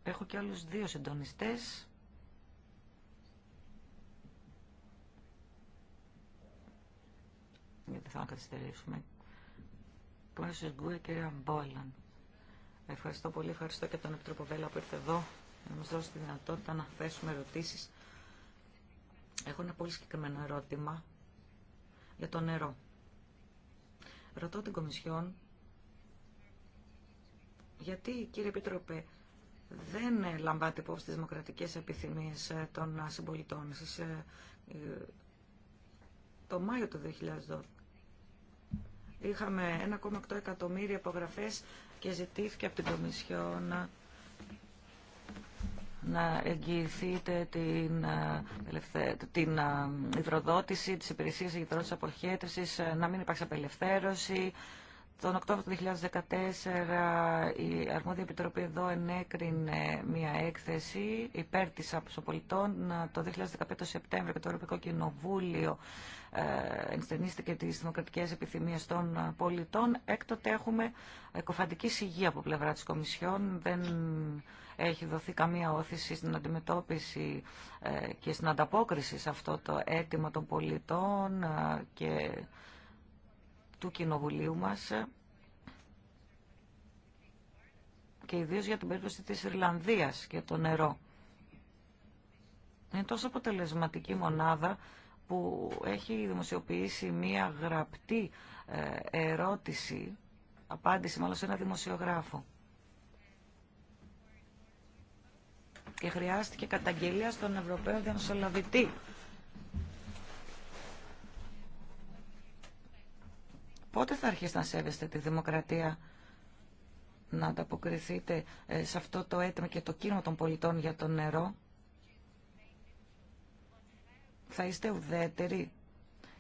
Έχω και άλλους δύο συντονιστές. γιατί θα να καθυστερήσουμε. Πού είναι Γκουε, Μπόλαν. Ευχαριστώ πολύ, ευχαριστώ και τον Επιτρόπο που ήρθε εδώ να μας δώσει τη δυνατότητα να θέσουμε ερωτήσει. Έχω ένα πολύ συγκεκριμένο ερώτημα για το νερό. Ρωτώ την Κομισιόν γιατί, κύριε Επίτροπε, δεν λαμβάνετε υπόψη τις δημοκρατικές επιθυμίες ε, των ε, συμπολιτών σας. Ε, το Μάιο του Είχαμε 1,8 εκατομμύρια υπογραφές και ζητήθηκε από την Κομισιόν να εγγυηθείτε την, ε, την ε, υδροδότηση της υπηρεσίας για της αποχέτευσης, ε, να μην υπάρξει απελευθέρωση, τον Οκτώβριο του 2014 η Αρμόδια Επιτροπή εδώ ενέκρινε μια έκθεση υπέρ της πολιτών. Το 2015 το Σεπτέμβριο και το Ευρωπαϊκό Κοινοβούλιο ε, ενστενίστηκε τις δημοκρατικές επιθυμίες των πολιτών. Έκτοτε έχουμε κοφαντική σιγή από πλευρά της Κομισιόν. Δεν έχει δοθεί καμία όθηση στην αντιμετώπιση ε, και στην ανταπόκριση σε αυτό το αίτημα των πολιτών ε, και του Κοινοβουλίου μας και ιδίως για την περίπτωση της Ιρλανδίας και το νερό. Είναι τόσο αποτελεσματική μονάδα που έχει δημοσιοποιήσει μία γραπτή ε, ερώτηση, απάντηση μάλλον σε ένα δημοσιογράφο. Και χρειάστηκε καταγγελία στον Ευρωπαίο Διανοσολαβητή. Πότε θα αρχίσετε να σέβεστε τη δημοκρατία να ανταποκριθείτε ε, σε αυτό το έτοιμο και το κίνημα των πολιτών για το νερό. Θα είστε ουδέτεροι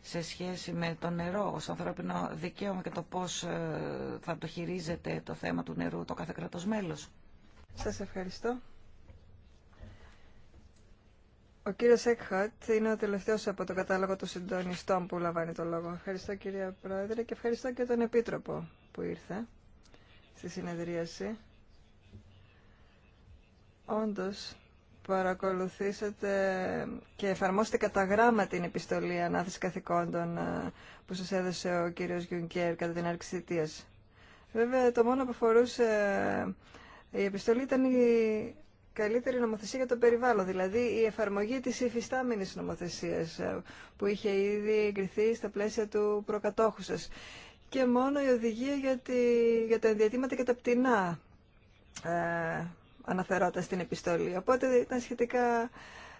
σε σχέση με το νερό ως ανθρώπινο δικαίωμα και το πώς ε, θα το χειρίζεται το θέμα του νερού το κάθε κράτος μέλος. Σας ευχαριστώ. Ο κύριος Έκχατ είναι ο τελευταίος από το κατάλογο των συντονιστών που λαμβάνει το λόγο. Ευχαριστώ κύριε Πρόεδρε και ευχαριστώ και τον Επίτροπο που ήρθε στη συνεδρίαση. Όντως, παρακολουθήσατε και εφαρμόσετε κατά γράμμα την επιστολή ανάθεση καθηκόντων ε, που σας έδωσε ο κύριος Γιουνκέρ κατά την άρξη θητείας. Βέβαια, το μόνο που αφορούσε ε, η επιστολή ήταν η καλύτερη νομοθεσία για το περιβάλλον, δηλαδή η εφαρμογή της υφιστάμενης νομοθεσίας ε, που είχε ήδη εγκριθεί στα πλαίσια του προκατόχου σας και μόνο η οδηγία για, τη, για τα ενδιατήματα και τα πτηνά ε, αναφερόταν στην επιστολή. Οπότε ήταν σχετικά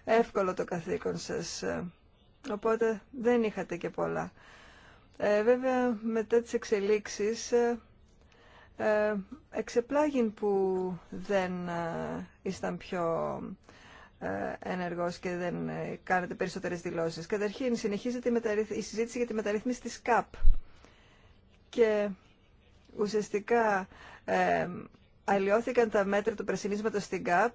εύκολο το καθήκον σας. Ε. Οπότε δεν είχατε και πολλά. Ε, βέβαια μετά τις εξελίξεις ε, ε, που δεν ε, ήσταν πιο ε, ενεργός και δεν ε, κάνετε περισσότερες δηλώσεις. Καταρχήν, συνεχίζεται η, συζήτηση για τη μεταρρύθμιση της ΚΑΠ και ουσιαστικά ε, αλλοιώθηκαν τα μέτρα του πρασινίσματος στην ΚΑΠ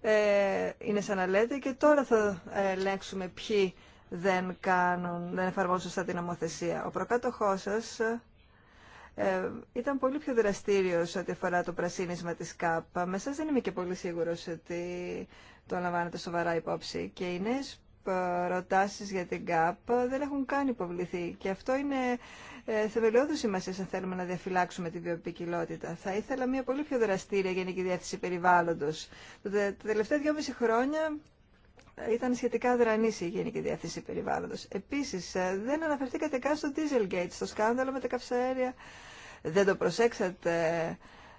ε, είναι σαν να λέτε και τώρα θα ελέγξουμε ποιοι δεν κάνουν, δεν εφαρμόζουν σωστά την νομοθεσία. Ο προκάτοχός σας ε, ήταν πολύ πιο δραστήριο ό,τι αφορά το πρασίνισμα τη ΚΑΠ. Ε, με εσά δεν είμαι και πολύ σίγουρο ότι το λαμβάνετε σοβαρά υπόψη. Και οι νέε προτάσει για την ΚΑΠ ε, δεν έχουν καν υποβληθεί. Και αυτό είναι ε, θεμελιώδου σημασία αν θέλουμε να διαφυλάξουμε τη βιοποικιλότητα. Θα ήθελα μια πολύ πιο δραστήρια Γενική Διεύθυνση περιβάλλοντο. Τα τελευταία δυόμιση χρόνια ήταν σχετικά δρανή η Γενική Διεύθυνση περιβάλλοντο. Επίση, δεν αναφερθήκατε καν στο Dieselgate, στο σκάνδαλο με τα καυσαέρια δεν το προσέξατε,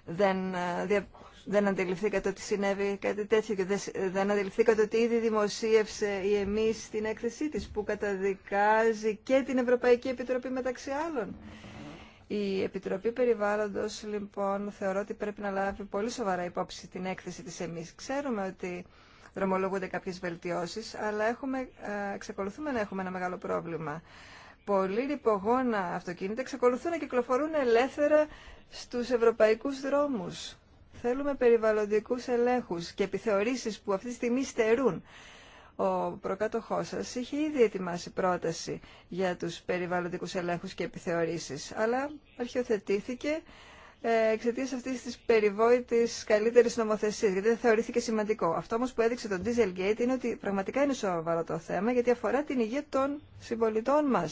δεν, ε, δεν αντιληφθήκατε ότι συνέβη κάτι τέτοιο και δεν ε, αντιληφθήκατε ότι ήδη δημοσίευσε η εμείς την έκθεσή της που καταδικάζει και την Ευρωπαϊκή Επιτροπή μεταξύ άλλων. Η Επιτροπή Περιβάλλοντος, λοιπόν, θεωρώ ότι πρέπει να λάβει πολύ σοβαρά υπόψη την έκθεση της εμείς. Ξέρουμε ότι δρομολογούνται κάποιες βελτιώσεις, αλλά έχουμε, ε, εξακολουθούμε να έχουμε ένα μεγάλο πρόβλημα πολύ ρηπογόνα αυτοκίνητα εξακολουθούν να κυκλοφορούν ελεύθερα στους ευρωπαϊκούς δρόμους. Θέλουμε περιβαλλοντικούς ελέγχους και επιθεωρήσεις που αυτή τη στιγμή στερούν. Ο προκάτοχός σας είχε ήδη ετοιμάσει πρόταση για τους περιβαλλοντικούς ελέγχους και επιθεωρήσεις, αλλά αρχιοθετήθηκε εξαιτία αυτή τη περιβόητη καλύτερη νομοθεσία, γιατί δεν θεωρήθηκε σημαντικό. Αυτό όμω που έδειξε το Dieselgate είναι ότι πραγματικά είναι σοβαρό το θέμα, γιατί αφορά την υγεία των συμπολιτών μα.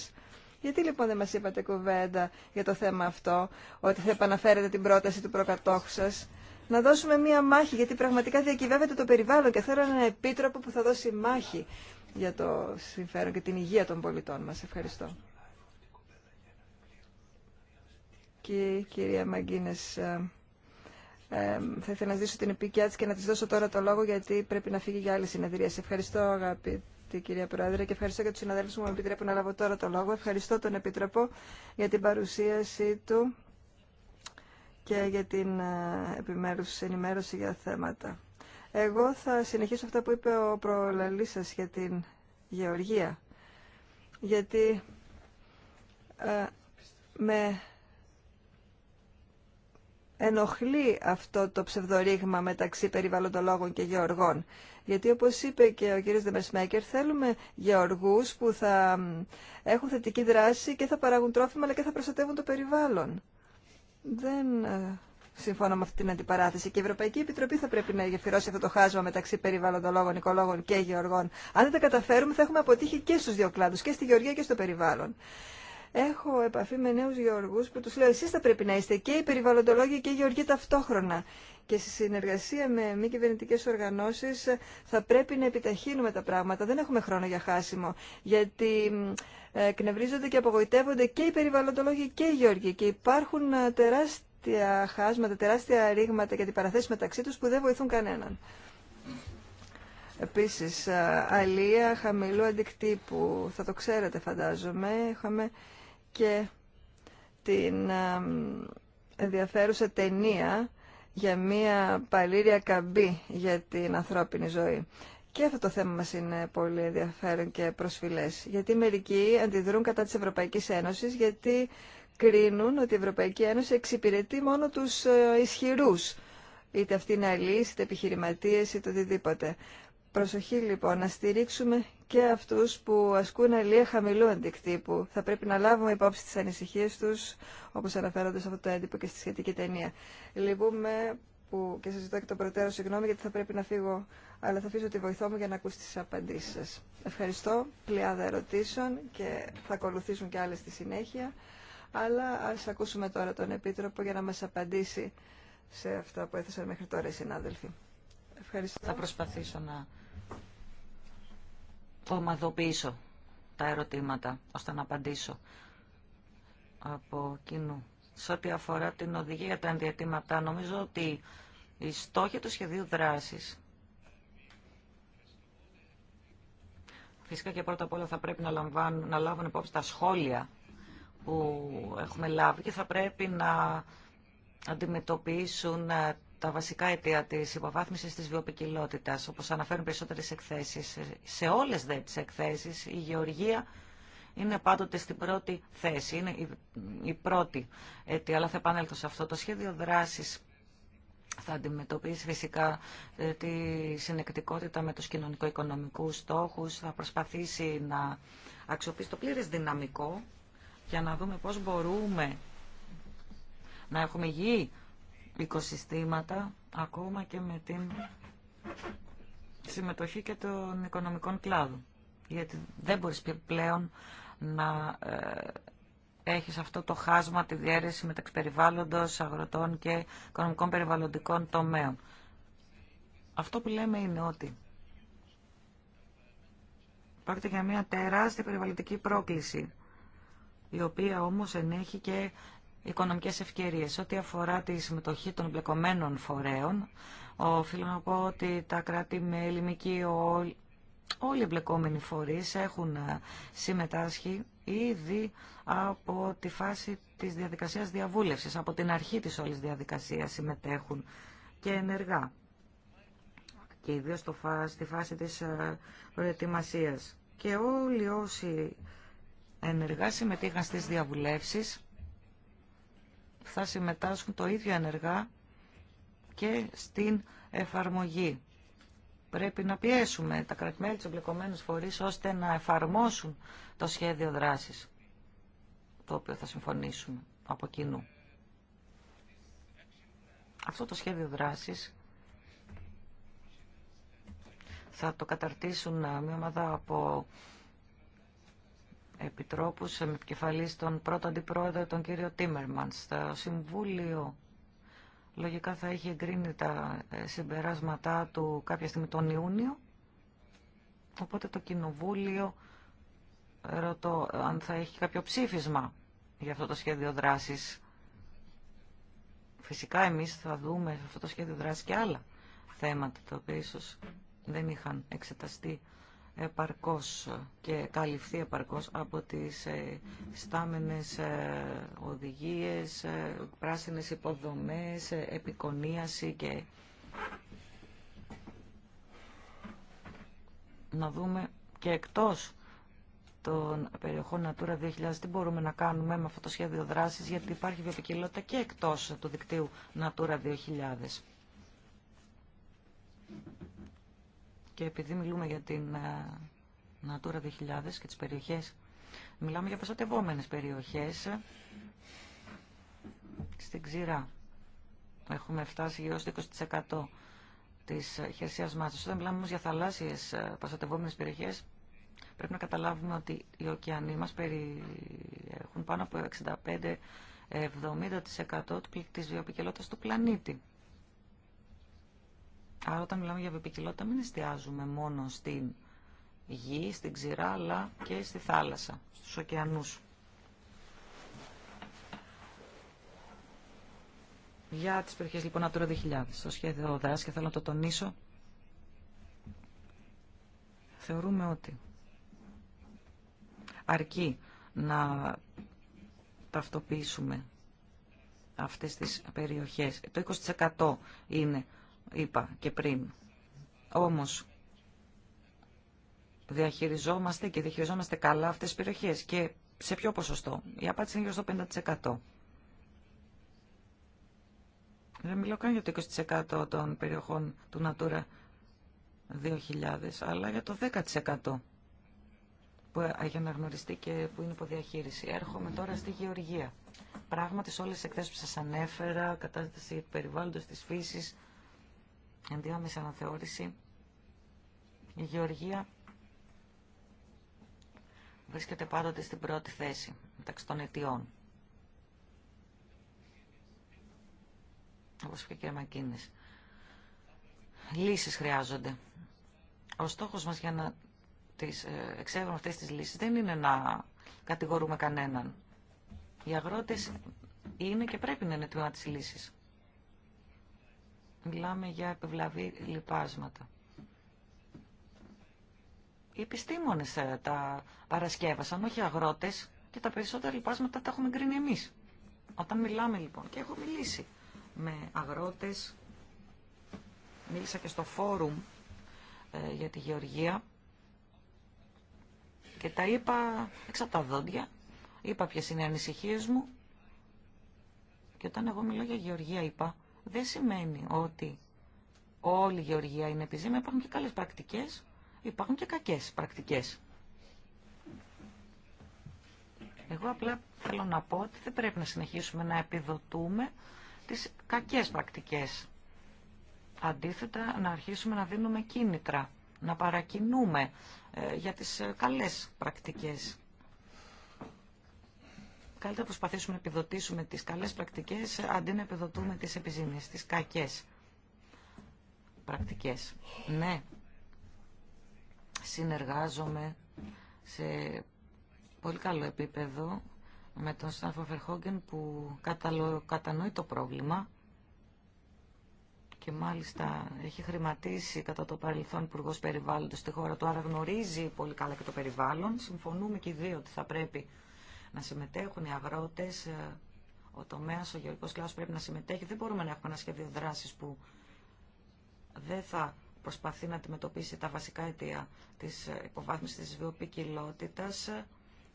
Γιατί λοιπόν δεν μα είπατε κουβέντα για το θέμα αυτό, ότι θα επαναφέρετε την πρόταση του προκατόχου σα. Να δώσουμε μία μάχη, γιατί πραγματικά διακυβεύεται το περιβάλλον και θέλω έναν επίτροπο που θα δώσει μάχη για το συμφέρον και την υγεία των πολιτών μας. Ευχαριστώ. και η κυρία Μαγκίνες. Ε, ε, θα ήθελα να ζήσω την επικιά της και να της δώσω τώρα το λόγο γιατί πρέπει να φύγει για άλλη συνεδρία. Σε ευχαριστώ αγαπητή κυρία Πρόεδρε και ευχαριστώ και τους συναδέλφους που με επιτρέπουν να λάβω τώρα το λόγο. Ευχαριστώ τον Επιτροπό για την παρουσίασή του και για την ε, επιμέρους ενημέρωση για θέματα. Εγώ θα συνεχίσω αυτά που είπε ο προλαλής σας για την γεωργία. Γιατί ε, με ενοχλεί αυτό το ψευδορήγμα μεταξύ περιβαλλοντολόγων και γεωργών. Γιατί όπως είπε και ο κύριος Δεμεσμέκερ, θέλουμε γεωργούς που θα έχουν θετική δράση και θα παράγουν τρόφιμα αλλά και θα προστατεύουν το περιβάλλον. Δεν ε, συμφώνω με αυτή την αντιπαράθεση. Και η Ευρωπαϊκή Επιτροπή θα πρέπει να γεφυρώσει αυτό το χάσμα μεταξύ περιβαλλοντολόγων, οικολόγων και γεωργών. Αν δεν τα καταφέρουμε, θα έχουμε αποτύχει και στου δύο κλάδου, και στη γεωργία και στο περιβάλλον έχω επαφή με νέους γεωργούς που τους λέω εσείς θα πρέπει να είστε και οι περιβαλλοντολόγοι και οι γεωργοί ταυτόχρονα. Και στη συνεργασία με μη κυβερνητικέ οργανώσει θα πρέπει να επιταχύνουμε τα πράγματα. Δεν έχουμε χρόνο για χάσιμο. Γιατί ε, κνευρίζονται και απογοητεύονται και οι περιβαλλοντολόγοι και οι γεωργοί. Και υπάρχουν ε, τεράστια χάσματα, τεράστια ρήγματα και αντιπαραθέσει μεταξύ του που δεν βοηθούν κανέναν. Επίση ε, αλία χαμηλού αντικτύπου, θα το ξέρετε φαντάζομαι, και την ενδιαφέρουσα ταινία για μια παλήρια καμπή για την ανθρώπινη ζωή. Και αυτό το θέμα μας είναι πολύ ενδιαφέρον και προσφυλές. Γιατί μερικοί αντιδρούν κατά της Ευρωπαϊκής Ένωσης, γιατί κρίνουν ότι η Ευρωπαϊκή Ένωση εξυπηρετεί μόνο τους ε, ισχυρούς. Είτε αυτοί είναι αλλοί, είτε επιχειρηματίες, είτε οτιδήποτε. Προσοχή λοιπόν, να στηρίξουμε και αυτού που ασκούν αλληλεία χαμηλού αντικτύπου. Θα πρέπει να λάβουμε υπόψη τι ανησυχίε του, όπω αναφέρονται σε αυτό το έντυπο και στη σχετική ταινία. Λυπούμε που και σα ζητώ και το προτέρω συγγνώμη γιατί θα πρέπει να φύγω, αλλά θα αφήσω τη βοηθό μου για να ακούσει τι απαντήσει σα. Ευχαριστώ, πλειάδα ερωτήσεων και θα ακολουθήσουν και άλλε στη συνέχεια, αλλά α ακούσουμε τώρα τον Επίτροπο για να μα απαντήσει σε αυτά που έθεσαν μέχρι τώρα οι συνάδελφοι. Ευχαριστώ. Θα προσπαθήσω να ομαδοποιήσω τα ερωτήματα ώστε να απαντήσω από κοινού. Σε ό,τι αφορά την οδηγία για τα ενδιατήματα, νομίζω ότι η στόχοι του σχεδίου δράσης Φυσικά και πρώτα απ' όλα θα πρέπει να, λαμβάνουν, να λάβουν υπόψη τα σχόλια που έχουμε λάβει και θα πρέπει να αντιμετωπίσουν ε, τα βασικά αιτία τη υποβάθμισης τη βιοπικιλότητα. όπω αναφέρουν περισσότερε εκθέσει Σε όλε τι εκθέσει, η γεωργία είναι πάντοτε στην πρώτη θέση, είναι η, η πρώτη αιτία, αλλά θα επανέλθω σε αυτό. Το σχέδιο δράσης θα αντιμετωπίσει φυσικά ε, τη συνεκτικότητα με τους κοινωνικο-οικονομικούς στόχους, θα προσπαθήσει να αξιοποιήσει το πλήρες δυναμικό για να δούμε πώς μπορούμε να έχουμε υγιή οικοσυστήματα, ακόμα και με την συμμετοχή και των οικονομικών κλάδων. Γιατί δεν μπορείς πλέον να ε, έχεις αυτό το χάσμα, τη διαίρεση μεταξύ περιβάλλοντος, αγροτών και οικονομικών περιβαλλοντικών τομέων. Αυτό που λέμε είναι ότι πρόκειται για μια τεράστια περιβαλλοντική πρόκληση, η οποία όμως ενέχει και οικονομικές ευκαιρίες. Ό,τι αφορά τη συμμετοχή των εμπλεκομένων φορέων, οφείλω να πω ότι τα κράτη με ελληνική όλοι, οι εμπλεκόμενοι φορείς έχουν ε, συμμετάσχει ήδη από τη φάση της διαδικασίας διαβούλευσης, από την αρχή της όλης διαδικασίας συμμετέχουν και ενεργά και ιδίω στη φάση της ε, προετοιμασίας. Και όλοι όσοι ενεργά συμμετείχαν στις διαβουλεύσεις θα συμμετάσχουν το ίδιο ενεργά και στην εφαρμογή. Πρέπει να πιέσουμε τα κρατημέλη της εμπλεκομένης φορείς ώστε να εφαρμόσουν το σχέδιο δράσης το οποίο θα συμφωνήσουμε από κοινού. Αυτό το σχέδιο δράσης θα το καταρτήσουν ε, μια ομάδα από επιτρόπους με επικεφαλής τον πρώτο αντιπρόεδρο, τον κύριο Τίμερμαντ. Στο Συμβούλιο λογικά θα έχει εγκρίνει τα ε, συμπεράσματά του κάποια στιγμή τον Ιούνιο. Οπότε το Κοινοβούλιο ρωτώ αν θα έχει κάποιο ψήφισμα για αυτό το σχέδιο δράσης. Φυσικά εμείς θα δούμε σε αυτό το σχέδιο δράσης και άλλα θέματα τα οποία ίσως δεν είχαν εξεταστεί επαρκώς και καλυφθεί επαρκώς από τις ε, στάμενες ε, οδηγίες, ε, πράσινες υποδομές, επικονίαση και να δούμε και εκτός των περιοχών Natura 2000 τι μπορούμε να κάνουμε με αυτό το σχέδιο δράσης γιατί υπάρχει βιοπικιλότητα και εκτός του δικτύου Natura 2000. Και επειδή μιλούμε για την ε, Natura 2000 και τις περιοχές, μιλάμε για προστατευόμενες περιοχές στην ξηρά. Έχουμε φτάσει γύρω στο 20% της ε, χερσίας μάζας. Όταν μιλάμε όμως για θαλάσσιες ε, προστατευόμενες περιοχές, πρέπει να καταλάβουμε ότι οι ωκεανοί μας εχουν πανω πάνω από 65-70% του της βιοπικελότητας του πλανήτη. Άρα όταν μιλάμε για βιοπικιλότητα μην εστιάζουμε μόνο στην γη, στην ξηρά, αλλά και στη θάλασσα, στους ωκεανούς. Για τις περιοχές λοιπόν Natura 2000, στο σχέδιο ΔΑΣ και θέλω να το τονίσω, θεωρούμε ότι αρκεί να ταυτοποιήσουμε αυτές τις περιοχές. Το 20% είναι είπα και πριν. Όμως, διαχειριζόμαστε και διαχειριζόμαστε καλά αυτές τις περιοχές. Και σε ποιο ποσοστό. Η απάντηση είναι γύρω στο 50%. Δεν μιλώ καν για το 20% των περιοχών του Natura 2000, αλλά για το 10% που έχει αναγνωριστεί και που είναι υποδιαχείριση. Έρχομαι τώρα στη γεωργία. Πράγματι σε όλες τις εκθέσεις που σας ανέφερα, κατάσταση περιβάλλοντος της φύσης, Ενδιάμεσα αναθεώρηση, η Γεωργία βρίσκεται πάντοτε στην πρώτη θέση μεταξύ των αιτιών. Όπως είπε η κυρία Μακίνης. Λύσεις χρειάζονται. Ο στόχος μας για να τις ε, εξεύρουμε αυτές τις λύσεις δεν είναι να κατηγορούμε κανέναν. Οι αγρότες είναι και πρέπει να είναι τμήμα της λύσης μιλάμε για επιβλαβή λιπάσματα. Οι επιστήμονες ε, τα παρασκεύασαν, όχι αγρότες, και τα περισσότερα λιπάσματα τα έχουμε γκρίνει εμείς. Όταν μιλάμε λοιπόν, και έχω μιλήσει με αγρότες, μίλησα και στο φόρουμ ε, για τη γεωργία και τα είπα έξω από τα δόντια, είπα ποιες είναι οι ανησυχίες μου και όταν εγώ μιλώ για γεωργία είπα δεν σημαίνει ότι όλη η γεωργία είναι επιζήμια. Υπάρχουν και καλές πρακτικές, υπάρχουν και κακές πρακτικές. Εγώ απλά θέλω να πω ότι δεν πρέπει να συνεχίσουμε να επιδοτούμε τις κακές πρακτικές. Αντίθετα, να αρχίσουμε να δίνουμε κίνητρα, να παρακινούμε ε, για τις ε, καλές πρακτικές. Καλύτερα προσπαθήσουμε να επιδοτήσουμε τις καλές πρακτικές αντί να επιδοτούμε τις επιζήμιες, τις κακές πρακτικές. Ναι, συνεργάζομαι σε πολύ καλό επίπεδο με τον Στάνφο Φερχόγγεν που κατανοεί το πρόβλημα και μάλιστα έχει χρηματίσει κατά το παρελθόν υπουργό περιβάλλοντος στη χώρα του, άρα γνωρίζει πολύ καλά και το περιβάλλον. Συμφωνούμε και οι δύο ότι θα πρέπει να συμμετέχουν οι αγρότες, ε, ο τομέας, ο γεωργικός κλάδο πρέπει να συμμετέχει. Δεν μπορούμε να έχουμε ένα σχέδιο δράση που δεν θα προσπαθεί να αντιμετωπίσει τα βασικά αιτία της ε, υποβάθμισης της βιοποικιλότητας. Ε,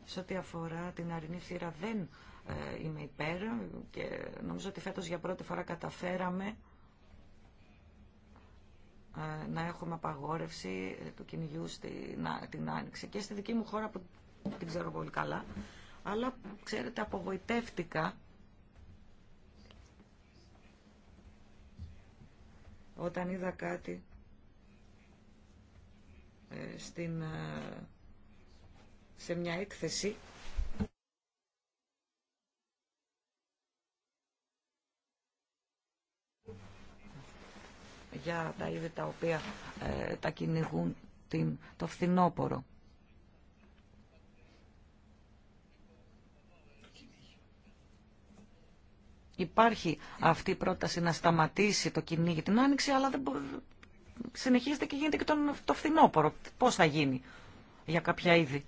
σε ό,τι αφορά την αρινή θύρα δεν είμαι υπέρ και νομίζω ότι φέτος για πρώτη φορά καταφέραμε να έχουμε απαγόρευση του κυνηγιού στην την Άνοιξη και στη δική μου χώρα που την ξέρω πολύ καλά αλλά ξέρετε απογοητεύτηκα όταν είδα κάτι ε, στην, ε, σε μια έκθεση για τα είδη τα οποία ε, τα κυνηγούν την, το φθινόπορο. Υπάρχει αυτή η πρόταση να σταματήσει το κυνήγι την άνοιξη, αλλά δεν συνεχίζεται και γίνεται και τον... το φθινόπωρο. Πώς θα γίνει για κάποια είδη.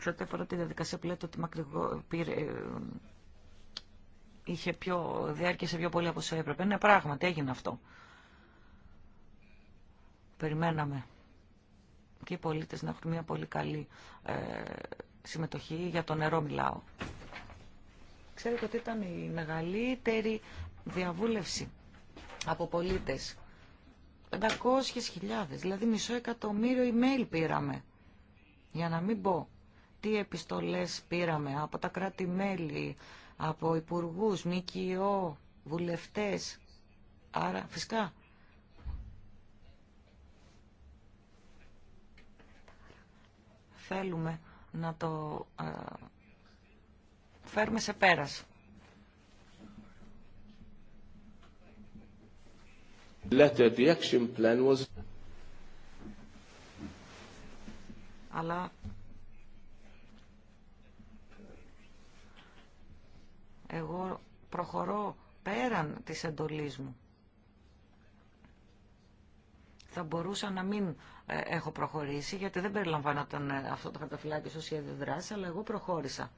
Σε ό,τι αφορά τη διαδικασία που λέτε ότι πήρε, ε, είχε πιο διάρκεια σε πιο πολύ από όσο έπρεπε. Ναι, πράγματι έγινε αυτό. Περιμέναμε και οι πολίτες να έχουν μια πολύ καλή ε, συμμετοχή. Για το νερό μιλάω. Ξέρετε ότι ήταν η μεγαλύτερη διαβούλευση από πολίτες. 500.000, δηλαδή μισό εκατομμύριο email πήραμε. Για να μην πω τι επιστολές πήραμε από τα κράτη-μέλη, από υπουργούς, ΜΚΟ, βουλευτές. Άρα φυσικά θέλουμε να το ε, φέρουμε σε πέρας. Αλλά εγώ προχωρώ πέραν της εντολής μου. Θα μπορούσα να μην ε, έχω προχωρήσει, γιατί δεν περιλαμβάνω ε, αυτό το χαρτοφυλάκι στο σχέδιο δράση, αλλά εγώ προχώρησα.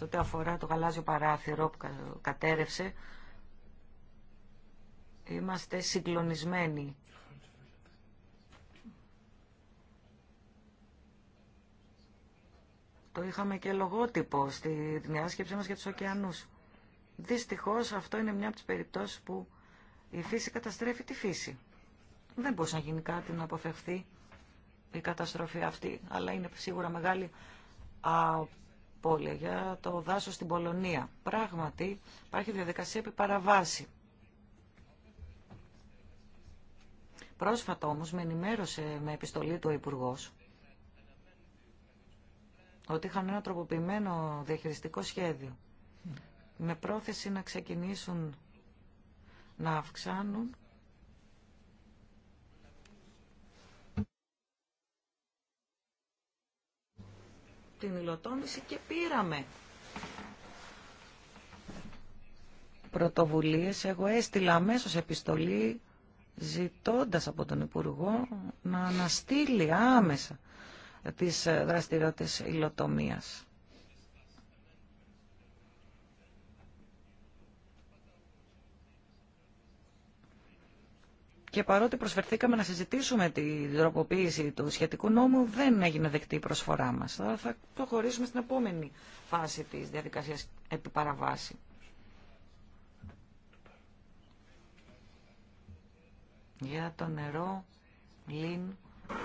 σε ό,τι αφορά το γαλάζιο παράθυρο που κατέρευσε, είμαστε συγκλονισμένοι. Το είχαμε και λογότυπο στη διάσκεψή μας για τους ωκεανούς. Δυστυχώς αυτό είναι μια από τις περιπτώσεις που η φύση καταστρέφει τη φύση. Δεν μπορούσε να γίνει κάτι να αποφευθεί η καταστροφή αυτή, αλλά είναι σίγουρα μεγάλη πολύ για το δάσος στην Πολωνία. Πράγματι, υπάρχει διαδικασία επί παραβάση. Πρόσφατα όμως με ενημέρωσε με επιστολή του ο ότι είχαν ένα τροποποιημένο διαχειριστικό σχέδιο με πρόθεση να ξεκινήσουν να αυξάνουν την υλοτόμηση και πήραμε πρωτοβουλίες. Εγώ έστειλα αμέσω επιστολή ζητώντας από τον Υπουργό να αναστείλει άμεσα τις δραστηριότητες υλοτομίας. και παρότι προσφερθήκαμε να συζητήσουμε την τροποποίηση του σχετικού νόμου, δεν έγινε δεκτή η προσφορά μας. αλλά θα προχωρήσουμε στην επόμενη φάση της διαδικασίας παραβάση. Για το νερό, Λίν,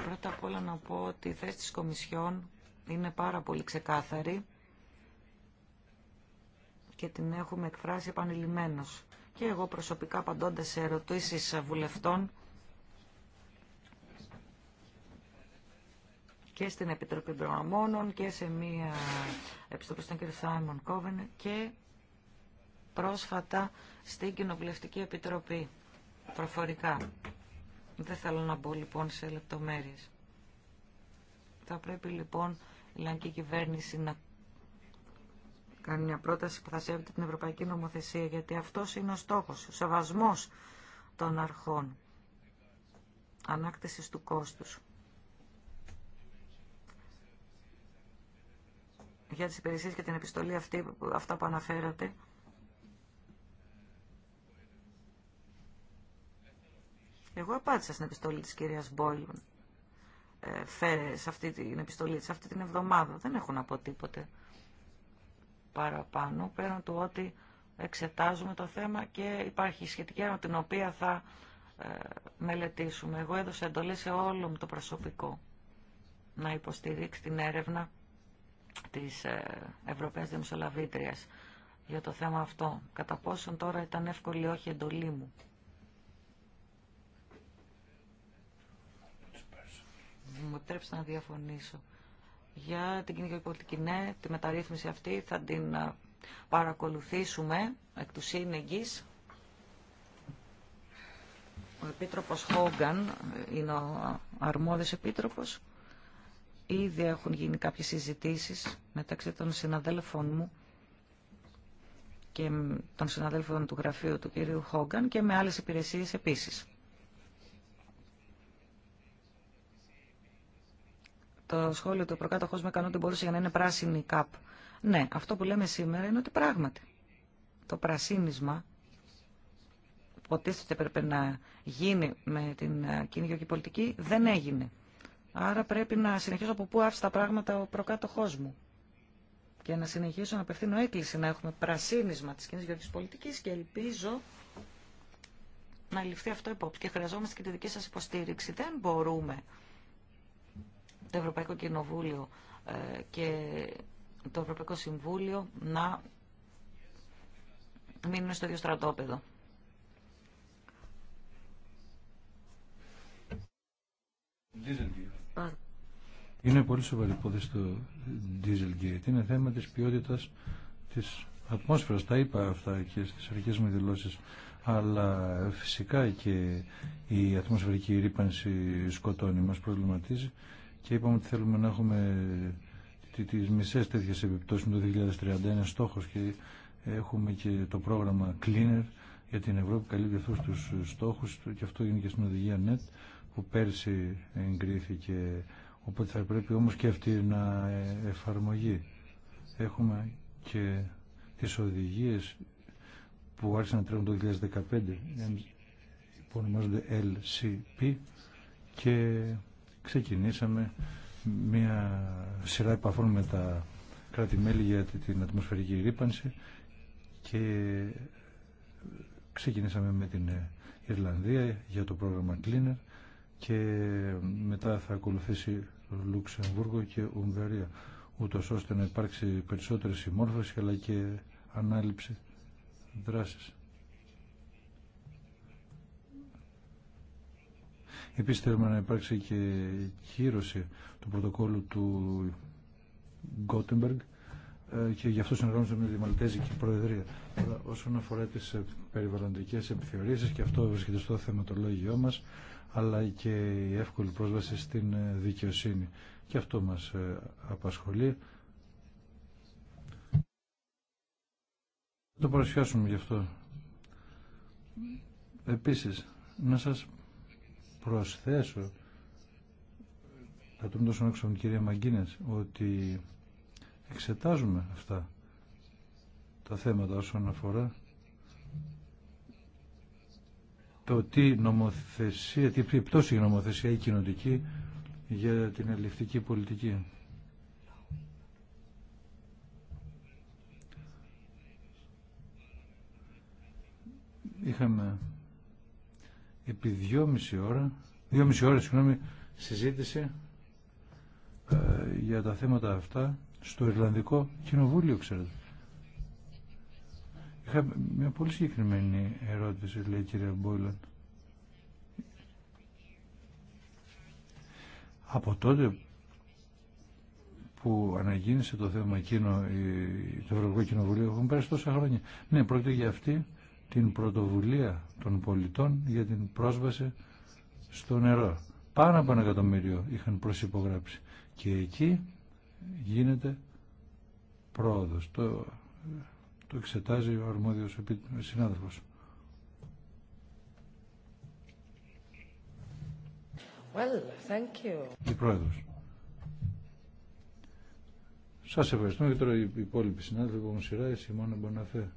πρώτα απ' όλα να πω ότι η θέση της Κομισιόν είναι πάρα πολύ ξεκάθαρη και την έχουμε εκφράσει επανειλημμένως και εγώ προσωπικά απαντώντα σε ερωτήσεις βουλευτών και στην Επιτροπή Προγραμμόνων και σε μία επιστολή στον κ. Σάιμον Κόβεν και πρόσφατα στην Κοινοβουλευτική Επιτροπή προφορικά. Δεν θέλω να μπω λοιπόν σε λεπτομέρειες. Θα πρέπει λοιπόν η Λαϊκή Κυβέρνηση να κάνει μια πρόταση που θα σέβεται την Ευρωπαϊκή Νομοθεσία, γιατί αυτός είναι ο στόχος, ο σεβασμός των αρχών ανάκτησης του κόστους. Για τις υπηρεσίες και την επιστολή αυτή, αυτά που αναφέρατε, Εγώ απάντησα στην επιστολή της κυρίας Μπόιλ ε, φέρε σε αυτή την επιστολή σε αυτή την εβδομάδα. Δεν έχω να πω τίποτε παραπάνω, πέραν του ότι εξετάζουμε το θέμα και υπάρχει σχετική έρευνα την οποία θα ε, μελετήσουμε. Εγώ έδωσα εντολή σε όλο μου το προσωπικό να υποστηρίξει την έρευνα της ε, Ευρωπαίας Δημοσιολαβήτριας για το θέμα αυτό. Κατά πόσον τώρα ήταν εύκολη όχι εντολή μου. Μου τρέψει να διαφωνήσω για την κοινωνική πολιτική. Ναι, τη μεταρρύθμιση αυτή θα την παρακολουθήσουμε εκ του Ο Επίτροπος Χόγκαν ε, είναι ο αρμόδιος Επίτροπος. Ήδη έχουν γίνει κάποιες συζητήσεις μεταξύ των συναδέλφων μου και των συναδέλφων του γραφείου του κ. Χόγκαν και με άλλες υπηρεσίες επίσης. το σχόλιο του προκάτοχος με έκανε ότι μπορούσε για να είναι πράσινη η ΚΑΠ. Ναι, αυτό που λέμε σήμερα είναι ότι πράγματι το πρασίνισμα υποτίθεται πρέπει να γίνει με την ε, κοινή γεωργική πολιτική, δεν έγινε. Άρα πρέπει να συνεχίσω από πού άφησε τα πράγματα ο προκατοχό μου. Και να συνεχίσω να απευθύνω έκκληση να έχουμε πρασίνισμα της κοινή γεωργικής πολιτικής και ελπίζω να ληφθεί αυτό υπόψη. Και χρειαζόμαστε και τη δική σας υποστήριξη. Δεν μπορούμε το Ευρωπαϊκό Κοινοβούλιο ε, και το Ευρωπαϊκό Συμβούλιο να μείνουν στο ίδιο στρατόπεδο. Είναι πολύ σοβαρή υπόθεση το Dieselgate. Είναι θέμα της ποιότητας της ατμόσφαιρας. Τα είπα αυτά και στις αρχές μου δηλώσεις. Αλλά φυσικά και η ατμοσφαιρική ρήπανση σκοτώνει μας προβληματίζει και είπαμε ότι θέλουμε να έχουμε τις μισές τέτοιες επιπτώσεις με το 2031 στόχος και έχουμε και το πρόγραμμα Cleaner για την Ευρώπη καλύπτει αυτούς τους στόχους και αυτό είναι και στην οδηγία NET που πέρσι εγκρίθηκε οπότε θα πρέπει όμως και αυτή να εφαρμογεί έχουμε και τις οδηγίες που άρχισαν να τρέχουν το 2015 που ονομάζονται LCP και ξεκινήσαμε μια σειρά επαφών με τα κράτη-μέλη για την ατμοσφαιρική ρήπανση και ξεκινήσαμε με την ε, Ιρλανδία για το πρόγραμμα Cleaner και ε, μετά θα ακολουθήσει Λουξεμβούργο και Ουγγαρία ούτως ώστε να υπάρξει περισσότερη συμμόρφωση αλλά και ανάληψη δράσης. Επίσης θέλουμε να υπάρξει και κύρωση του πρωτοκόλου του Γκότεμπεργκ ε, και γι' αυτό συνεργάζομαι με τη Μαλτέζικη Προεδρία. όσον αφορά τι ε, περιβαλλοντικέ επιθεωρήσει, και αυτό βρίσκεται στο θεματολόγιό μα, αλλά και η εύκολη πρόσβαση στην ε, δικαιοσύνη. Και αυτό μα απασχολεί. Θα το παρουσιάσουμε γι' αυτό. Επίσης, να σας προσθέσω θα το δώσω έξω κυρία Μαγκίνες ότι εξετάζουμε αυτά τα θέματα όσον αφορά το τι νομοθεσία, τι πτώση η νομοθεσία η κοινοτική για την ελληνική πολιτική. Είχαμε επί δυόμιση ώρα, δυόμιση ώρα συγγνώμη, συζήτηση ε, για τα θέματα αυτά στο Ιρλανδικό Κοινοβούλιο, ξέρετε. Είχα μια πολύ συγκεκριμένη ερώτηση, λέει η κυρία Μπόιλαν. Από τότε που αναγίνησε το θέμα εκείνο το Ευρωπαϊκό Κοινοβουλίο έχουν πέρασει τόσα χρόνια. Ναι, πρόκειται για αυτή την πρωτοβουλία των πολιτών για την πρόσβαση στο νερό. Πάνω από ένα εκατομμύριο είχαν προσυπογράψει. Και εκεί γίνεται πρόοδος. Το, το εξετάζει ο αρμόδιος συνάδελφος. Well, thank you. Η πρόεδρος. Σας ευχαριστούμε και τώρα οι υπόλοιποι συνάδελφοι που έχουν σειρά, η να Μποναφέ.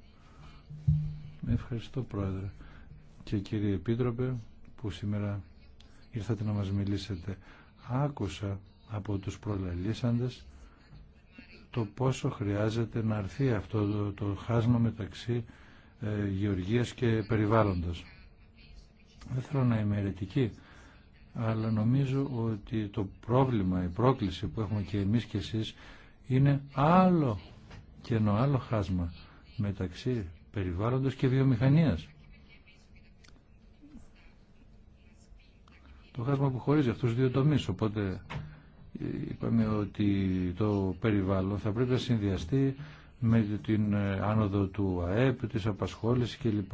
Ευχαριστώ Πρόεδρε και κύριε Επίτροπε που σήμερα ήρθατε να μας μιλήσετε. Άκουσα από τους προλαλήσαντες το πόσο χρειάζεται να αρθεί αυτό το, χάσμα μεταξύ ε, γεωργίας και περιβάλλοντος. Δεν θέλω να είμαι αιρετική, αλλά νομίζω ότι το πρόβλημα, η πρόκληση που έχουμε και εμείς και εσείς είναι άλλο κενό, άλλο χάσμα μεταξύ περιβάλλοντος και βιομηχανίας. Το χάσμα που χωρίζει αυτούς τους δύο τομείς, οπότε ε, είπαμε ότι το περιβάλλον θα πρέπει να συνδυαστεί με την ε, άνοδο του ΑΕΠ, της απασχόλησης κλπ.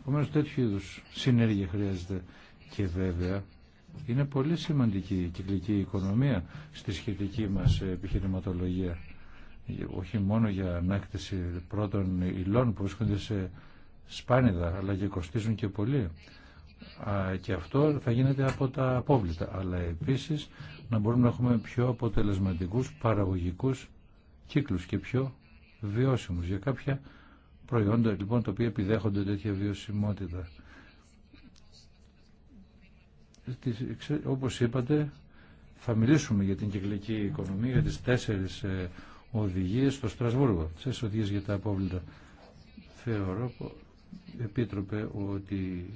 Επομένως τέτοιου είδου συνέργεια χρειάζεται και βέβαια είναι πολύ σημαντική η κυκλική οικονομία στη σχετική μας ε, επιχειρηματολογία όχι μόνο για ανάκτηση πρώτων υλών που βρίσκονται σε σπάνιδα, αλλά και κοστίζουν και πολύ. Και αυτό θα γίνεται από τα απόβλητα, αλλά επίσης να μπορούμε να έχουμε πιο αποτελεσματικούς παραγωγικούς κύκλους και πιο βιώσιμους για κάποια προϊόντα λοιπόν τα οποία επιδέχονται τέτοια βιωσιμότητα. Όπως είπατε θα μιλήσουμε για την κυκλική οικονομία, για τις τέσσερις ε, οδηγίες στο Στρασβούργο, σε οδηγίε για τα απόβλητα. Θεωρώ, επίτροπε, ότι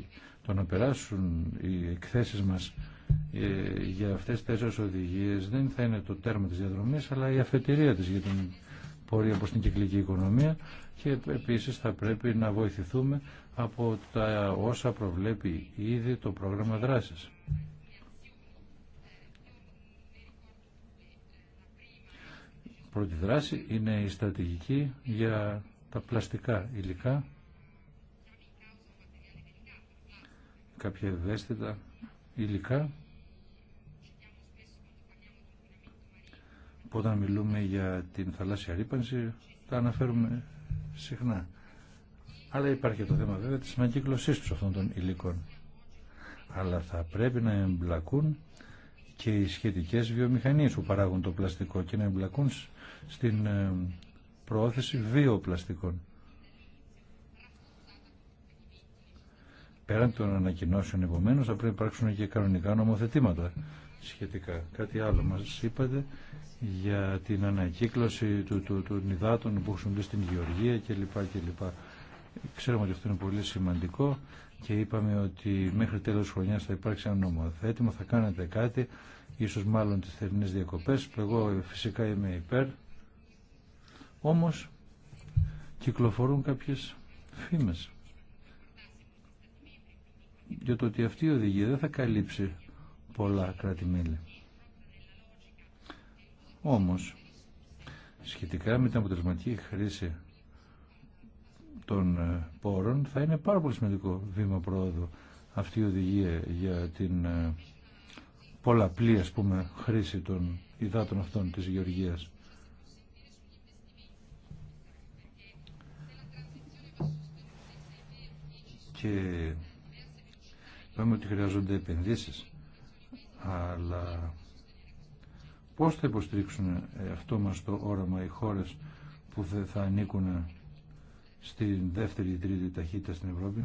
το να περάσουν οι εκθέσεις μας ε, για αυτές τι τέσσερι οδηγίε. δεν θα είναι το τέρμα της διαδρομή, αλλά η αφετηρία της για την πορεία προ την κυκλική οικονομία και επίσης θα πρέπει να βοηθηθούμε από τα όσα προβλέπει ήδη το πρόγραμμα δράσης. πρώτη δράση είναι η στρατηγική για τα πλαστικά υλικά, κάποια ευαίσθητα υλικά. Που όταν μιλούμε για την θαλάσσια ρήπανση, τα αναφέρουμε συχνά. Αλλά υπάρχει το θέμα βέβαια της ανακύκλωσής τους αυτών των υλικών. Αλλά θα πρέπει να εμπλακούν και οι σχετικές βιομηχανίες που παράγουν το πλαστικό και να εμπλακούν στην ε, προώθηση βιοπλαστικών. Πέραν των ανακοινώσεων επομένω, θα πρέπει να υπάρξουν και κανονικά νομοθετήματα σχετικά. Κάτι άλλο μα είπατε για την ανακύκλωση του, του, του νιδάτων που χρησιμοποιούνται στην γεωργία κλπ. Ξέρουμε ότι αυτό είναι πολύ σημαντικό και είπαμε ότι μέχρι τέλος χρονιά θα υπάρξει ένα νομοθέτημα, θα κάνετε κάτι, ίσω μάλλον τις διακοπέ, διακοπές. Εγώ φυσικά είμαι υπέρ όμως κυκλοφορούν κάποιες φήμες για το ότι αυτή η οδηγία δεν θα καλύψει πολλά κράτη-μέλη. Όμως, σχετικά με την αποτελεσματική χρήση των ε, πόρων θα είναι πάρα πολύ σημαντικό βήμα πρόοδου αυτή η οδηγία για την ε, πολλαπλή ας πούμε χρήση των υδάτων αυτών της γεωργίας. και είπαμε ότι χρειάζονται επενδύσεις αλλά πώς θα υποστηρίξουν αυτό μας το όραμα οι χώρες που θα ανήκουν στην δεύτερη ή τρίτη ταχύτητα στην Ευρώπη.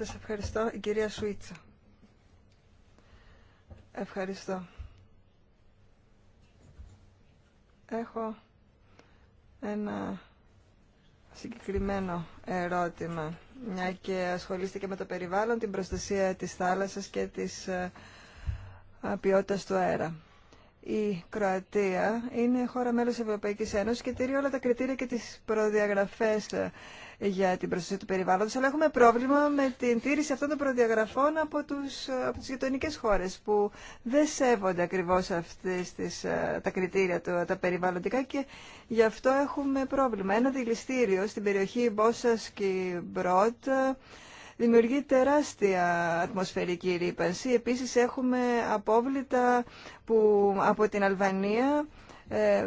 Σας ευχαριστώ, η κυρία Σουίτσα. Ευχαριστώ. Έχω ένα συγκεκριμένο ερώτημα, μια και ασχολείστε και με το περιβάλλον, την προστασία της θάλασσας και της ε, ποιότητας του αέρα η Κροατία είναι χώρα μέλος της Ευρωπαϊκής Ένωσης και τηρεί όλα τα κριτήρια και τις προδιαγραφές ε, για την προστασία του περιβάλλοντος, αλλά έχουμε πρόβλημα με την τήρηση αυτών των προδιαγραφών από, τους, ε, από τις γειτονικές χώρες που δεν σέβονται ακριβώς αυτές τις, ε, τα κριτήρια του, τα περιβαλλοντικά και γι' αυτό έχουμε πρόβλημα. Ένα δηληστήριο στην περιοχή Μπόσας και Μπρότ δημιουργεί τεράστια ατμοσφαιρική ρήπανση. Επίσης έχουμε απόβλητα που από την Αλβανία ε,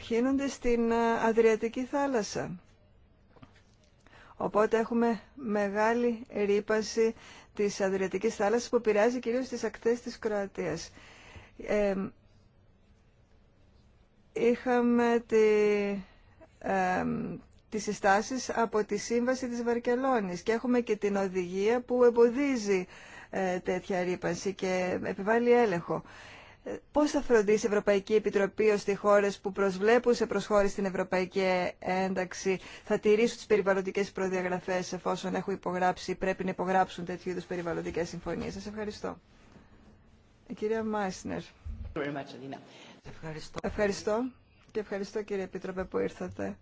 χύνονται στην Αδριατική θάλασσα. Οπότε έχουμε μεγάλη ρήπανση της Αδριατικής θάλασσας που επηρεάζει κυρίως τις ακτές της Κροατίας. Ε, είχαμε τη, ε, τις συστάσεις από τη Σύμβαση της Βαρκελόνης και έχουμε και την οδηγία που εμποδίζει ε, τέτοια ρήπανση και επιβάλλει έλεγχο. Ε, πώς θα φροντίσει η Ευρωπαϊκή Επιτροπή ώστε οι χώρες που προσβλέπουν σε προσχώρηση στην Ευρωπαϊκή Ένταξη θα τηρήσουν τις περιβαλλοντικές προδιαγραφές εφόσον έχουν υπογράψει ή πρέπει να υπογράψουν τέτοιου είδους περιβαλλοντικές συμφωνίες. Σας ευχαριστώ. Η κυρία Μάισνερ. Ευχαριστώ. ευχαριστώ και ευχαριστώ κύριε Επίτροπε που ήρθατε.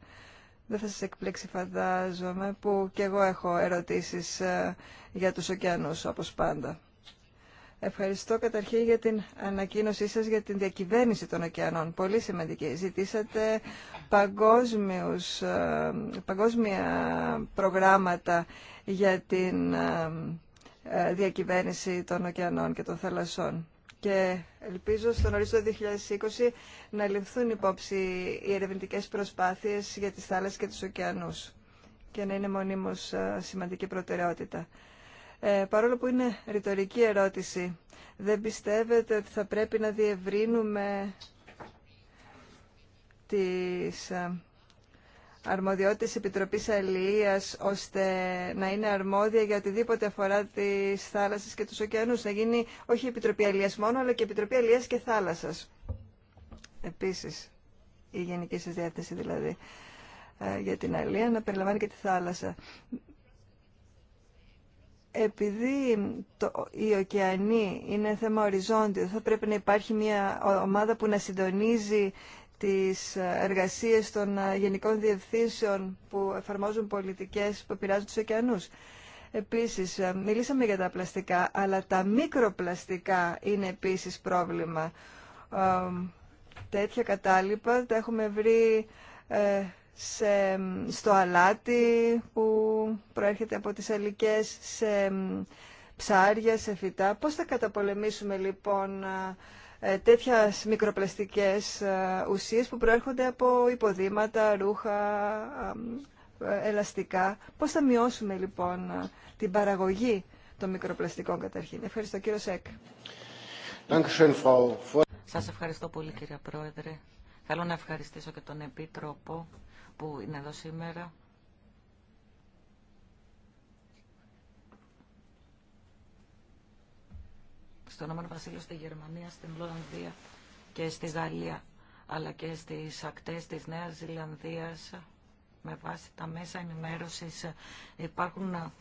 Δεν θα σας εκπλέξει φαντάζομαι που και εγώ έχω ερωτήσεις ε, για τους ωκεανούς όπως πάντα. Ευχαριστώ καταρχήν για την ανακοίνωσή σας για την διακυβέρνηση των ωκεανών. Πολύ σημαντική. Ζητήσατε παγκόσμιους, ε, παγκόσμια προγράμματα για την ε, διακυβέρνηση των ωκεανών και των θαλασσών και ελπίζω στον το 2020 να ληφθούν υπόψη οι ερευνητικές προσπάθειες για τις θάλασσες και τους ωκεανούς και να είναι μονίμως ε, σημαντική προτεραιότητα. Ε, παρόλο που είναι ρητορική ερώτηση, δεν πιστεύετε ότι θα πρέπει να διευρύνουμε τις ε, αρμοδιότητες Επιτροπής Αλληλείας ώστε να είναι αρμόδια για οτιδήποτε αφορά τις θάλασσες και τους ωκεανούς. Να γίνει όχι Επιτροπή Αλληλείας μόνο, αλλά και Επιτροπή Αλληλείας και Θάλασσας. Επίσης, η γενική σας διάθεση δηλαδή ε, για την αλληλεία να περιλαμβάνει και τη θάλασσα. Επειδή το, οι ωκεανοί είναι θέμα οριζόντιο, θα πρέπει να υπάρχει μια ομάδα που να συντονίζει τις εργασίες των ε, γενικών διευθύνσεων που εφαρμόζουν πολιτικές που επηρεάζουν τους ωκεανούς. Επίσης, ε, μιλήσαμε για τα πλαστικά, αλλά τα μικροπλαστικά είναι επίσης πρόβλημα. Ε, τέτοια κατάλοιπα τα έχουμε βρει στο αλάτι που προέρχεται από τις αλικές, σε ψάρια, σε φυτά. Πώς θα καταπολεμήσουμε λοιπόν ε, τέτοια μικροπλαστικές ε, ουσίες που προέρχονται από υποδήματα, ρούχα, ε, ελαστικά. Πώ θα μειώσουμε λοιπόν την παραγωγή των μικροπλαστικών καταρχήν. Ευχαριστώ κύριο Σέκ. Σα ευχαριστώ πολύ κύριε Πρόεδρε. Θέλω να ευχαριστήσω και τον Επίτροπο που είναι εδώ σήμερα στον Ηνωμένο Βασίλειο, στη Γερμανία, στην Ολλανδία και στη Γαλλία, αλλά και στις ακτές της Νέας Ζηλανδίας με βάση τα μέσα ενημέρωσης υπάρχουν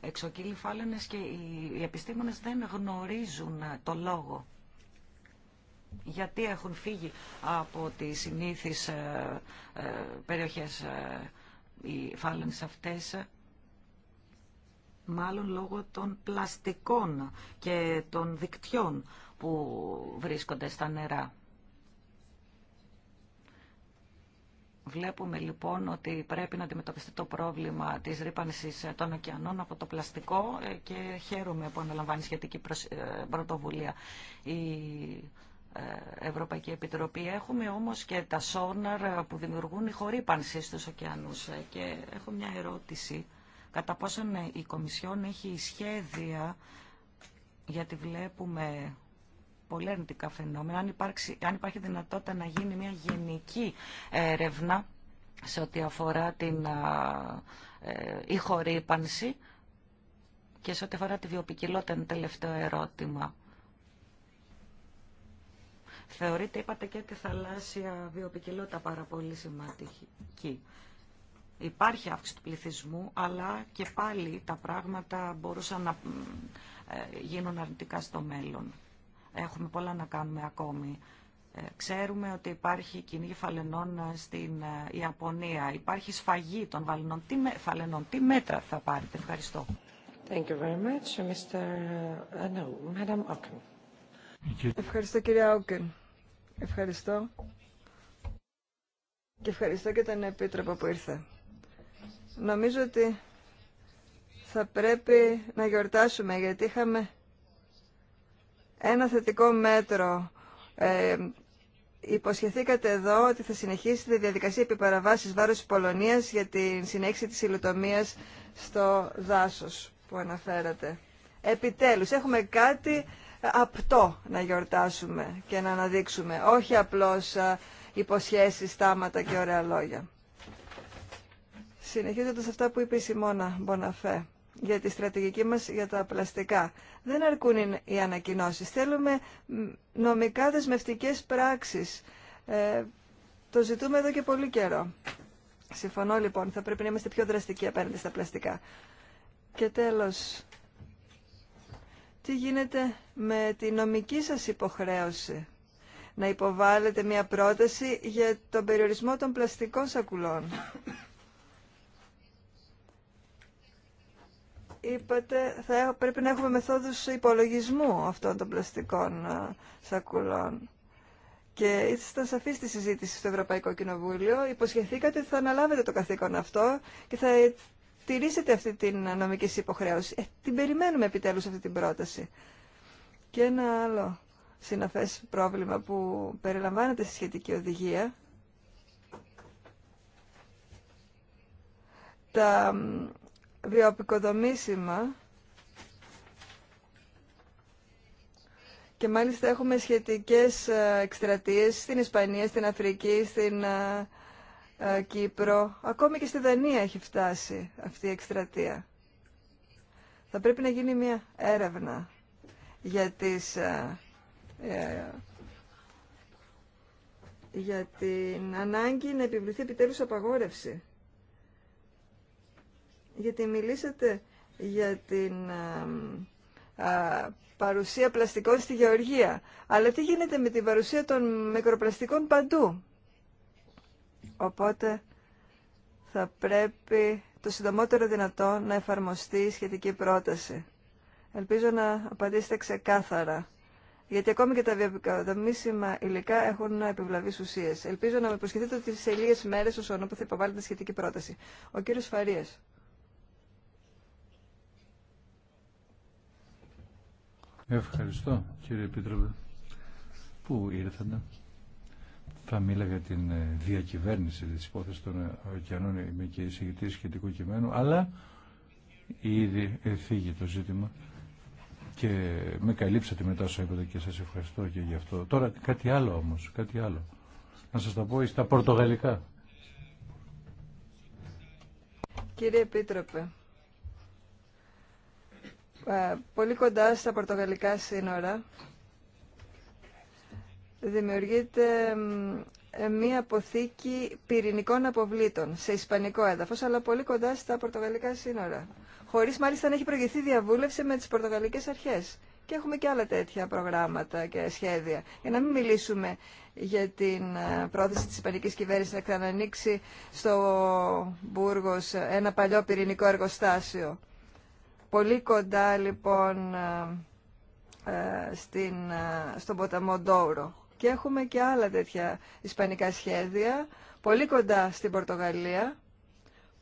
εξοκύλοι φάλαινες και οι επιστήμονες δεν γνωρίζουν το λόγο γιατί έχουν φύγει από τις συνήθεις ε, ε, περιοχές ε, οι φάλαινες αυτές μάλλον λόγω των πλαστικών και των δικτυών που βρίσκονται στα νερά. Βλέπουμε λοιπόν ότι πρέπει να αντιμετωπιστεί το πρόβλημα της ρήπανσης των ωκεανών από το πλαστικό ε, και χαίρομαι που αναλαμβάνει σχετική ε, πρωτοβουλία η ε, Ευρωπαϊκή Επιτροπή. Έχουμε όμως και τα σόναρ που δημιουργούν η χορύπανση στους ωκεανούς και έχω μια ερώτηση κατά πόσον ε, η Κομισιόν έχει σχέδια, γιατί βλέπουμε πολύ αρνητικά φαινόμενα, αν, αν υπάρχει δυνατότητα να γίνει μια γενική ε, έρευνα σε ό,τι αφορά την ε, ηχορύπανση και σε ό,τι αφορά τη βιοπικιλότητα είναι τελευταίο ερώτημα. Θεωρείτε, είπατε και τη θαλάσσια βιοπικιλότητα πάρα πολύ σημαντική. Υπάρχει αύξηση του πληθυσμού, αλλά και πάλι τα πράγματα μπορούσαν να ε, γίνουν αρνητικά στο μέλλον. Έχουμε πολλά να κάνουμε ακόμη. Ε, ξέρουμε ότι υπάρχει κοινή φαλενών ε, στην Ιαπωνία. Υπάρχει σφαγή των βαλενών. Τι, φαλενών. Τι μέτρα θα πάρετε. Ευχαριστώ. Thank you very much, Mr. Uh, no, Madam Ευχαριστώ κυρία Όκεν. Ευχαριστώ. Και ευχαριστώ και τον Επίτροπο που ήρθε. Νομίζω ότι θα πρέπει να γιορτάσουμε γιατί είχαμε ένα θετικό μέτρο. Ε, υποσχεθήκατε εδώ ότι θα συνεχίσετε διαδικασία επιπαραβάσεις βάρος της Πολωνίας για την συνέχιση της υλοτομίας στο δάσος που αναφέρατε. Επιτέλους, έχουμε κάτι απτό να γιορτάσουμε και να αναδείξουμε, όχι απλώς ε, υποσχέσεις, στάματα και ωραία λόγια. Συνεχίζοντας αυτά που είπε η Σιμώνα Μποναφέ για τη στρατηγική μας για τα πλαστικά. Δεν αρκούν οι ανακοινώσεις. Θέλουμε νομικά δεσμευτικές πράξεις. Ε, το ζητούμε εδώ και πολύ καιρό. Συμφωνώ λοιπόν, θα πρέπει να είμαστε πιο δραστικοί απέναντι στα πλαστικά. Και τέλος, τι γίνεται με τη νομική σας υποχρέωση να υποβάλλετε μια πρόταση για τον περιορισμό των πλαστικών σακουλών. είπατε, θα πρέπει να έχουμε μεθόδους υπολογισμού αυτών των πλαστικών ε, σακουλών. Και ήσασταν σαφή στη συζήτηση στο Ευρωπαϊκό Κοινοβούλιο. Υποσχεθήκατε ότι θα αναλάβετε το καθήκον αυτό και θα τηρήσετε αυτή την νομική υποχρέωση. Ε, την περιμένουμε επιτέλους αυτή την πρόταση. Και ένα άλλο συναφές πρόβλημα που περιλαμβάνεται στη σχετική οδηγία. Τα βιοαπικοδομήσιμα και μάλιστα έχουμε σχετικές ε, εκστρατείες στην Ισπανία, στην Αφρική, στην ε, ε, Κύπρο. Ακόμη και στη Δανία έχει φτάσει αυτή η εκστρατεία. Θα πρέπει να γίνει μια έρευνα για τις για την ανάγκη να επιβληθεί επιτέλους απαγόρευση γιατί μιλήσατε για την α, παρουσία πλαστικών στη γεωργία. Αλλά τι γίνεται με την παρουσία των μικροπλαστικών παντού. Οπότε θα πρέπει το συντομότερο δυνατό να εφαρμοστεί η σχετική πρόταση. Ελπίζω να απαντήσετε ξεκάθαρα. Γιατί ακόμη και τα βιοδομήσιμα υλικά έχουν επιβλαβεί ουσίε. Ελπίζω να με προσχεθείτε ότι σε λίγε μέρε, ο Σονόπου θα τη σχετική πρόταση. Ο κύριο Φαρία. Ευχαριστώ κύριε Επίτροπε που ήρθατε. Θα μίλα για την ε, διακυβέρνηση της υπόθεσης των ε, ωκεανών με και εισηγητή σχετικού κειμένου αλλά ήδη φύγει το ζήτημα και με καλύψατε μετά όσο είπατε και σας ευχαριστώ και γι' αυτό. Τώρα κάτι άλλο όμως, κάτι άλλο. Να σας τα πω στα πορτογαλικά. Κύριε Επίτροπε, ε, πολύ κοντά στα πορτογαλικά σύνορα δημιουργείται ε, μία αποθήκη πυρηνικών αποβλήτων σε ισπανικό έδαφος, αλλά πολύ κοντά στα πορτογαλικά σύνορα. Χωρίς μάλιστα να έχει προηγηθεί διαβούλευση με τις πορτογαλικές αρχές. Και έχουμε και άλλα τέτοια προγράμματα και σχέδια. Για να μην μιλήσουμε για την ε, πρόθεση της ισπανικής κυβέρνησης να ξανανοίξει στο Μπούργος ένα παλιό πυρηνικό εργοστάσιο πολύ κοντά λοιπόν ε, ε, στην, ε, στον ποταμό Ντόουρο. Και έχουμε και άλλα τέτοια ισπανικά σχέδια, πολύ κοντά στην Πορτογαλία,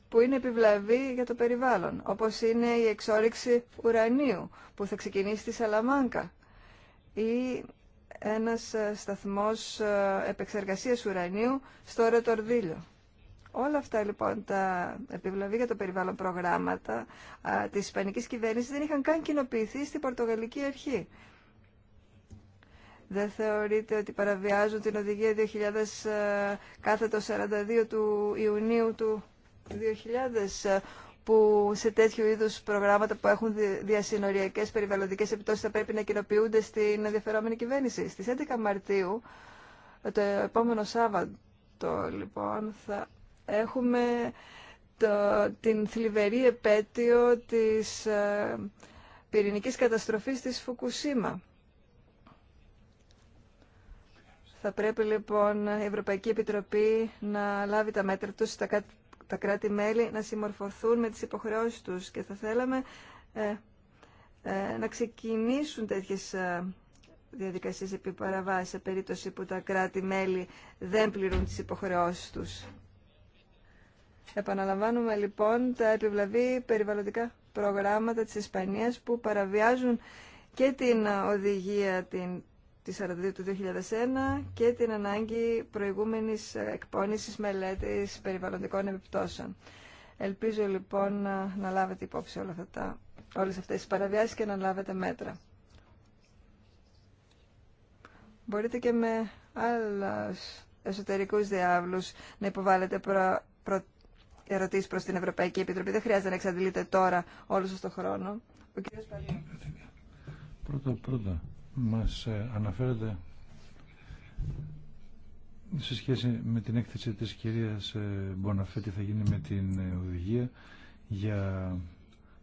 που είναι επιβλαβή για το περιβάλλον, όπως είναι η εξόριξη ουρανίου, που θα ξεκινήσει στη Σαλαμάνκα, ή ένας σταθμός επεξεργασίας ουρανίου στο Ρετορδίλιο. Όλα αυτά λοιπόν τα επιβλαβή για το περιβάλλον προγράμματα α, της Ισπανικής κυβέρνησης δεν είχαν καν κοινοποιηθεί στην Πορτογαλική αρχή. Δεν θεωρείτε ότι παραβιάζουν την οδηγία 2000 κάθετο 42 του Ιουνίου του 2000 που σε τέτοιου είδους προγράμματα που έχουν διασυνοριακές περιβαλλοντικές επιπτώσεις θα πρέπει να κοινοποιούνται στην ενδιαφερόμενη κυβέρνηση. Στις 11 Μαρτίου, το επόμενο Σάββατο λοιπόν, θα έχουμε την θλιβερή επέτειο της ε, πυρηνικής καταστροφής της Φουκουσίμα. Θα πρέπει λοιπόν η Ευρωπαϊκή Επιτροπή να λάβει τα μέτρα τους τα, κράτη-μέλη να συμμορφωθούν με τις υποχρεώσεις τους και θα θέλαμε ε, ε, να ξεκινήσουν τέτοιες ε, διαδικασίες επί παραβάση σε περίπτωση που τα κράτη-μέλη δεν πληρούν τις υποχρεώσεις τους. Επαναλαμβάνουμε λοιπόν τα επιβλαβή περιβαλλοντικά προγράμματα της Ισπανίας που παραβιάζουν και την οδηγία την, της 42 του 2001 και την ανάγκη προηγούμενης εκπόνησης μελέτης περιβαλλοντικών επιπτώσεων. Ελπίζω λοιπόν να, να λάβετε υπόψη όλα αυτά τα, όλες αυτές τις παραβιάσεις και να λάβετε μέτρα. Μπορείτε και με άλλους εσωτερικούς διάβλους να υποβάλλετε προ, Ερωτήσει προ την Ευρωπαϊκή Επιτροπή. Δεν χρειάζεται να εξαντλείτε τώρα όλο σα τον χρόνο. Ο Πρώτα, πρώτα, μας ε, αναφέρεται σε σχέση με την έκθεση της κυρίας ε, Μποναφέτη θα γίνει με την ε, οδηγία για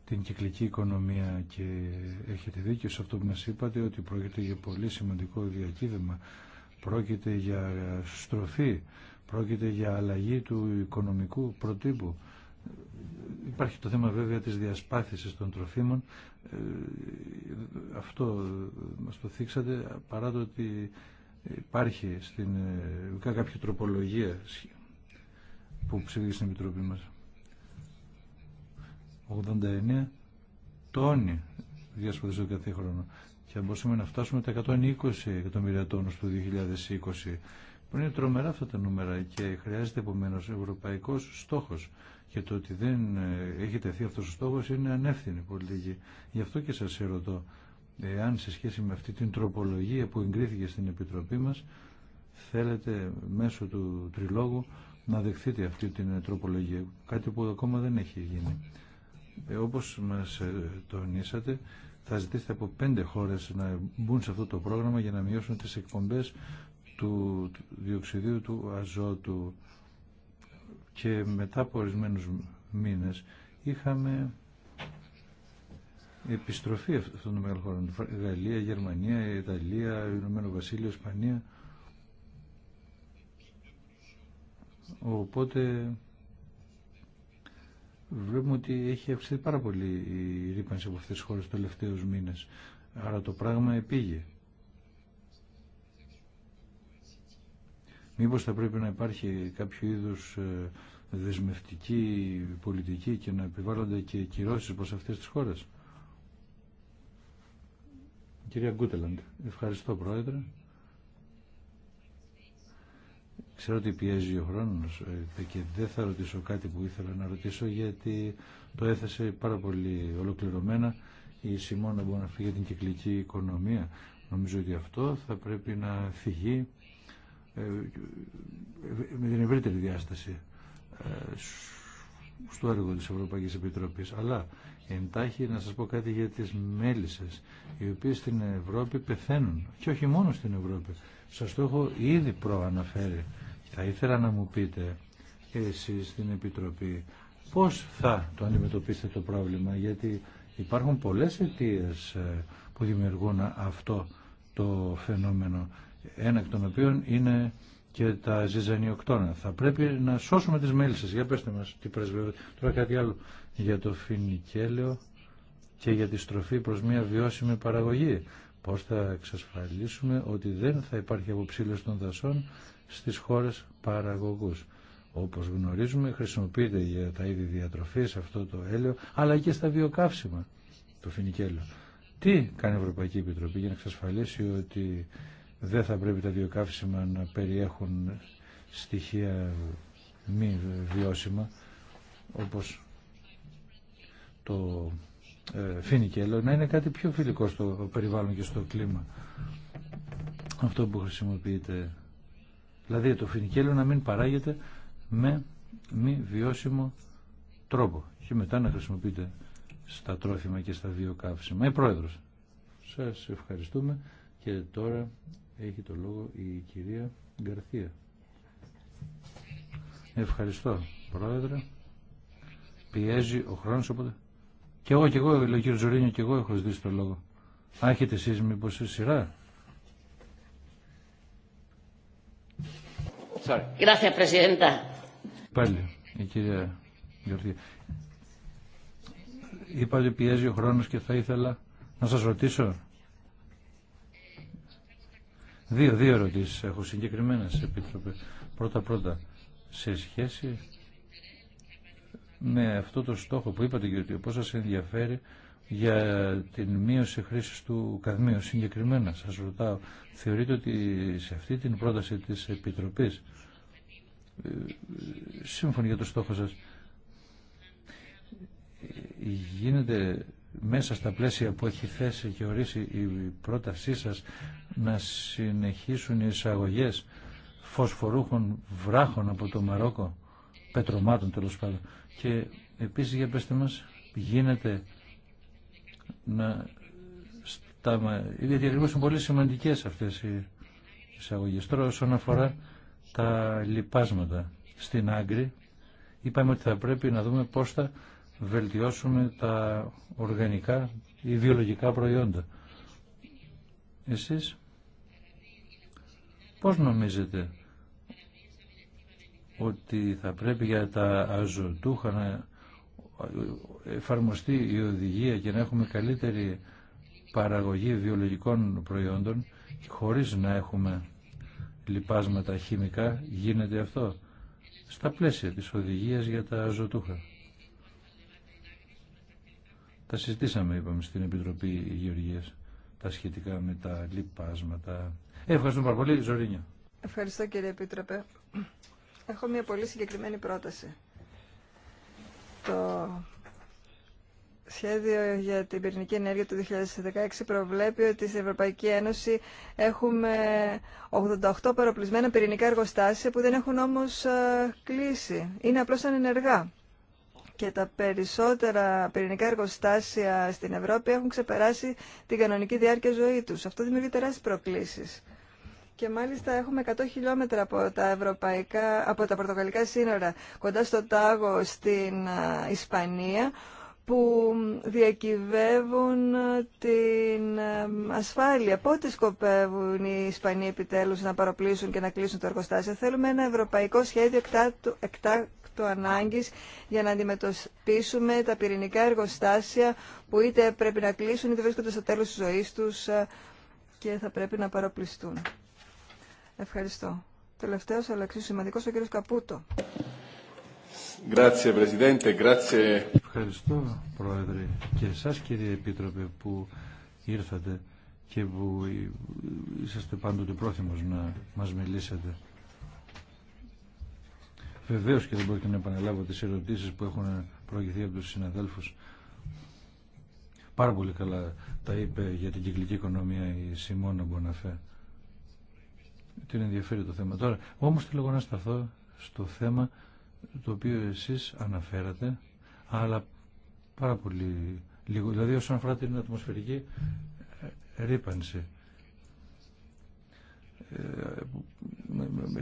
την κυκλική οικονομία και έχετε δίκιο σε αυτό που μας είπατε ότι πρόκειται για πολύ σημαντικό διακύβευμα πρόκειται για στροφή Πρόκειται για αλλαγή του οικονομικού προτύπου. Υπάρχει το θέμα βέβαια της διασπάθησης των τροφίμων. Ε, αυτό μας το θίξατε παρά το ότι υπάρχει στην, ε, κάποια τροπολογία που ψηφίζει στην Επιτροπή μας. 89 τόνοι διασπαθήσεων κάθε χρόνο. Και αν μπορούσαμε να φτάσουμε τα 120 εκατομμύρια τόνους του 2020 είναι τρομερά αυτά τα νούμερα και χρειάζεται επομένω ευρωπαϊκό στόχο. Και το ότι δεν ε, έχει τεθεί αυτό ο στόχο είναι ανεύθυνη πολιτική. Γι' αυτό και σα ερωτώ, εάν σε σχέση με αυτή την τροπολογία που εγκρίθηκε στην Επιτροπή μα, θέλετε μέσω του τριλόγου να δεχθείτε αυτή την τροπολογία. Κάτι που ακόμα δεν έχει γίνει. Ε, όπως μας ε, τονίσατε, θα ζητήσετε από πέντε χώρε να μπουν σε αυτό το πρόγραμμα για να μειώσουν τι εκπομπέ του διοξιδίου του αζότου και μετά από ορισμένου μήνες είχαμε επιστροφή αυτών των μεγάλων χωρών. Γαλλία, Γερμανία, Ιταλία, Ηνωμένο Βασίλειο, Ισπανία. Οπότε βλέπουμε ότι έχει αυξηθεί πάρα πολύ η ρήπανση από αυτές τις χώρες του τελευταίους μήνες. Άρα το πράγμα επήγε. Μήπως θα πρέπει να υπάρχει κάποιο είδους ε, δεσμευτική πολιτική και να επιβάλλονται και κυρώσεις προς αυτές τις χώρες. Κυρία Γκούτελαντ, ευχαριστώ Πρόεδρε. Ξέρω ότι πιέζει ο χρόνος ε, και δεν θα ρωτήσω κάτι που ήθελα να ρωτήσω γιατί το έθεσε πάρα πολύ ολοκληρωμένα η Σιμώνα Μποναφή για την κυκλική οικονομία. Νομίζω ότι αυτό θα πρέπει να φυγεί. Ε, ε, με την ευρύτερη διάσταση ε, στο έργο της Ευρωπαϊκής Επιτροπής. Αλλά εντάχει να σας πω κάτι για τις μέλισσες, οι οποίες στην Ευρώπη πεθαίνουν. Και όχι μόνο στην Ευρώπη. Σας το έχω ήδη προαναφέρει. Θα ήθελα να μου πείτε εσείς στην Επιτροπή πώς θα το αντιμετωπίσετε το πρόβλημα. Γιατί υπάρχουν πολλές αιτίες που δημιουργούν αυτό το φαινόμενο ένα εκ των οποίων είναι και τα ζυζανιοκτώνα. Θα πρέπει να σώσουμε τις μέλισσες. Για πέστε μας τι πρεσβεύετε. Τώρα κάτι άλλο για το φινικέλαιο και για τη στροφή προς μια βιώσιμη παραγωγή. Πώς θα εξασφαλίσουμε ότι δεν θα υπάρχει αποψήλωση των δασών στις χώρες παραγωγούς. Όπως γνωρίζουμε χρησιμοποιείται για τα είδη διατροφής αυτό το έλαιο, αλλά και στα βιοκαύσιμα το φινικέλαιο. Τι κάνει η Ευρωπαϊκή Επιτροπή για να εξασφαλίσει ότι δεν θα πρέπει τα δύο να περιέχουν στοιχεία μη βιώσιμα όπως το ε, φινικέλο να είναι κάτι πιο φιλικό στο περιβάλλον και στο κλίμα αυτό που χρησιμοποιείται δηλαδή το φινικέλο να μην παράγεται με μη βιώσιμο τρόπο και μετά να χρησιμοποιείται στα τρόφιμα και στα βιοκαύσιμα. καύσιμα. Ε, Πρόεδρος, σας ευχαριστούμε και τώρα έχει το λόγο η κυρία Γκαρθία. Ευχαριστώ, Πρόεδρε. Πιέζει ο χρόνο οπότε... Κι εγώ, κι εγώ, λέει ο κύριο Ζωρίνιο, κι εγώ έχω ζητήσει το λόγο. Α, έχετε μήπω σε σειρά. Πάλι, η κυρία Γκαρθία. Είπα ότι πιέζει ο χρόνος και θα ήθελα να σας ρωτήσω Δύο, δύο ερωτήσεις έχω συγκεκριμένα σε επίτροπε. Πρώτα πρώτα, σε σχέση με αυτό το στόχο που είπατε και ότι πώς σας ενδιαφέρει για την μείωση χρήση του καδμίου συγκεκριμένα. Σας ρωτάω, θεωρείτε ότι σε αυτή την πρόταση της Επιτροπής ε, σύμφωνοι για το στόχο σας ε, γίνεται μέσα στα πλαίσια που έχει θέσει και ορίσει η πρότασή σας να συνεχίσουν οι εισαγωγές φωσφορούχων βράχων από το Μαρόκο, πετρωμάτων τέλο πάντων. Και επίσης για πέστε μας, γίνεται να σταμα... γιατί είναι πολύ σημαντικές αυτές οι εισαγωγές. Τώρα όσον αφορά τα λοιπάσματα στην άγκρη, είπαμε ότι θα πρέπει να δούμε πώς θα βελτιώσουμε τα οργανικά ή βιολογικά προϊόντα. Εσείς πώς νομίζετε ότι θα πρέπει για τα αζωτούχα να εφαρμοστεί η οδηγία και να έχουμε καλύτερη παραγωγή βιολογικών προϊόντων χωρίς να έχουμε λιπάσματα χημικά γίνεται αυτό στα πλαίσια της οδηγίας για τα αζωτούχα. Τα συζητήσαμε, είπαμε, στην Επιτροπή Γεωργίας, τα σχετικά με τα λοιπάσματα. Ε, ευχαριστούμε πάρα πολύ, Ζωρίνια. Ευχαριστώ, κύριε Επίτροπε. Έχω μια πολύ συγκεκριμένη πρόταση. Το σχέδιο για την πυρηνική ενέργεια του 2016 προβλέπει ότι στην Ευρωπαϊκή Ένωση έχουμε 88 παροπλισμένα πυρηνικά εργοστάσια που δεν έχουν όμως ε, κλείσει. Είναι απλώς ανενεργά και τα περισσότερα πυρηνικά εργοστάσια στην Ευρώπη έχουν ξεπεράσει την κανονική διάρκεια ζωή τους. Αυτό δημιουργεί τεράστιες προκλήσεις. Και μάλιστα έχουμε 100 χιλιόμετρα από τα, ευρωπαϊκά, από τα σύνορα κοντά στο Τάγο στην Ισπανία που διακυβεύουν την ασφάλεια. Πότε σκοπεύουν οι Ισπανοί επιτέλους να παροπλήσουν και να κλείσουν το εργοστάσιο. Θέλουμε ένα ευρωπαϊκό σχέδιο εκτάκτου, το ανάγκης για να αντιμετωπίσουμε τα πυρηνικά εργοστάσια που είτε πρέπει να κλείσουν είτε βρίσκονται στο τέλος της ζωής τους ε, και θα πρέπει να παροπλιστούν. Ευχαριστώ. Τελευταίος αλλά εξίσου σημαντικός ο κύριος Καπούτο. Ευχαριστώ Πρόεδρε και εσάς κύριε Επίτροπε που ήρθατε και που είσαστε πάντοτε πρόθυμος να μας μιλήσετε. Βεβαίω και δεν και να επαναλάβω τις ερωτήσεις που έχουν προηγηθεί από τους συναδέλφους. Πάρα πολύ καλά τα είπε για την κυκλική οικονομία η Σιμώνα Μποναφέ. Την ενδιαφέρει το θέμα. Τώρα, όμως θέλω να σταθώ στο θέμα το οποίο εσείς αναφέρατε, αλλά πάρα πολύ λίγο. Δηλαδή όσον αφορά την ατμοσφαιρική ρήπανση ε,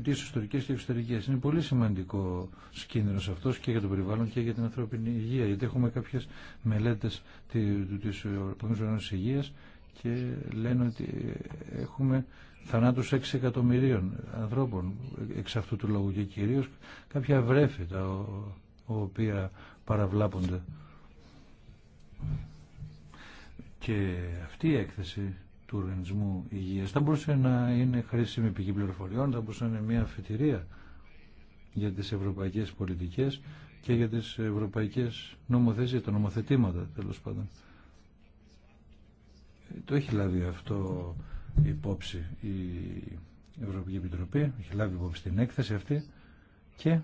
τις ιστορικές και εξωτερικές. Είναι πολύ σημαντικό κίνδυνος αυτός και για το περιβάλλον και για την ανθρώπινη υγεία, γιατί έχουμε κάποιες μελέτες της Ευρωπαϊκής Υγείας και λένε ότι έχουμε θανάτους 6 εκατομμυρίων ανθρώπων εξ αυτού του λόγου και κυρίως κάποια βρέφη τα οποία παραβλάπονται. Και αυτή η έκθεση του Οργανισμού Υγείας. Θα μπορούσε να είναι χρήσιμη πηγή πληροφοριών, θα μπορούσε να είναι μια αφετηρία για τις ευρωπαϊκές πολιτικές και για τις ευρωπαϊκές νομοθεσίες, τα νομοθετήματα τέλος πάντων. Το έχει λάβει αυτό υπόψη η Ευρωπαϊκή Επιτροπή, έχει λάβει υπόψη την έκθεση αυτή και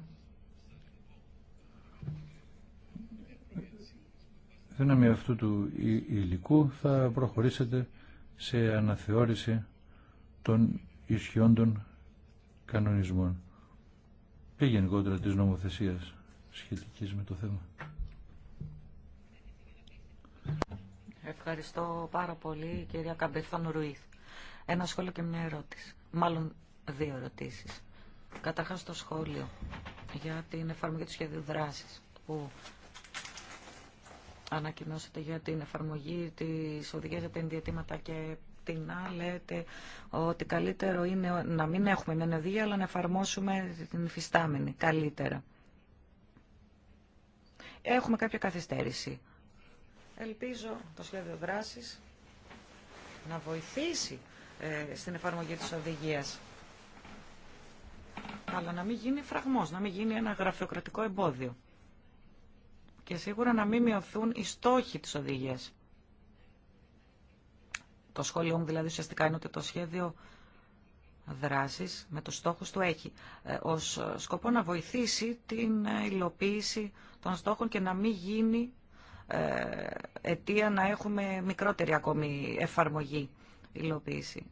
δύναμη αυτού του υλικού θα προχωρήσετε σε αναθεώρηση των ισχυών των κανονισμών Πήγαινε γενικότερα της νομοθεσίας σχετικής με το θέμα. Ευχαριστώ πάρα πολύ κυρία Καμπεθόν Ρουίθ. Ένα σχόλιο και μια ερώτηση. Μάλλον δύο ερωτήσεις. Καταρχάς το σχόλιο για την εφαρμογή του σχεδίου δράσης που ανακοινώσετε για την εφαρμογή της οδηγίας για τα ενδιατήματα και την Α λέτε ότι καλύτερο είναι να μην έχουμε μια οδηγία αλλά να εφαρμόσουμε την υφιστάμενη καλύτερα. Έχουμε κάποια καθυστέρηση. Ελπίζω το σχέδιο δράσης να βοηθήσει ε, στην εφαρμογή της οδηγίας. Αλλά να μην γίνει φραγμός, να μην γίνει ένα γραφειοκρατικό εμπόδιο και σίγουρα να μην μειωθούν οι στόχοι της οδηγίας. Το σχόλιο μου δηλαδή ουσιαστικά είναι ότι το σχέδιο δράσης με τους στόχους του έχει ε, ως σκοπό να βοηθήσει την ε, υλοποίηση των στόχων και να μην γίνει ε, αιτία να έχουμε μικρότερη ακόμη εφαρμογή υλοποίηση.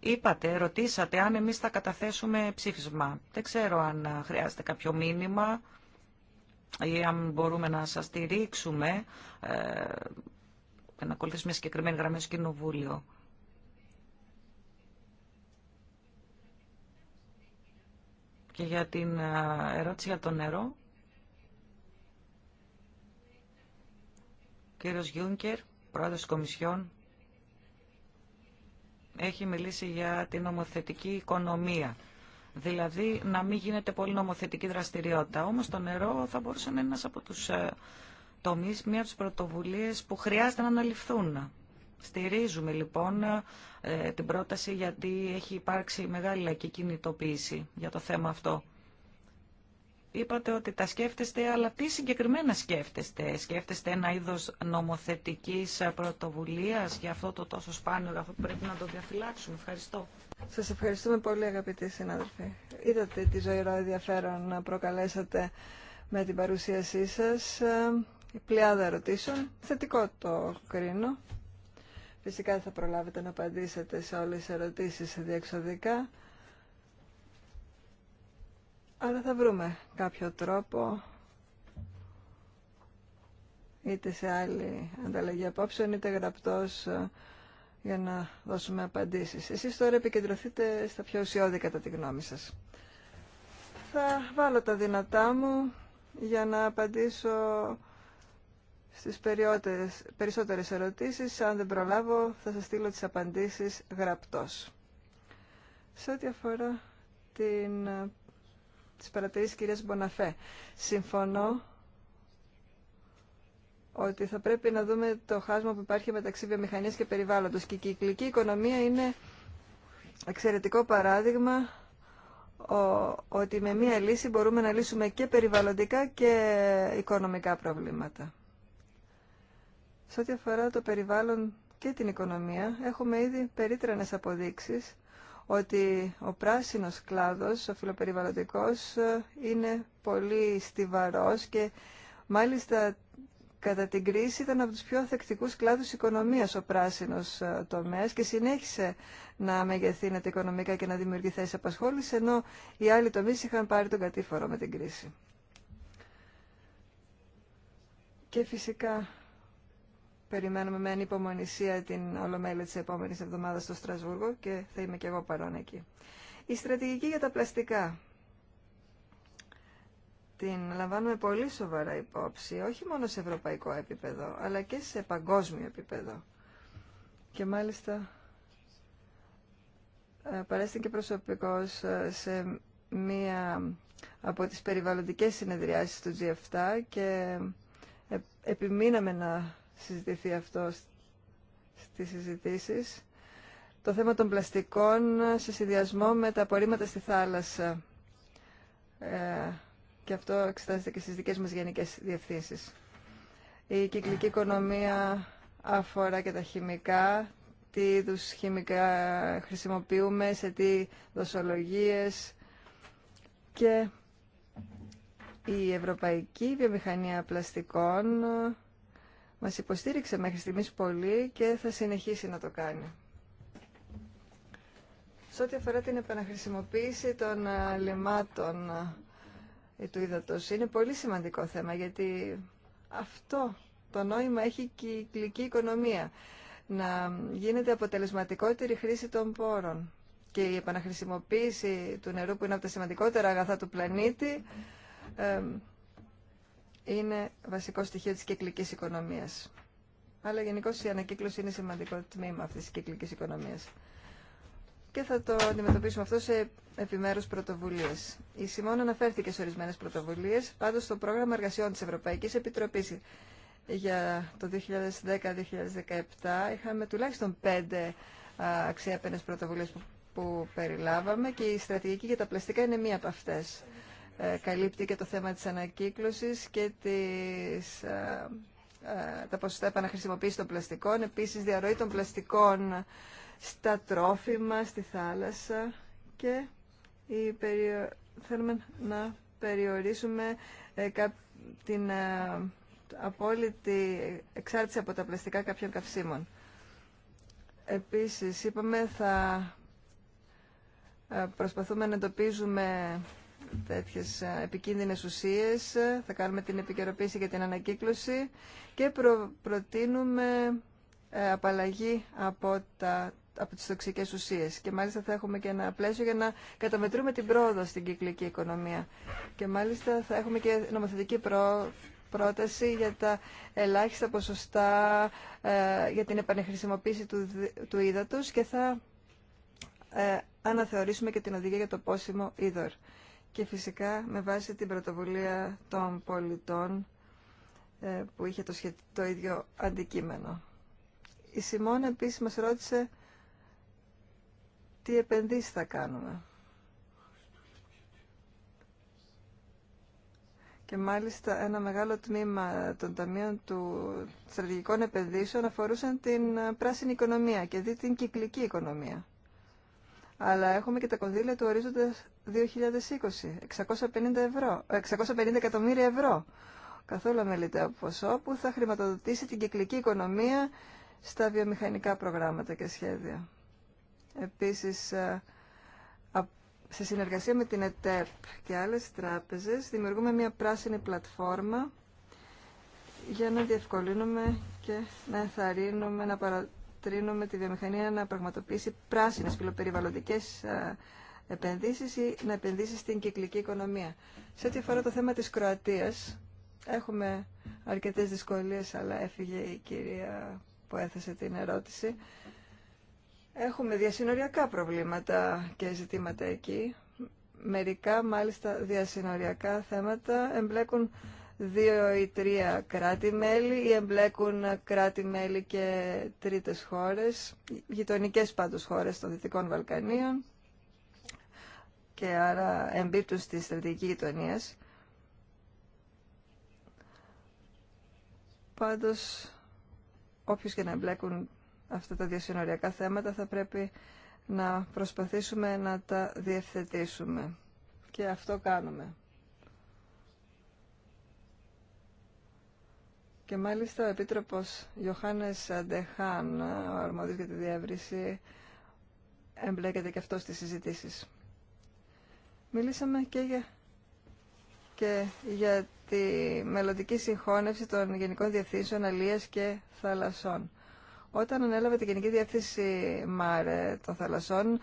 Είπατε, ρωτήσατε αν εμείς θα καταθέσουμε ψήφισμα. Δεν ξέρω αν χρειάζεται κάποιο μήνυμα ή αν μπορούμε να σας στηρίξουμε ε, να ακολουθήσουμε μια συγκεκριμένη γραμμή στο Κοινοβούλιο. Και για την ε, ερώτηση για το νερό. Ο κύριος Γιούνκερ, πρόεδρος της Κομισιόν, έχει μιλήσει για την νομοθετική οικονομία Δηλαδή να μην γίνεται πολύ νομοθετική δραστηριότητα. Όμω το νερό θα μπορούσε να είναι ένα από του ε, τομεί, μία από τι πρωτοβουλίες που χρειάζεται να αναλυφθούν. Στηρίζουμε λοιπόν ε, την πρόταση γιατί έχει υπάρξει μεγάλη λαϊκή κινητοποίηση για το θέμα αυτό. Είπατε ότι τα σκέφτεστε, αλλά τι συγκεκριμένα σκέφτεστε. Σκέφτεστε ένα είδος νομοθετικής πρωτοβουλίας για αυτό το τόσο σπάνιο αγαθό που πρέπει να το διαφυλάξουμε. Ευχαριστώ. Σας ευχαριστούμε πολύ αγαπητοί συνάδελφοι. Είδατε τι ζωηρό ενδιαφέρον να προκαλέσατε με την παρουσίασή σας. Ε, η πλειάδα ερωτήσεων, θετικό το κρίνω. Φυσικά θα προλάβετε να απαντήσετε σε όλες τις ερωτήσεις διεξοδικά. Αλλά θα βρούμε κάποιο τρόπο είτε σε άλλη ανταλλαγή απόψεων, είτε γραπτός για να δώσουμε απαντήσεις. Εσείς τώρα επικεντρωθείτε στα πιο ουσιώδη κατά τη γνώμη σας. Θα βάλω τα δυνατά μου για να απαντήσω στις περισσότερες ερωτήσεις. Αν δεν προλάβω, θα σας στείλω τις απαντήσεις γραπτός. Σε ό,τι αφορά την, τις παρατηρήσεις κυρίας Μποναφέ, συμφωνώ ότι θα πρέπει να δούμε το χάσμα που υπάρχει μεταξύ βιομηχανία και περιβάλλοντος. Και η κυκλική οικονομία είναι εξαιρετικό παράδειγμα ότι με μία λύση μπορούμε να λύσουμε και περιβαλλοντικά και οικονομικά προβλήματα. Σε ό,τι αφορά το περιβάλλον και την οικονομία, έχουμε ήδη περίτρανες αποδείξεις ότι ο πράσινος κλάδος, ο φιλοπεριβαλλοντικός, ε, είναι πολύ στιβαρός και μάλιστα Κατά την κρίση ήταν από τους πιο θεκτικούς κλάδους οικονομίας ο πράσινος ε, τομέας και συνέχισε να μεγεθύνεται οικονομικά και να δημιουργεί θέσει απασχόληση ενώ οι άλλοι τομείς είχαν πάρει τον κατήφορο με την κρίση. Και φυσικά περιμένουμε με ανυπομονησία την ολομέλεια της επόμενης εβδομάδας στο Στρασβούργο και θα είμαι και εγώ παρόν εκεί. Η στρατηγική για τα πλαστικά την λαμβάνουμε πολύ σοβαρά υπόψη, όχι μόνο σε ευρωπαϊκό επίπεδο, αλλά και σε παγκόσμιο επίπεδο. Και μάλιστα ε, παρέστηκε και ε, σε μία από τις περιβαλλοντικές συνεδριάσεις του G7 και ε, επιμείναμε να συζητηθεί αυτό στις συζητήσεις. Το θέμα των πλαστικών σε συνδυασμό με τα απορρίμματα στη θάλασσα και αυτό εξετάζεται και στις δικές μας γενικές διευθύνσεις. Η κυκλική οικονομία αφορά και τα χημικά, τι είδου χημικά χρησιμοποιούμε, σε τι δοσολογίες και η Ευρωπαϊκή Βιομηχανία Πλαστικών μας υποστήριξε μέχρι στιγμής πολύ και θα συνεχίσει να το κάνει. Σε ό,τι αφορά την επαναχρησιμοποίηση των λιμάτων ε, του Είναι πολύ σημαντικό θέμα γιατί αυτό το νόημα έχει η κυκλική οικονομία. Να γίνεται αποτελεσματικότερη χρήση των πόρων και η επαναχρησιμοποίηση του νερού που είναι από τα σημαντικότερα αγαθά του πλανήτη είναι βασικό στοιχείο της κυκλικής οικονομίας. Αλλά γενικώ η ανακύκλωση είναι σημαντικό τμήμα αυτής της κυκλικής οικονομίας και θα το αντιμετωπίσουμε αυτό σε επιμέρου πρωτοβουλίε. Η Σιμών αναφέρθηκε σε ορισμένε πρωτοβουλίε, πάντω στο πρόγραμμα εργασιών τη Ευρωπαϊκή Επιτροπή για το 2010-2017 είχαμε τουλάχιστον πέντε αξιέπαινε πρωτοβουλίε που, περιλάβαμε και η στρατηγική για τα πλαστικά είναι μία από αυτές. Ε, καλύπτει και το θέμα της ανακύκλωσης και της, τα ποσοστά επαναχρησιμοποίησης των πλαστικών, επίσης διαρροή των πλαστικών στα τρόφιμα, στη θάλασσα και η θέλουμε να περιορίσουμε ε, την ε, απόλυτη εξάρτηση από τα πλαστικά κάποιων καυσίμων. Επίσης, είπαμε, θα ε, προσπαθούμε να εντοπίζουμε τέτοιες επικίνδυνες ουσίες, θα κάνουμε την επικαιροποίηση για την ανακύκλωση και προ... προτείνουμε απαλλαγή από τα από τις τοξικές ουσίες. Και μάλιστα θα έχουμε και ένα πλαίσιο για να καταμετρούμε την πρόοδο στην κυκλική οικονομία. Και μάλιστα θα έχουμε και νομοθετική πρόταση για τα ελάχιστα ποσοστά ε, για την επανεχρησιμοποίηση του, του ύδατος και θα ε, αναθεωρήσουμε και την οδηγία για το πόσιμο είδωρ. Και φυσικά με βάση την πρωτοβουλία των πολιτών ε, που είχε το, το ίδιο αντικείμενο. Η Σιμών επίσης μας ρώτησε τι επενδύσεις θα κάνουμε. Και μάλιστα ένα μεγάλο τμήμα των ταμείων του στρατηγικών επενδύσεων αφορούσαν την πράσινη οικονομία και δι' την κυκλική οικονομία. Αλλά έχουμε και τα κονδύλια του ορίζοντα 2020, 650, ευρώ, 650 ε, εκατομμύρια ευρώ. Καθόλου από ποσό που θα χρηματοδοτήσει την κυκλική οικονομία στα βιομηχανικά προγράμματα και σχέδια. Επίσης, ε, σε συνεργασία με την ΕΤΕΠ και άλλες τράπεζες, δημιουργούμε μια πράσινη πλατφόρμα για να διευκολύνουμε και να ενθαρρύνουμε, να παρατρύνουμε τη βιομηχανία να πραγματοποιήσει πράσινες φιλοπεριβαλλοντικές ε, επενδύσεις ή να επενδύσει στην κυκλική οικονομία. Σε ό,τι αφορά το θέμα της Κροατίας, έχουμε αρκετές δυσκολίες, αλλά έφυγε η κυρία που έθεσε την ερώτηση. Έχουμε διασυνοριακά προβλήματα και ζητήματα εκεί. Μερικά, μάλιστα, διασυνοριακά θέματα εμπλέκουν δύο ή τρία κράτη-μέλη ή εμπλέκουν κράτη-μέλη και τρίτες χώρες, γειτονικές πάντως χώρες των Δυτικών Βαλκανίων και άρα εμπίπτουν στη στρατηγική γειτονία. Πάντως, όποιος και να εμπλέκουν αυτά τα διασυνοριακά θέματα θα πρέπει να προσπαθήσουμε να τα διευθετήσουμε. Και αυτό κάνουμε. Και μάλιστα ο Επίτροπος Ιωάννης Αντεχάν, ο αρμόδιος για τη διεύρυνση, εμπλέκεται και αυτό στις συζητήσεις. Μιλήσαμε και για, και για τη μελλοντική συγχώνευση των Γενικών Διευθύνσεων Αλίας και Θαλασσών. Όταν ανέλαβε τη Γενική Διεύθυνση ΜΑΡΕ των θαλασσών,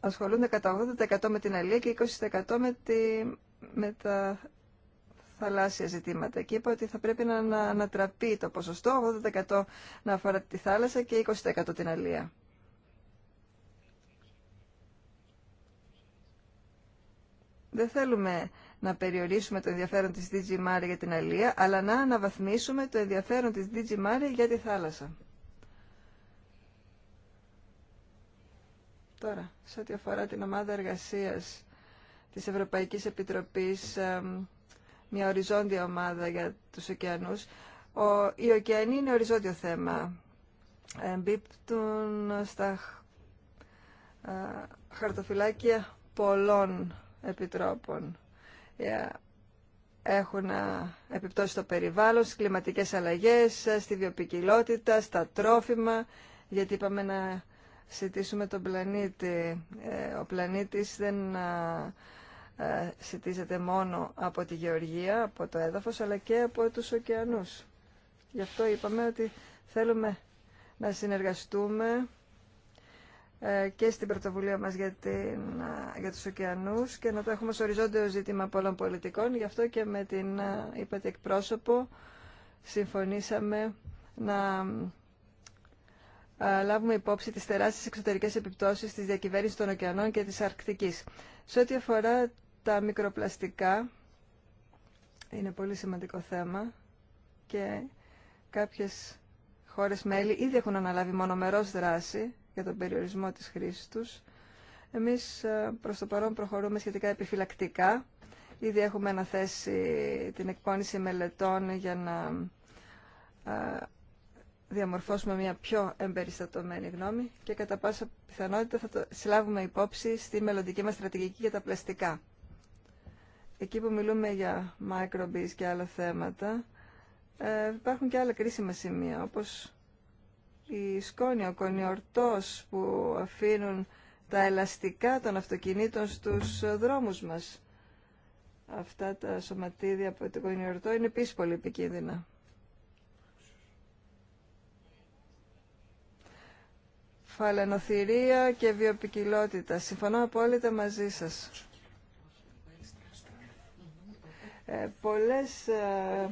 ασχολούνται κατά 80% με την αλία και 20% με, τη, με τα θαλάσσια ζητήματα. Και είπα ότι θα πρέπει να ανατραπεί το ποσοστό, 80% να αφορά τη θάλασσα και 20% την αλία. δεν θέλουμε να περιορίσουμε το ενδιαφέρον της DG Mare για την αλία, αλλά να αναβαθμίσουμε το ενδιαφέρον της DG για τη θάλασσα. Τώρα, σε ό,τι αφορά την ομάδα εργασίας της Ευρωπαϊκής Επιτροπής, μια οριζόντια ομάδα για τους ωκεανούς, ο, οι ωκεανοί είναι οριζόντιο θέμα. Εμπίπτουν στα ε, χαρτοφυλάκια πολλών επιτρόπων. Ε, έχουν ε, επιπτώσει στο περιβάλλον, στις κλιματικές αλλαγές, ε, στη βιοπικιλότητα, στα τρόφιμα, γιατί είπαμε να σητήσουμε τον πλανήτη. Ο πλανήτης δεν σητίζεται μόνο από τη γεωργία, από το έδαφος, αλλά και από τους ωκεανούς. Γι' αυτό είπαμε ότι θέλουμε να συνεργαστούμε ε, και στην πρωτοβουλία μας για, την, ε, για τους ωκεανούς και να το έχουμε ως οριζόντιο ζήτημα πολλών πολιτικών. Γι' αυτό και με την ε, είπατε εκπρόσωπο συμφωνήσαμε να λάβουμε υπόψη τις τεράστιες εξωτερικές επιπτώσεις της διακυβέρνησης των ωκεανών και της Αρκτικής. Σε ό,τι αφορά τα μικροπλαστικά, είναι πολύ σημαντικό θέμα και κάποιες χώρες μέλη ήδη έχουν αναλάβει μονομερός δράση για τον περιορισμό της χρήσης τους. Εμείς ε, προς το παρόν προχωρούμε σχετικά επιφυλακτικά. Ήδη έχουμε αναθέσει την εκπόνηση μελετών για να ε, διαμορφώσουμε μια πιο εμπεριστατωμένη γνώμη και κατά πάσα πιθανότητα θα το συλλάβουμε υπόψη στη μελλοντική μας στρατηγική για τα πλαστικά. Εκεί που μιλούμε για microbees και άλλα θέματα, ε, υπάρχουν και άλλα κρίσιμα σημεία, όπως η σκόνη, ο κονιορτός που αφήνουν τα ελαστικά των αυτοκινήτων στους δρόμους μας. Αυτά τα σωματίδια από το κονιορτό είναι επίσης πολύ επικίνδυνα. Φαλαινοθυρία και βιοπικιλότητα. Συμφωνώ απόλυτα μαζί σας. Ε, πολλές ε,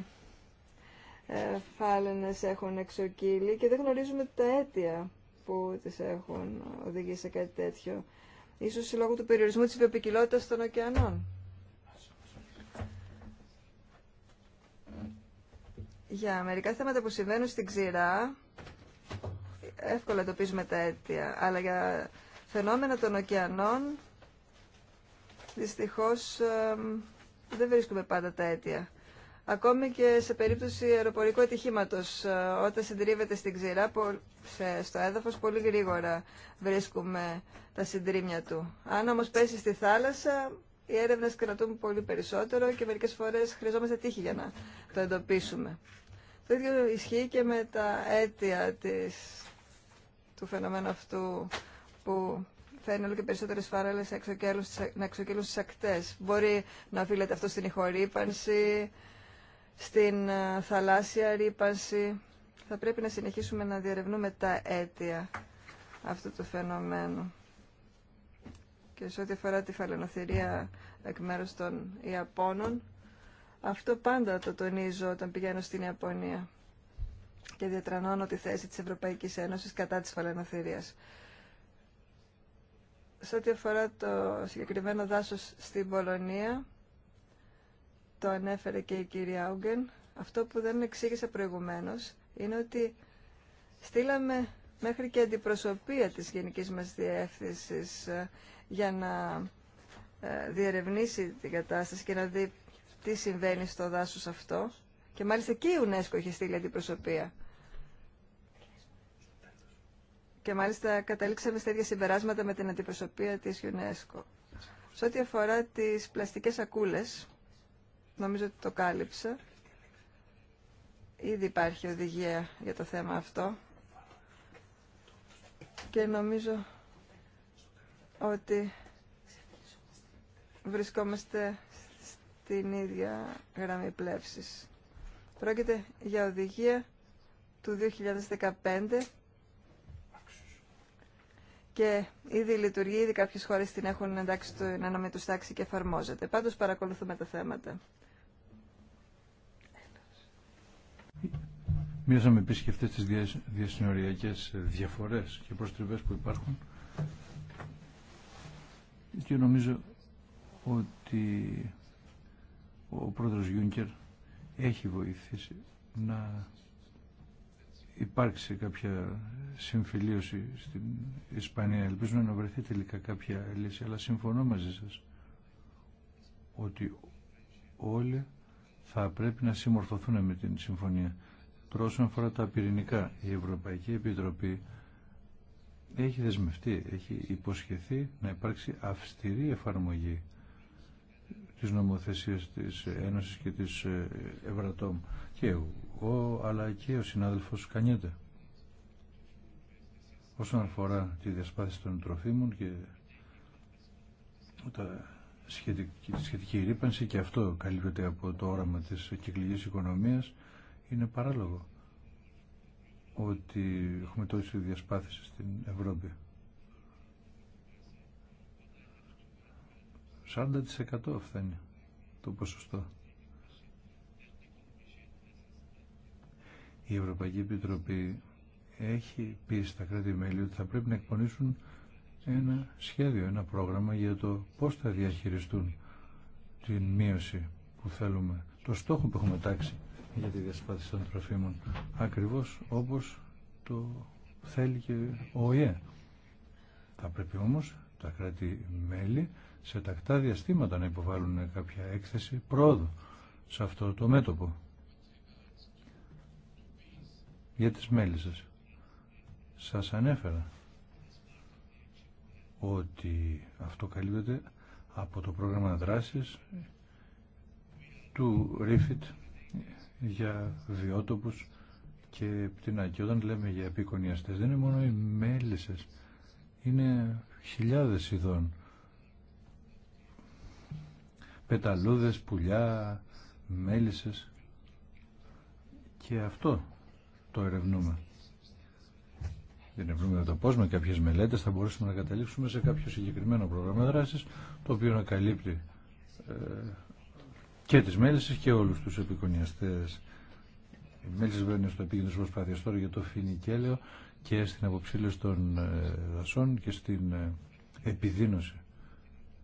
ε, φάλαινες έχουν εξοκύλει και δεν γνωρίζουμε τα αίτια που τις έχουν οδηγήσει σε κάτι τέτοιο. Ίσως λόγω του περιορισμού της βιοπικιλότητας των ωκεανών. Για μερικά θέματα που συμβαίνουν στην ξηρά, εύκολα εντοπίζουμε τα αίτια, αλλά για φαινόμενα των ωκεανών, δυστυχώς δεν βρίσκουμε πάντα τα αίτια. Ακόμη και σε περίπτωση αεροπορικού ατυχήματο, ε, όταν συντρίβεται στην ξηρά, στο έδαφο, πολύ γρήγορα βρίσκουμε τα συντρίμια του. Αν όμω πέσει στη θάλασσα, οι έρευνε κρατούν πολύ περισσότερο και μερικέ φορέ χρειαζόμαστε τύχη για να το εντοπίσουμε. Το ίδιο ισχύει και με τα αίτια της, του φαινομένου αυτού που φέρνει όλο και περισσότερε φάρελε να εξοκέλουν στις ακτέ. Μπορεί να οφείλεται αυτό στην ηχορύπανση, στην ε, θαλάσσια ρήπανση. Θα πρέπει να συνεχίσουμε να διαρευνούμε τα αίτια αυτού του φαινομένου. Και σε ό,τι αφορά τη φαλαινοθυρία εκ μέρους των Ιαπώνων, αυτό πάντα το τονίζω όταν πηγαίνω στην Ιαπωνία και διατρανώνω τη θέση της Ευρωπαϊκής Ένωσης κατά της φαλαινοθυρίας. Σε ό,τι αφορά το συγκεκριμένο δάσος στην Πολωνία, το ανέφερε και η κυρία Όγκεν αυτό που δεν εξήγησα προηγουμένως είναι ότι στείλαμε μέχρι και αντιπροσωπεία της Γενικής μας Διεύθυνσης ε, για να ε, διερευνήσει την κατάσταση και να δει τι συμβαίνει στο δάσος αυτό. Και μάλιστα και η UNESCO είχε στείλει αντιπροσωπεία. Και μάλιστα καταλήξαμε στα ίδια συμπεράσματα με την αντιπροσωπεία της UNESCO. Σε ό,τι αφορά τις πλαστικές σακούλες, νομίζω ότι το κάλυψα. Ήδη υπάρχει οδηγία για το θέμα αυτό και νομίζω ότι βρισκόμαστε στην ίδια γραμμή πλεύσης. Πρόκειται για οδηγία του 2015 και ήδη λειτουργεί, ήδη κάποιες χώρες την έχουν εντάξει του να τάξη και εφαρμόζεται. Πάντως παρακολουθούμε τα θέματα. Μίλησαμε επίσης και αυτές τις διασυνοριακές διαφορές και προστριβές που υπάρχουν και νομίζω ότι ο πρόεδρος Γιούνκερ έχει βοηθήσει να υπάρξει κάποια συμφιλίωση στην Ισπανία. Ελπίζουμε να βρεθεί τελικά κάποια λύση, αλλά συμφωνώ μαζί σας ότι όλοι θα πρέπει να συμμορφωθούν με την συμφωνία. Τρόσον αφορά τα πυρηνικά, η Ευρωπαϊκή Επιτροπή έχει δεσμευτεί, έχει υποσχεθεί να υπάρξει αυστηρή εφαρμογή της νομοθεσίας της Ένωσης και της ε, Ευρατόμ. Και εγώ, αλλά και ο συνάδελφος Κανιέται. Όσον αφορά τη διασπάθηση των τροφίμων και τα σχετική, σχετική ρήπανση και αυτό καλύπτεται από το όραμα της κυκλικής οικονομίας είναι παράλογο ότι έχουμε τόση διασπάθηση στην Ευρώπη. 40% αυτά το ποσοστό. Η Ευρωπαϊκή Επιτροπή έχει πει στα κράτη-μέλη ότι θα πρέπει να εκπονήσουν ένα σχέδιο, ένα πρόγραμμα για το πώς θα διαχειριστούν την μείωση που θέλουμε, το στόχο που έχουμε τάξει για τη διασπάθηση των τροφίμων, ακριβώς όπως το θέλει και ο ΟΗΕ. Θα πρέπει όμως τα κράτη-μέλη σε τακτά διαστήματα να υποβάλουν κάποια έκθεση πρόοδο σε αυτό το μέτωπο για τις μέλισσες. Σας ανέφερα ότι αυτό καλύπτεται από το πρόγραμμα δράσης του ΡΙΦΙΤ για βιότοπους και πτηνά. Και όταν λέμε για επικονιαστές δεν είναι μόνο οι μέλισσες, είναι χιλιάδες ειδών. Πεταλούδες, πουλιά, μέλισσες και αυτό το ερευνούμε την ευρούμε το πώς με κάποιες μελέτες θα μπορούσαμε να καταλήξουμε σε κάποιο συγκεκριμένο πρόγραμμα δράσης το οποίο να καλύπτει ε, και τις μέλησες και όλους τους επικονιαστές. Οι μέλησες βέβαια είναι στο επίκεντρο προσπάθειας τώρα για το φινικέλαιο και στην αποψήλωση των ε, δασών και στην ε, επιδείνωση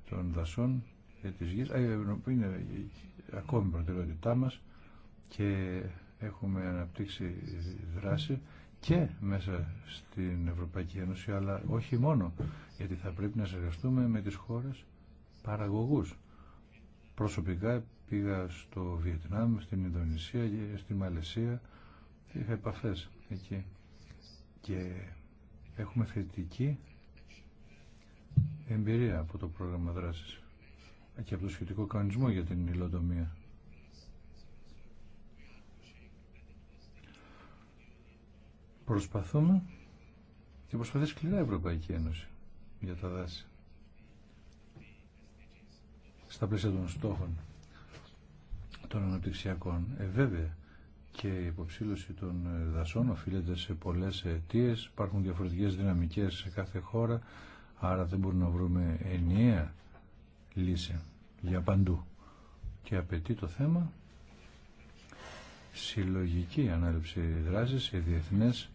των δασών και της γης. Είναι ακόμη προτεραιότητά μα και έχουμε αναπτύξει δράση και μέσα στην Ευρωπαϊκή Ένωση, αλλά όχι μόνο, γιατί θα πρέπει να συνεργαστούμε με τις χώρες παραγωγούς. Προσωπικά πήγα στο Βιετνάμ, στην Ινδονησία και στη Μαλαισία, είχα επαφές εκεί και έχουμε θετική εμπειρία από το πρόγραμμα δράσης και από το σχετικό κανονισμό για την υλοτομία. Προσπαθούμε και προσπαθεί σκληρά η Ευρωπαϊκή Ένωση για τα δάση. Στα πλαίσια των στόχων των αναπτυξιακών. Ε, βέβαια και η υποψήλωση των ε, δασών οφείλεται σε πολλές αιτίε, υπάρχουν διαφορετικές δυναμικές σε κάθε χώρα, άρα δεν μπορούμε να βρούμε ενιαία λύση για παντού. Και απαιτεί το θέμα συλλογική ανάληψη δράσης σε διεθνές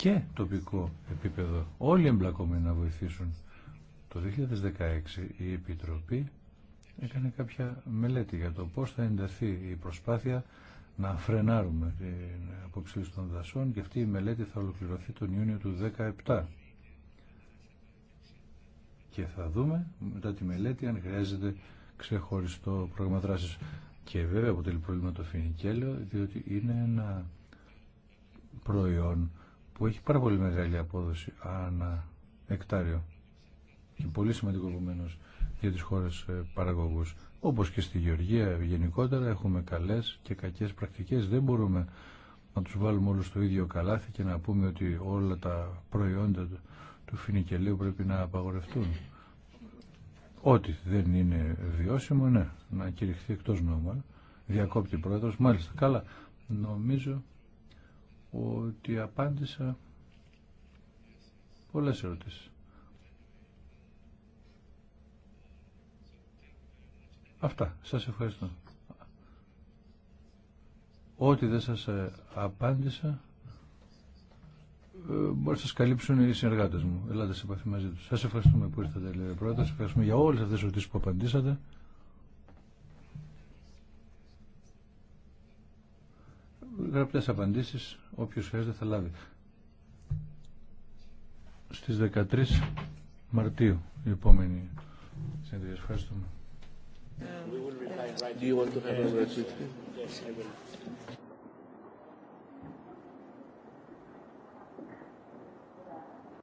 και τοπικό επίπεδο. Όλοι εμπλακόμενοι να βοηθήσουν. Το 2016 η Επιτροπή έκανε κάποια μελέτη για το πώς θα ενταθεί η προσπάθεια να φρενάρουμε την αποψήλωση των δασών και αυτή η μελέτη θα ολοκληρωθεί τον Ιούνιο του 2017. Και θα δούμε μετά τη μελέτη αν χρειάζεται ξεχωριστό πρόγραμμα δράσης. Και βέβαια αποτελεί πρόβλημα το φινικέλαιο διότι είναι ένα προϊόν που έχει πάρα πολύ μεγάλη απόδοση ανά εκτάριο και πολύ σημαντικό επομένω για τις χώρες ε, παραγωγούς. Όπως και στη Γεωργία γενικότερα έχουμε καλές και κακές πρακτικές. Δεν μπορούμε να τους βάλουμε όλους στο ίδιο καλάθι και να πούμε ότι όλα τα προϊόντα του φινικελίου πρέπει να απαγορευτούν. Ό,τι δεν είναι βιώσιμο, ναι, να κηρυχθεί εκτός νόμου. Ε. Διακόπτη πρόεδρος, μάλιστα. Καλά, νομίζω ότι απάντησα πολλές ερωτήσεις. Αυτά. Σας ευχαριστώ. Ό,τι δεν σας ε, απάντησα ε, μπορεί να σας καλύψουν οι συνεργάτες μου. Ελάτε σε επαφή μαζί τους. Σας ευχαριστούμε που ήρθατε, λέει πρώτα. Σας ευχαριστούμε για όλες αυτές τις ερωτήσεις που απαντήσατε. γραπτές απαντήσεις όποιος χρειάζεται θα λάβει. Στις 13 Μαρτίου η επόμενη συνεδρία. Ευχαριστούμε.